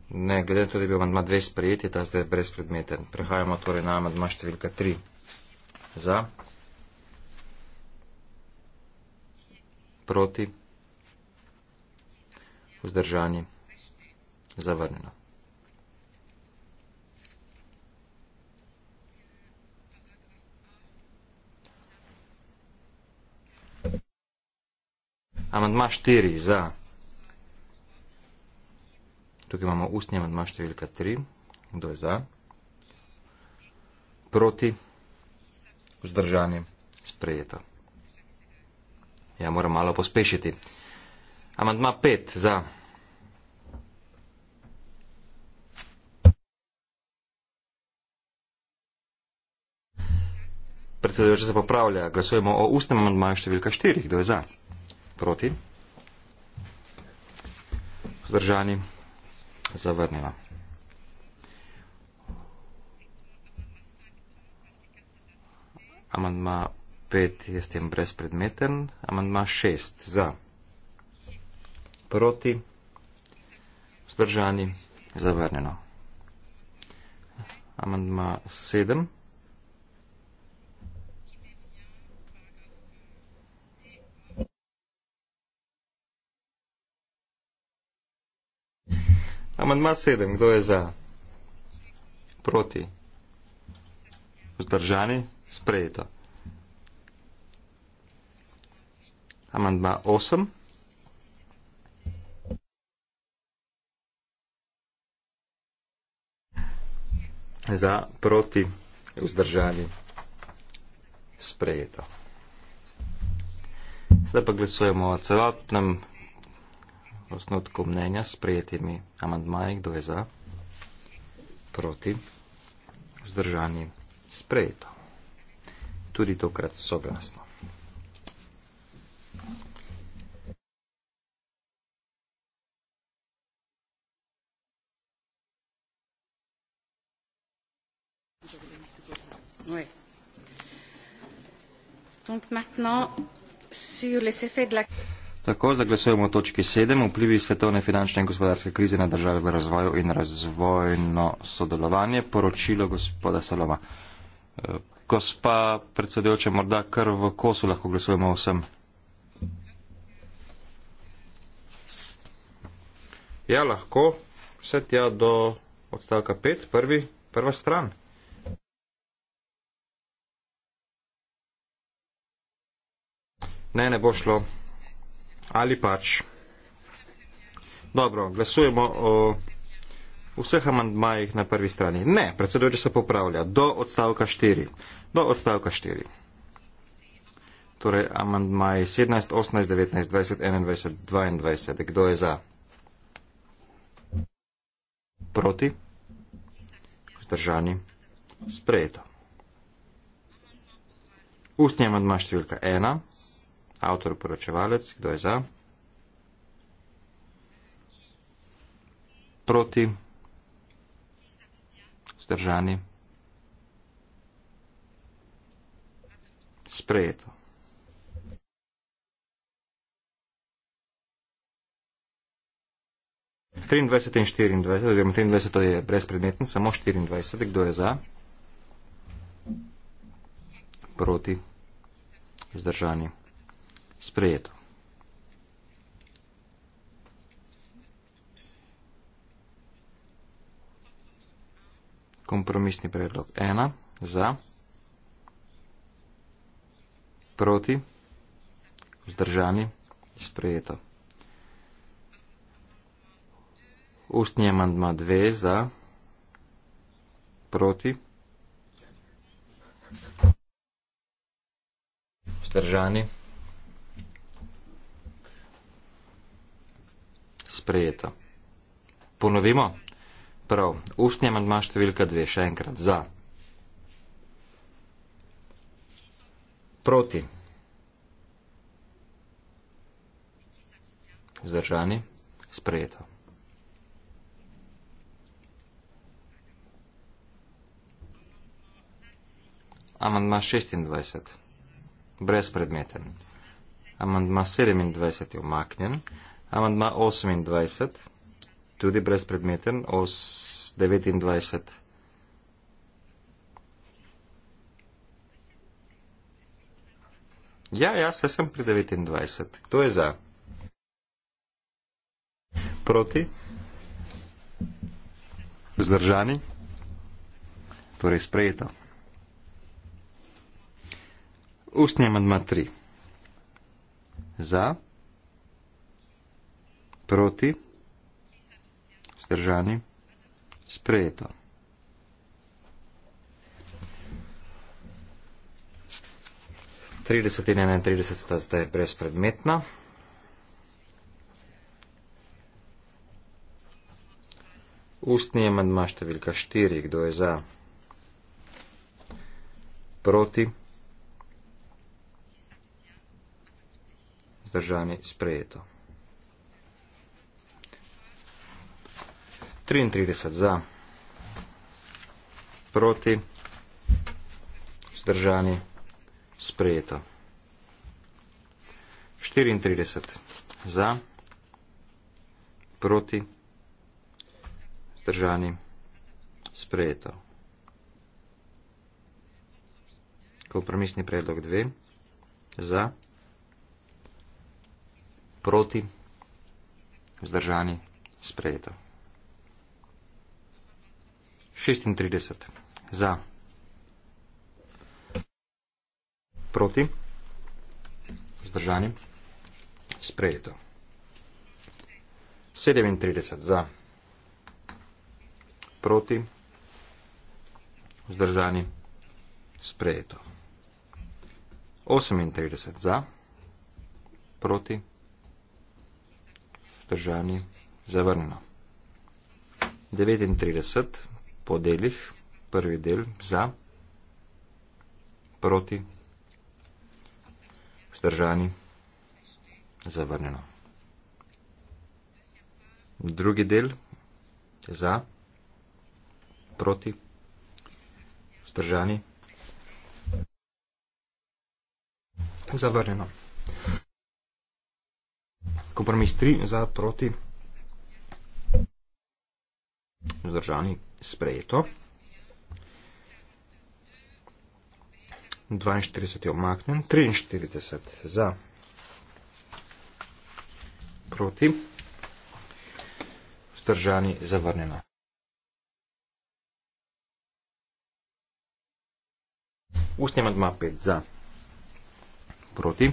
Speaker 1: Ne, glede to, da je bil amandma 2 sprejet, je ta zdaj brezpredmeten. Prehajamo torej na amandma številka 3. Za. Proti. Vzdržani. Zavrnjeno. Amandma 4 za. Tukaj imamo ustni amandma številka 3. Kdo je za? Proti? Vzdržanje? Sprejeto. Ja, moram malo pospešiti. Amandma 5 za. Predsedujoča se popravlja. Glasujemo o ustnem amandmaju številka 4. Kdo je za? Proti? Vzdržanje? zavrnila. Amandma 5 je s tem brezpredmeten. Amandma 6 za. Proti. Zdržani. Zavrnjeno. Amandma 7. Amandma 7. Kdo je za? Proti. Vzdržani? Sprejeto. Amandma 8. Za, proti, vzdržani, sprejeto. Zdaj pa glasujemo o celotnem v osnotku mnenja s prijetimi amandmaji, kdo je za, proti, vzdržani, sprejeto. Tudi tokrat soglasno.
Speaker 2: Oui. Donc maintenant, sur les effets de la...
Speaker 1: Tako zaglasujemo o točki 7, vplivi svetovne finančne in gospodarske krize na države v razvoju in razvojno sodelovanje, poročilo gospoda Saloma. E, gospa predsedujoča, morda kar v kosu lahko glasujemo vsem. Ja, lahko. Vse tja do odstavka 5, prvi, prva stran. Ne, ne bo šlo ali pač. Dobro, glasujemo o vseh amandmajih na prvi strani. Ne, predsedujoče se popravlja. Do odstavka 4. Do odstavka 4. Torej, amandmaji 17, 18, 19, 20, 21, 22. Kdo je za? Proti? Zdržani? Sprejeto. Ustni amandma številka 1. Avtor poročevalec, kdo je za? Proti? Zdržani? Sprejeto. Trindvajset in štiriindvajset, oziroma trindvajset je brezpredmeten, samo štiriindvajset, kdo je za? Proti? Zdržani? sprejeto. Kompromisni predlog ena za, proti, vzdržani, sprejeto. Ustni amandma dve za, proti, vzdržani, sprejeto. sprejeto. Ponovimo? Prav, ustni amandma številka dve, še enkrat za. Proti. Zdržani. Sprejeto. Amandma 26. Brezpredmeten. Amandma 27 je umaknjen. Amandma 28, tudi brezpredmeten, 29. Ja, ja, se sem pri 29. Kdo je za? Proti? Zdržani? Torej sprejeto. Ustni amandma 3. Za? proti, vzdržani, sprejeto. Trideset in enaintrideset sta zdaj brezpredmetna. Ustni je amandma številka štiri, kdo je za? Proti. Zdržani sprejeto. 33 za, proti, zdržani, sprejeto. 34 za, proti, zdržani, sprejeto. Kompromisni predlog 2 za, proti, zdržani, sprejeto. 36. Za. Proti. Zdržani. Sprejeto. 37. Za. Proti. Zdržani. Sprejeto. 38. Za. Proti. Zdržani. Zavrnjeno. 39. 39 po delih, prvi del za, proti, vzdržani, zavrnjeno. Drugi del za, proti, vzdržani, zavrnjeno. Kompromis 3 za, proti, vzdržani, zavrnjeno sprejeto. 42 je omaknjen, 43 za proti, vzdržani zavrnjeno. Ustni amandma 5 za proti,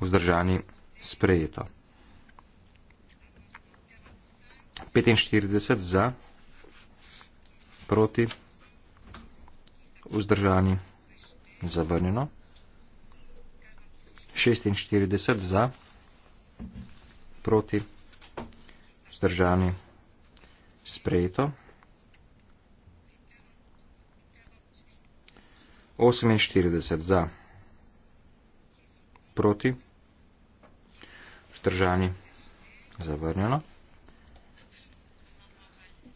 Speaker 1: vzdržani sprejeto. 45 za proti proti, vzdržani, zavrnjeno, 46 za, proti, vzdržani, sprejeto, 48 za, proti, vzdržani, zavrnjeno,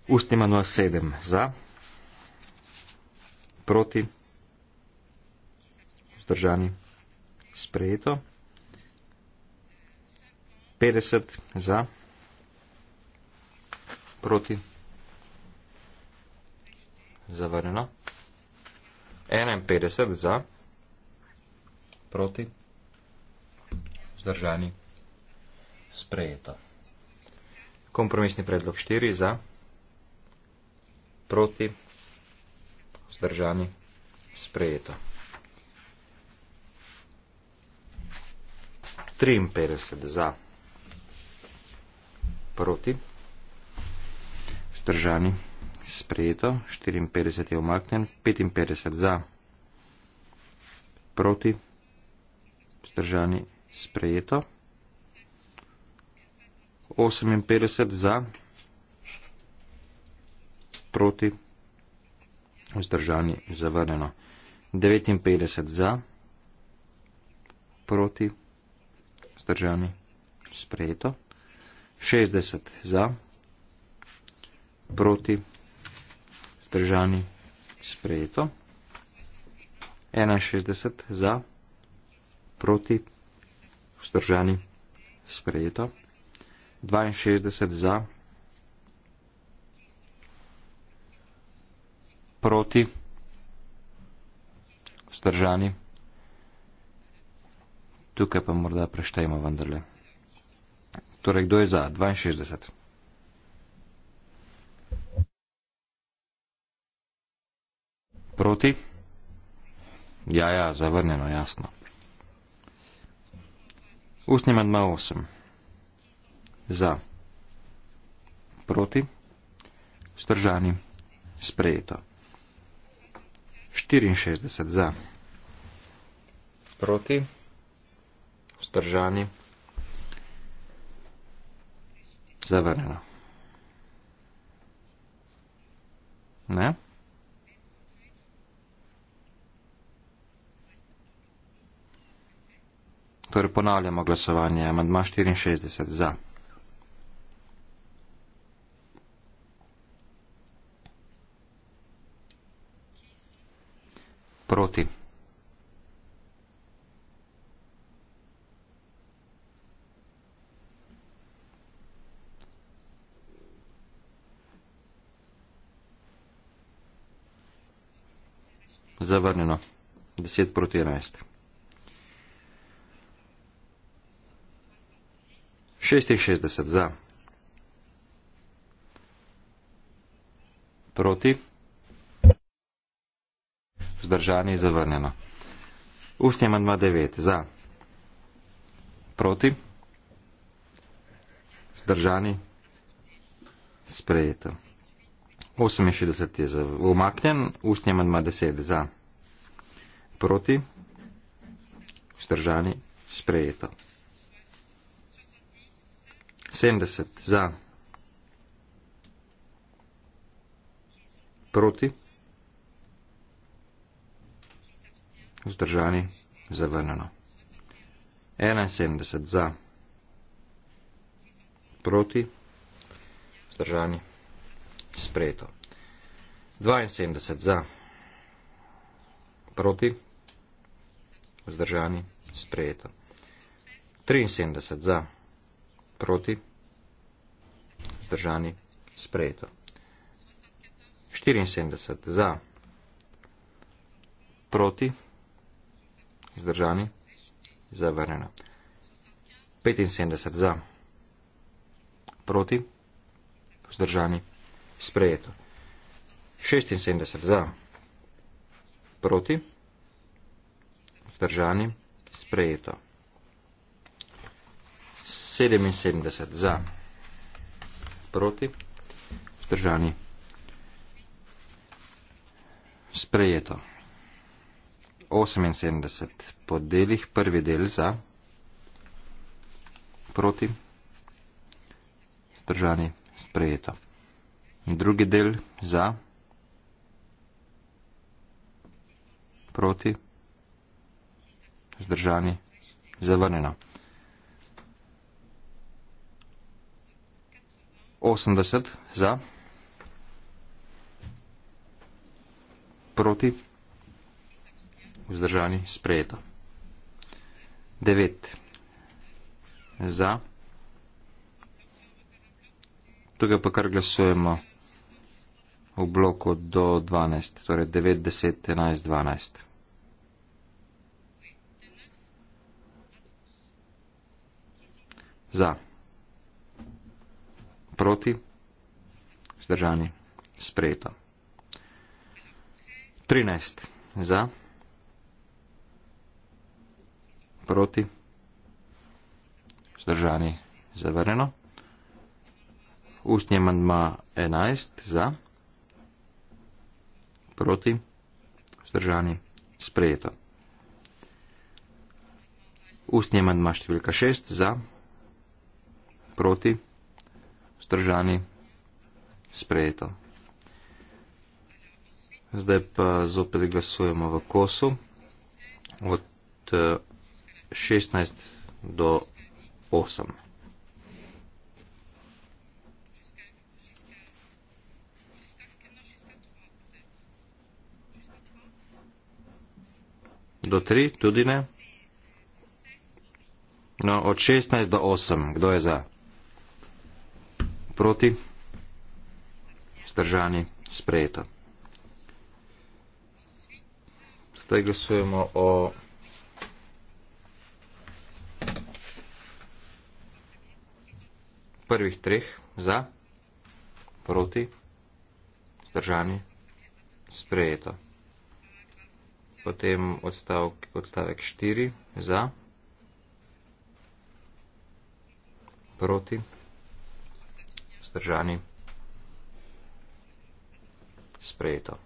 Speaker 1: Ustima 07 za proti, vzdržani, sprejeto, 50 za, proti, zavrnjeno, 51 za, proti, vzdržani, sprejeto. Kompromisni predlog 4 za, proti, vzdržani, sprejeto zdržani, sprejeto. 53 za, proti, zdržani, sprejeto, 54 je omaknen, 55 za, proti, zdržani, sprejeto, 58 za, proti, zdržani, sprejeto vzdržani, zavrnjeno. 59 za, proti, vzdržani, sprejeto. 60 za, proti, vzdržani, sprejeto. 61 za, proti, vzdržani, sprejeto. 62 za, proti, vzdržani, sprejeto. proti, vzdržani. Tukaj pa morda preštejmo vendarle. Torej, kdo je za? 62. Proti? Ja, ja, zavrnjeno, jasno. Ustni mandma 8. Za. Proti? Vzdržani? Sprejeto. 64 za. Proti, vzdržani, zavrnjeno. Ne? Torej ponavljamo glasovanje. Amandma 64 za. proti. Zavrnjeno. 10 proti 11. 66 za. Proti. Vzdržani zavrnjeno. Ustni amandma 9. Za. Proti. Vzdržani. Sprejeto. 68 je umaknjen. Ustni amandma 10. Za. Proti. Vzdržani. Sprejeto. 70 za. Proti. vzdržani, zavrnjeno. 71 za, proti, vzdržani, sprejeto. 72 za, proti, vzdržani, sprejeto. 73 za, proti, vzdržani, sprejeto. 74 za, proti, vzdržani, sprejeto. Zdržani? Zavrnjeno. 75 za. Proti? Zdržani? Sprejeto. 76 za. Proti? Zdržani? Sprejeto. 77 za. Proti? Zdržani? Sprejeto. 78 po delih, prvi del za, proti, zdržani, sprejeto. Drugi del za, proti, zdržani, zavrnjeno. 80 za, proti, vzdržani, sprejeto. 9. Za. Tukaj pa kar glasujemo v bloku do 12, torej 9, 10, 11, 12. Za. Proti. Vzdržani. Sprejeto. 13. Za proti, vzdržani zavrnjeno. Ustni amandma 11 za, proti, vzdržani sprejeto. Ustni amandma številka 6 za, proti, vzdržani sprejeto. Zdaj pa zopet glasujemo v kosu od eh, 16 do 8. Do 3, tudi ne. No, od 16 do 8, kdo je za? Proti? Zdržani, sprejeto. Zdaj glasujemo o. prvih treh za, proti, zdržani, sprejeto. Potem odstavk, odstavek štiri za, proti, zdržani, sprejeto.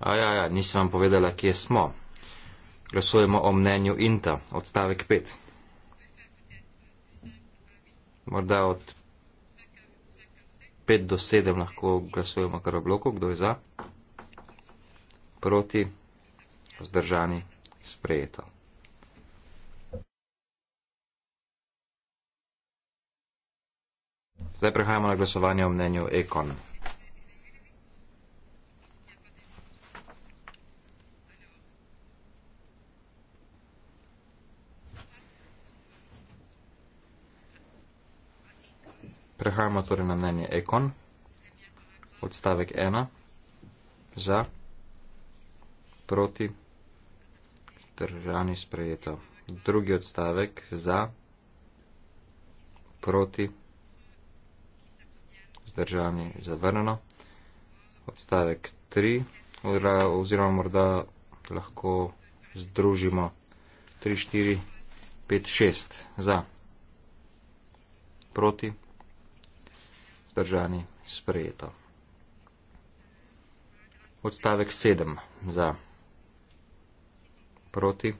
Speaker 1: A ja, ja, nisem vam povedala, kje smo. Glasujemo o mnenju Inta, odstavek 5. Morda od 5 do 7 lahko glasujemo kar v bloku, kdo je za, proti, vzdržani, sprejeto. Zdaj prehajamo na glasovanje o mnenju Ekona. Prehajamo torej na mnenje Ekon. Odstavek 1. Za. Proti. Držani sprejeto. Drugi odstavek. Za. Proti. Zdržani zavrnjeno. Odstavek 3. Oziroma morda lahko združimo 3, 4, 5, 6. Za. Proti zdržani, sprejeto. Odstavek sedem za proti,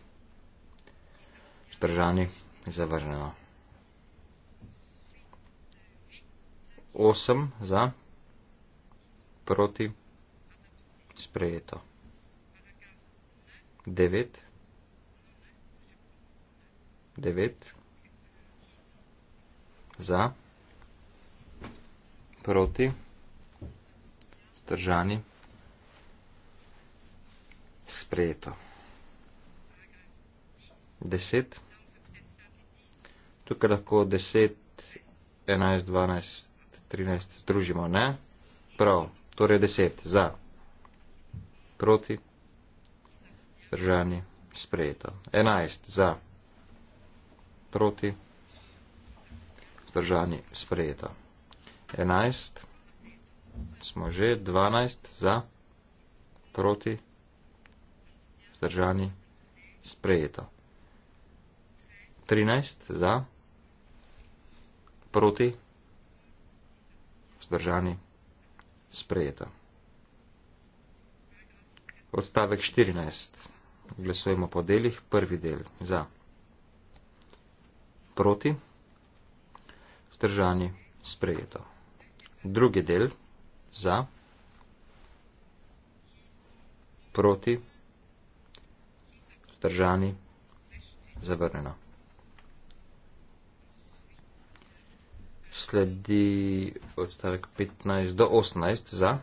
Speaker 1: zdržani, zavrženo. Osem za proti, sprejeto. Devet, devet, za proti proti, vzdržani, sprejeto. Deset. Tukaj lahko deset, enajst, dvanajst, trinajst združimo, ne? Prav, torej deset, za, proti, vzdržani, sprejeto. Enajst, za, proti, vzdržani, sprejeto. 11, smo že 12 za, proti, vzdržani, sprejeto. 13 za, proti, vzdržani, sprejeto. Odstavek 14. Glasujemo po delih. Prvi del za, proti, vzdržani, sprejeto drugi del za, proti, vzdržani, zavrnjeno. Sledi odstavek 15 do 18 za,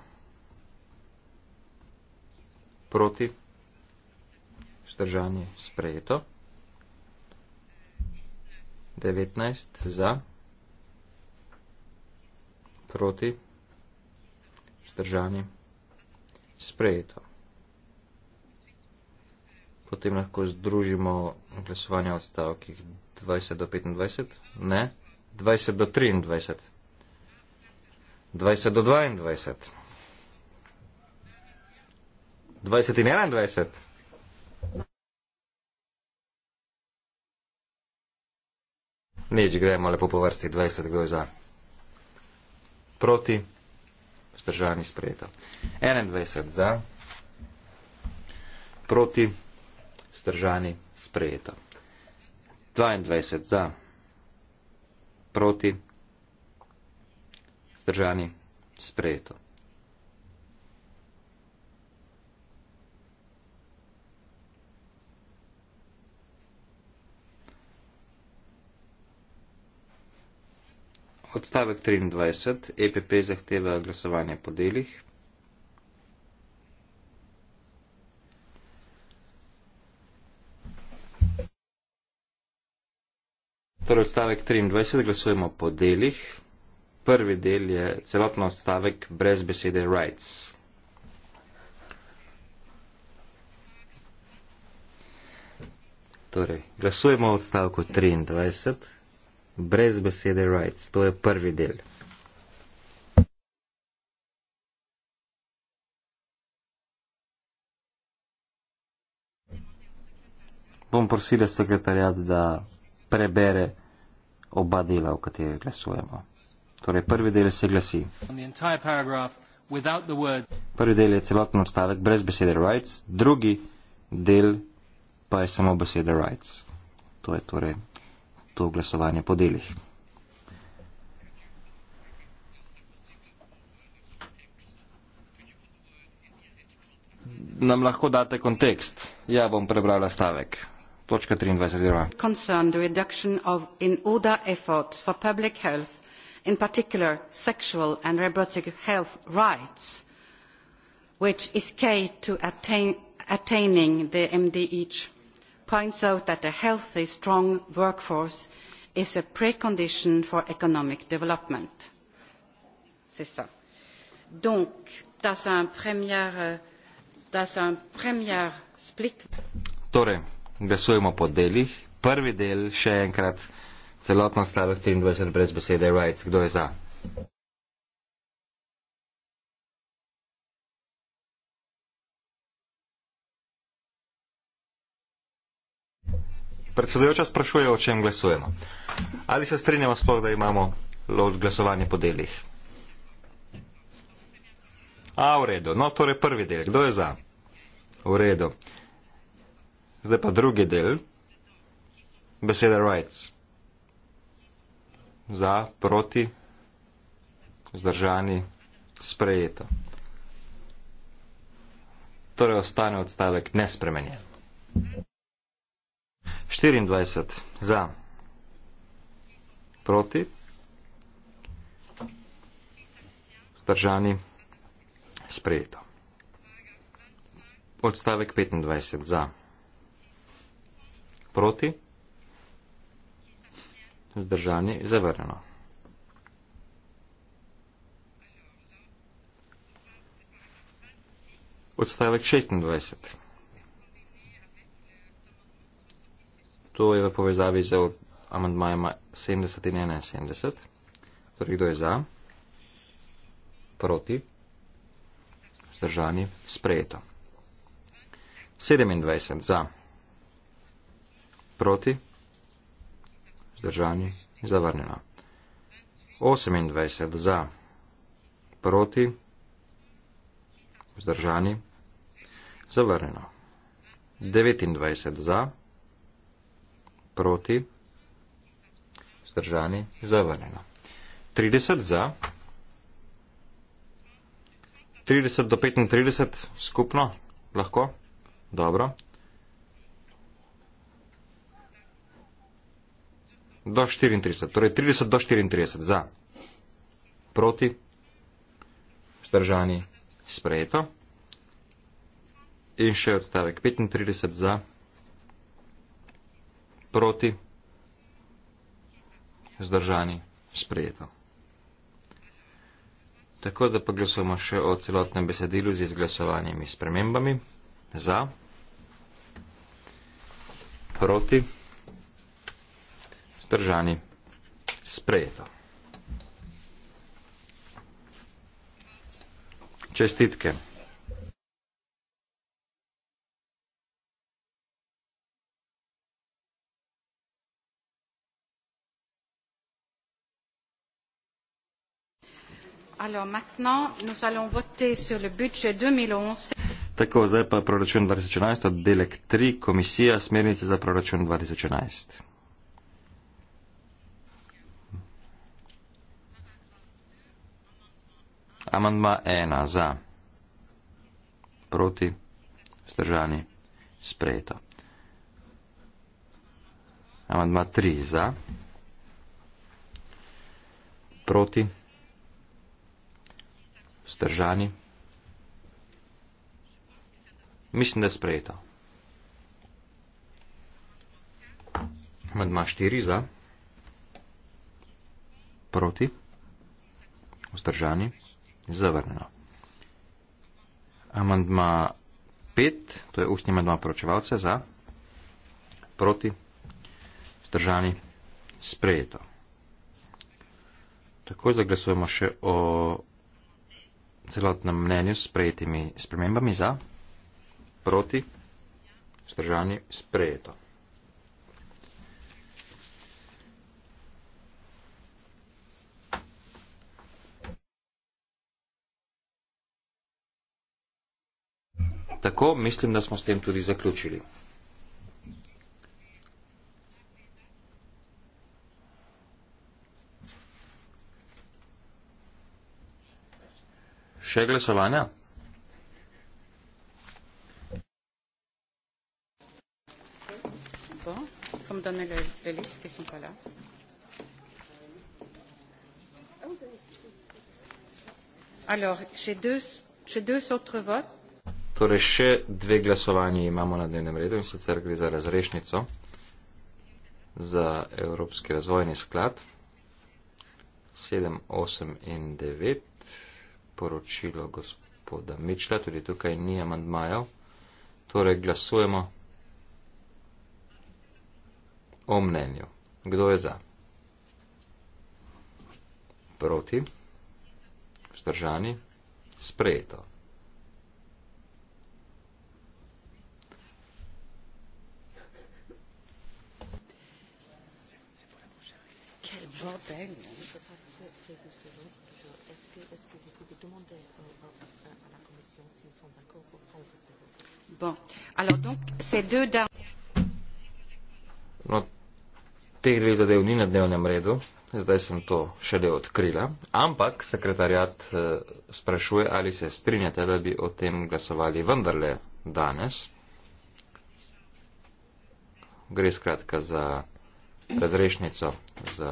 Speaker 1: proti, vzdržani, sprejeto. 19 za, proti, vzdržani, sprejeto proti, zdržani, sprejeto. Potem lahko združimo glasovanje od stavkih 20 do 25, ne, 20 do 23, 20 do 22, 20 in 21. Nič, gremo lepo po vrsti, 20 gre za proti, vzdržani sprejeto. 21 za, proti, vzdržani sprejeto. 22 za, proti, vzdržani sprejeto. Odstavek 23. EPP zahteva glasovanje po delih. Torej odstavek 23 glasujemo po delih. Prvi del je celotno odstavek brez besede rights. Torej, glasujemo odstavku 23 brez besede rights. To je prvi del. Bom prosil sekretarjat, da prebere oba dela, v katerih glasujemo. Torej, prvi del se glasi. Prvi del je celoten odstavek brez besede rights, drugi del pa je samo besede rights. To je torej to glasovanje po delih. Nam lahko date kontekst? Ja, bom prebrala stavek. Točka
Speaker 2: 23. In particular, sexual and reproductive health rights, which is key to attain, attaining the MDH points out that a healthy strong workforce is a precondition for economic development. C'est ça. Donc, dans un premier, dans un premier split...
Speaker 1: Torej, glasujemo po delih. Prvi del, še enkrat, celotno stavek 23 brez besede rights. Kdo je za? predsedujoča sprašuje, o čem glasujemo. Ali se strinjamo sploh, da imamo glasovanje po delih? A, v redu. No, torej prvi del. Kdo je za? V redu. Zdaj pa drugi del. Beseda rights. Za, proti, zdržani, sprejeto. Torej ostane odstavek nespremenjen. 24 za, proti, vzdržani, sprejeto. Odstavek 25 za, proti, vzdržani, zavrnjeno. Odstavek 26 za, proti, vzdržani, zavrnjeno. to je v povezavi z amandmajema 70 in 71. Torej, kdo je za? Proti? Zdržani? Sprejeto. 27 za. Proti? Zdržani? Zavrnjeno. 28 za. Proti? Zdržani? Zavrnjeno. 29 za proti, zdržani, zavrnjeno. 30 za, 30 do 35 skupno, lahko, dobro. Do 34, torej 30 do 34 za, proti, zdržani, sprejeto. In še odstavek 35 za proti, zdržani, sprejeto. Tako da pa glasujemo še o celotnem besedilu z izglasovanimi spremembami. Za, proti, zdržani, sprejeto. Čestitke.
Speaker 2: Alors maintenant, nous allons voter sur le budget 2011.
Speaker 1: Tako, zdaj pa proračun 2011, oddelek 3, komisija, smernice za proračun 2011. Amandma 1 za, proti, vzdržani, sprejeto. Amandma 3 za, proti, vzdržani zdržani. Mislim, da je sprejeto. Amandma 4 za, proti, vzdržani, zavrnjeno. Amandma 5, to je ustni amandma poročevalce, za, proti, vzdržani, sprejeto. Tako zaglasujemo še o celotnem mnenju s prejetimi spremembami za, proti, stržani, sprejeto. Tako mislim, da smo s tem tudi zaključili. še glasovanja?
Speaker 2: Bo, bom donel le list, ki sem pa lahko. Alors, j'ai deux, j'ai deux autres votes.
Speaker 1: Torej, še dve glasovanji imamo na dnevnem redu in sicer gre za razrešnico za Evropski razvojni sklad 7, 8 in 9 poročilo gospoda Mičla, tudi tukaj ni amantmajev. Torej glasujemo o mnenju. Kdo je za? Proti? Vzdržani? Sprejeto.
Speaker 4: Quel beau peigne.
Speaker 2: Bon. Alors donc, ces deux dames.
Speaker 1: No, te gre za delo ni na dnevnem redu, zdaj sem to šele odkrila, ampak sekretarjat eh, sprašuje, ali se strinjate, da bi o tem glasovali vendarle danes. Gre skratka za razrešnico za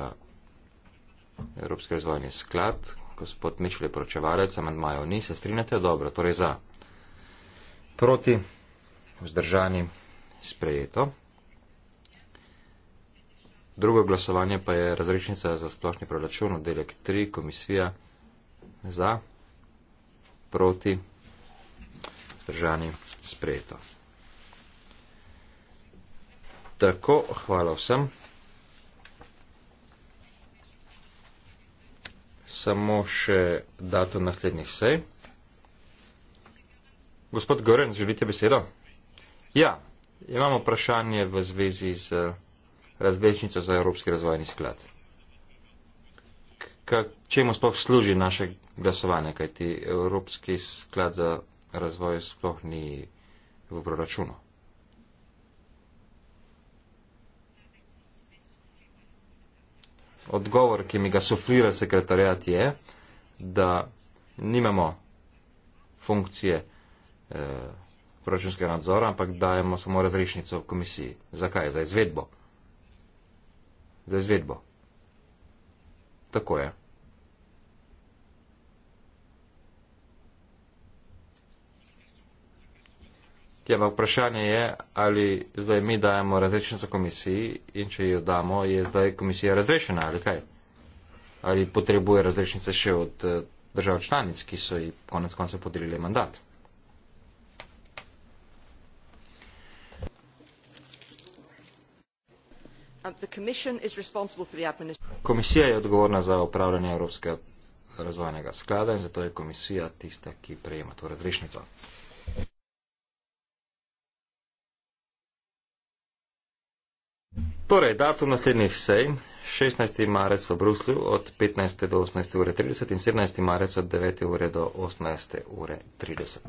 Speaker 1: Evropski razvojni sklad. Gospod Mičel je pročevalec, amandmajo ni, se strinjate, dobro, torej za. Proti vzdržani, sprejeto. Drugo glasovanje pa je razrešnica za splošni proračun, oddelek 3, komisija za, proti, vzdržani, sprejeto. Tako, hvala vsem. Samo še datum naslednjih sej. Gospod Gorenc, želite besedo? Ja, imamo vprašanje v zvezi z eh, različnico za Evropski razvojni sklad. K čemu sploh služi naše glasovanje, kajti Evropski sklad za razvoj sploh ni v proračunu? Odgovor, ki mi ga suflira sekretarjat, je, da nimamo funkcije eh, proračunskega nadzora, ampak dajemo samo razrešnico komisiji. Zakaj? Za izvedbo. Za izvedbo. Tako je. Ja, ampak vprašanje je, ali zdaj mi dajemo razrešnico komisiji in če jo damo, je zdaj komisija razrešena ali kaj? Ali potrebuje razrešnice še od eh, držav članic, ki so ji konec koncev podelili mandat? Um, komisija je odgovorna za upravljanje evropskega razvojnega sklada in zato je komisija tista, ki prejema to razrešnico. Torej, datum naslednjih sej, 16. marec v Bruslju od 15. do 18.30 in 17. marec od 9. ure do 18.30.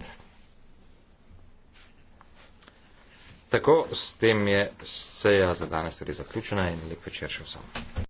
Speaker 1: Tako, s tem je seja za danes tudi zaključena in lep večer še vsem.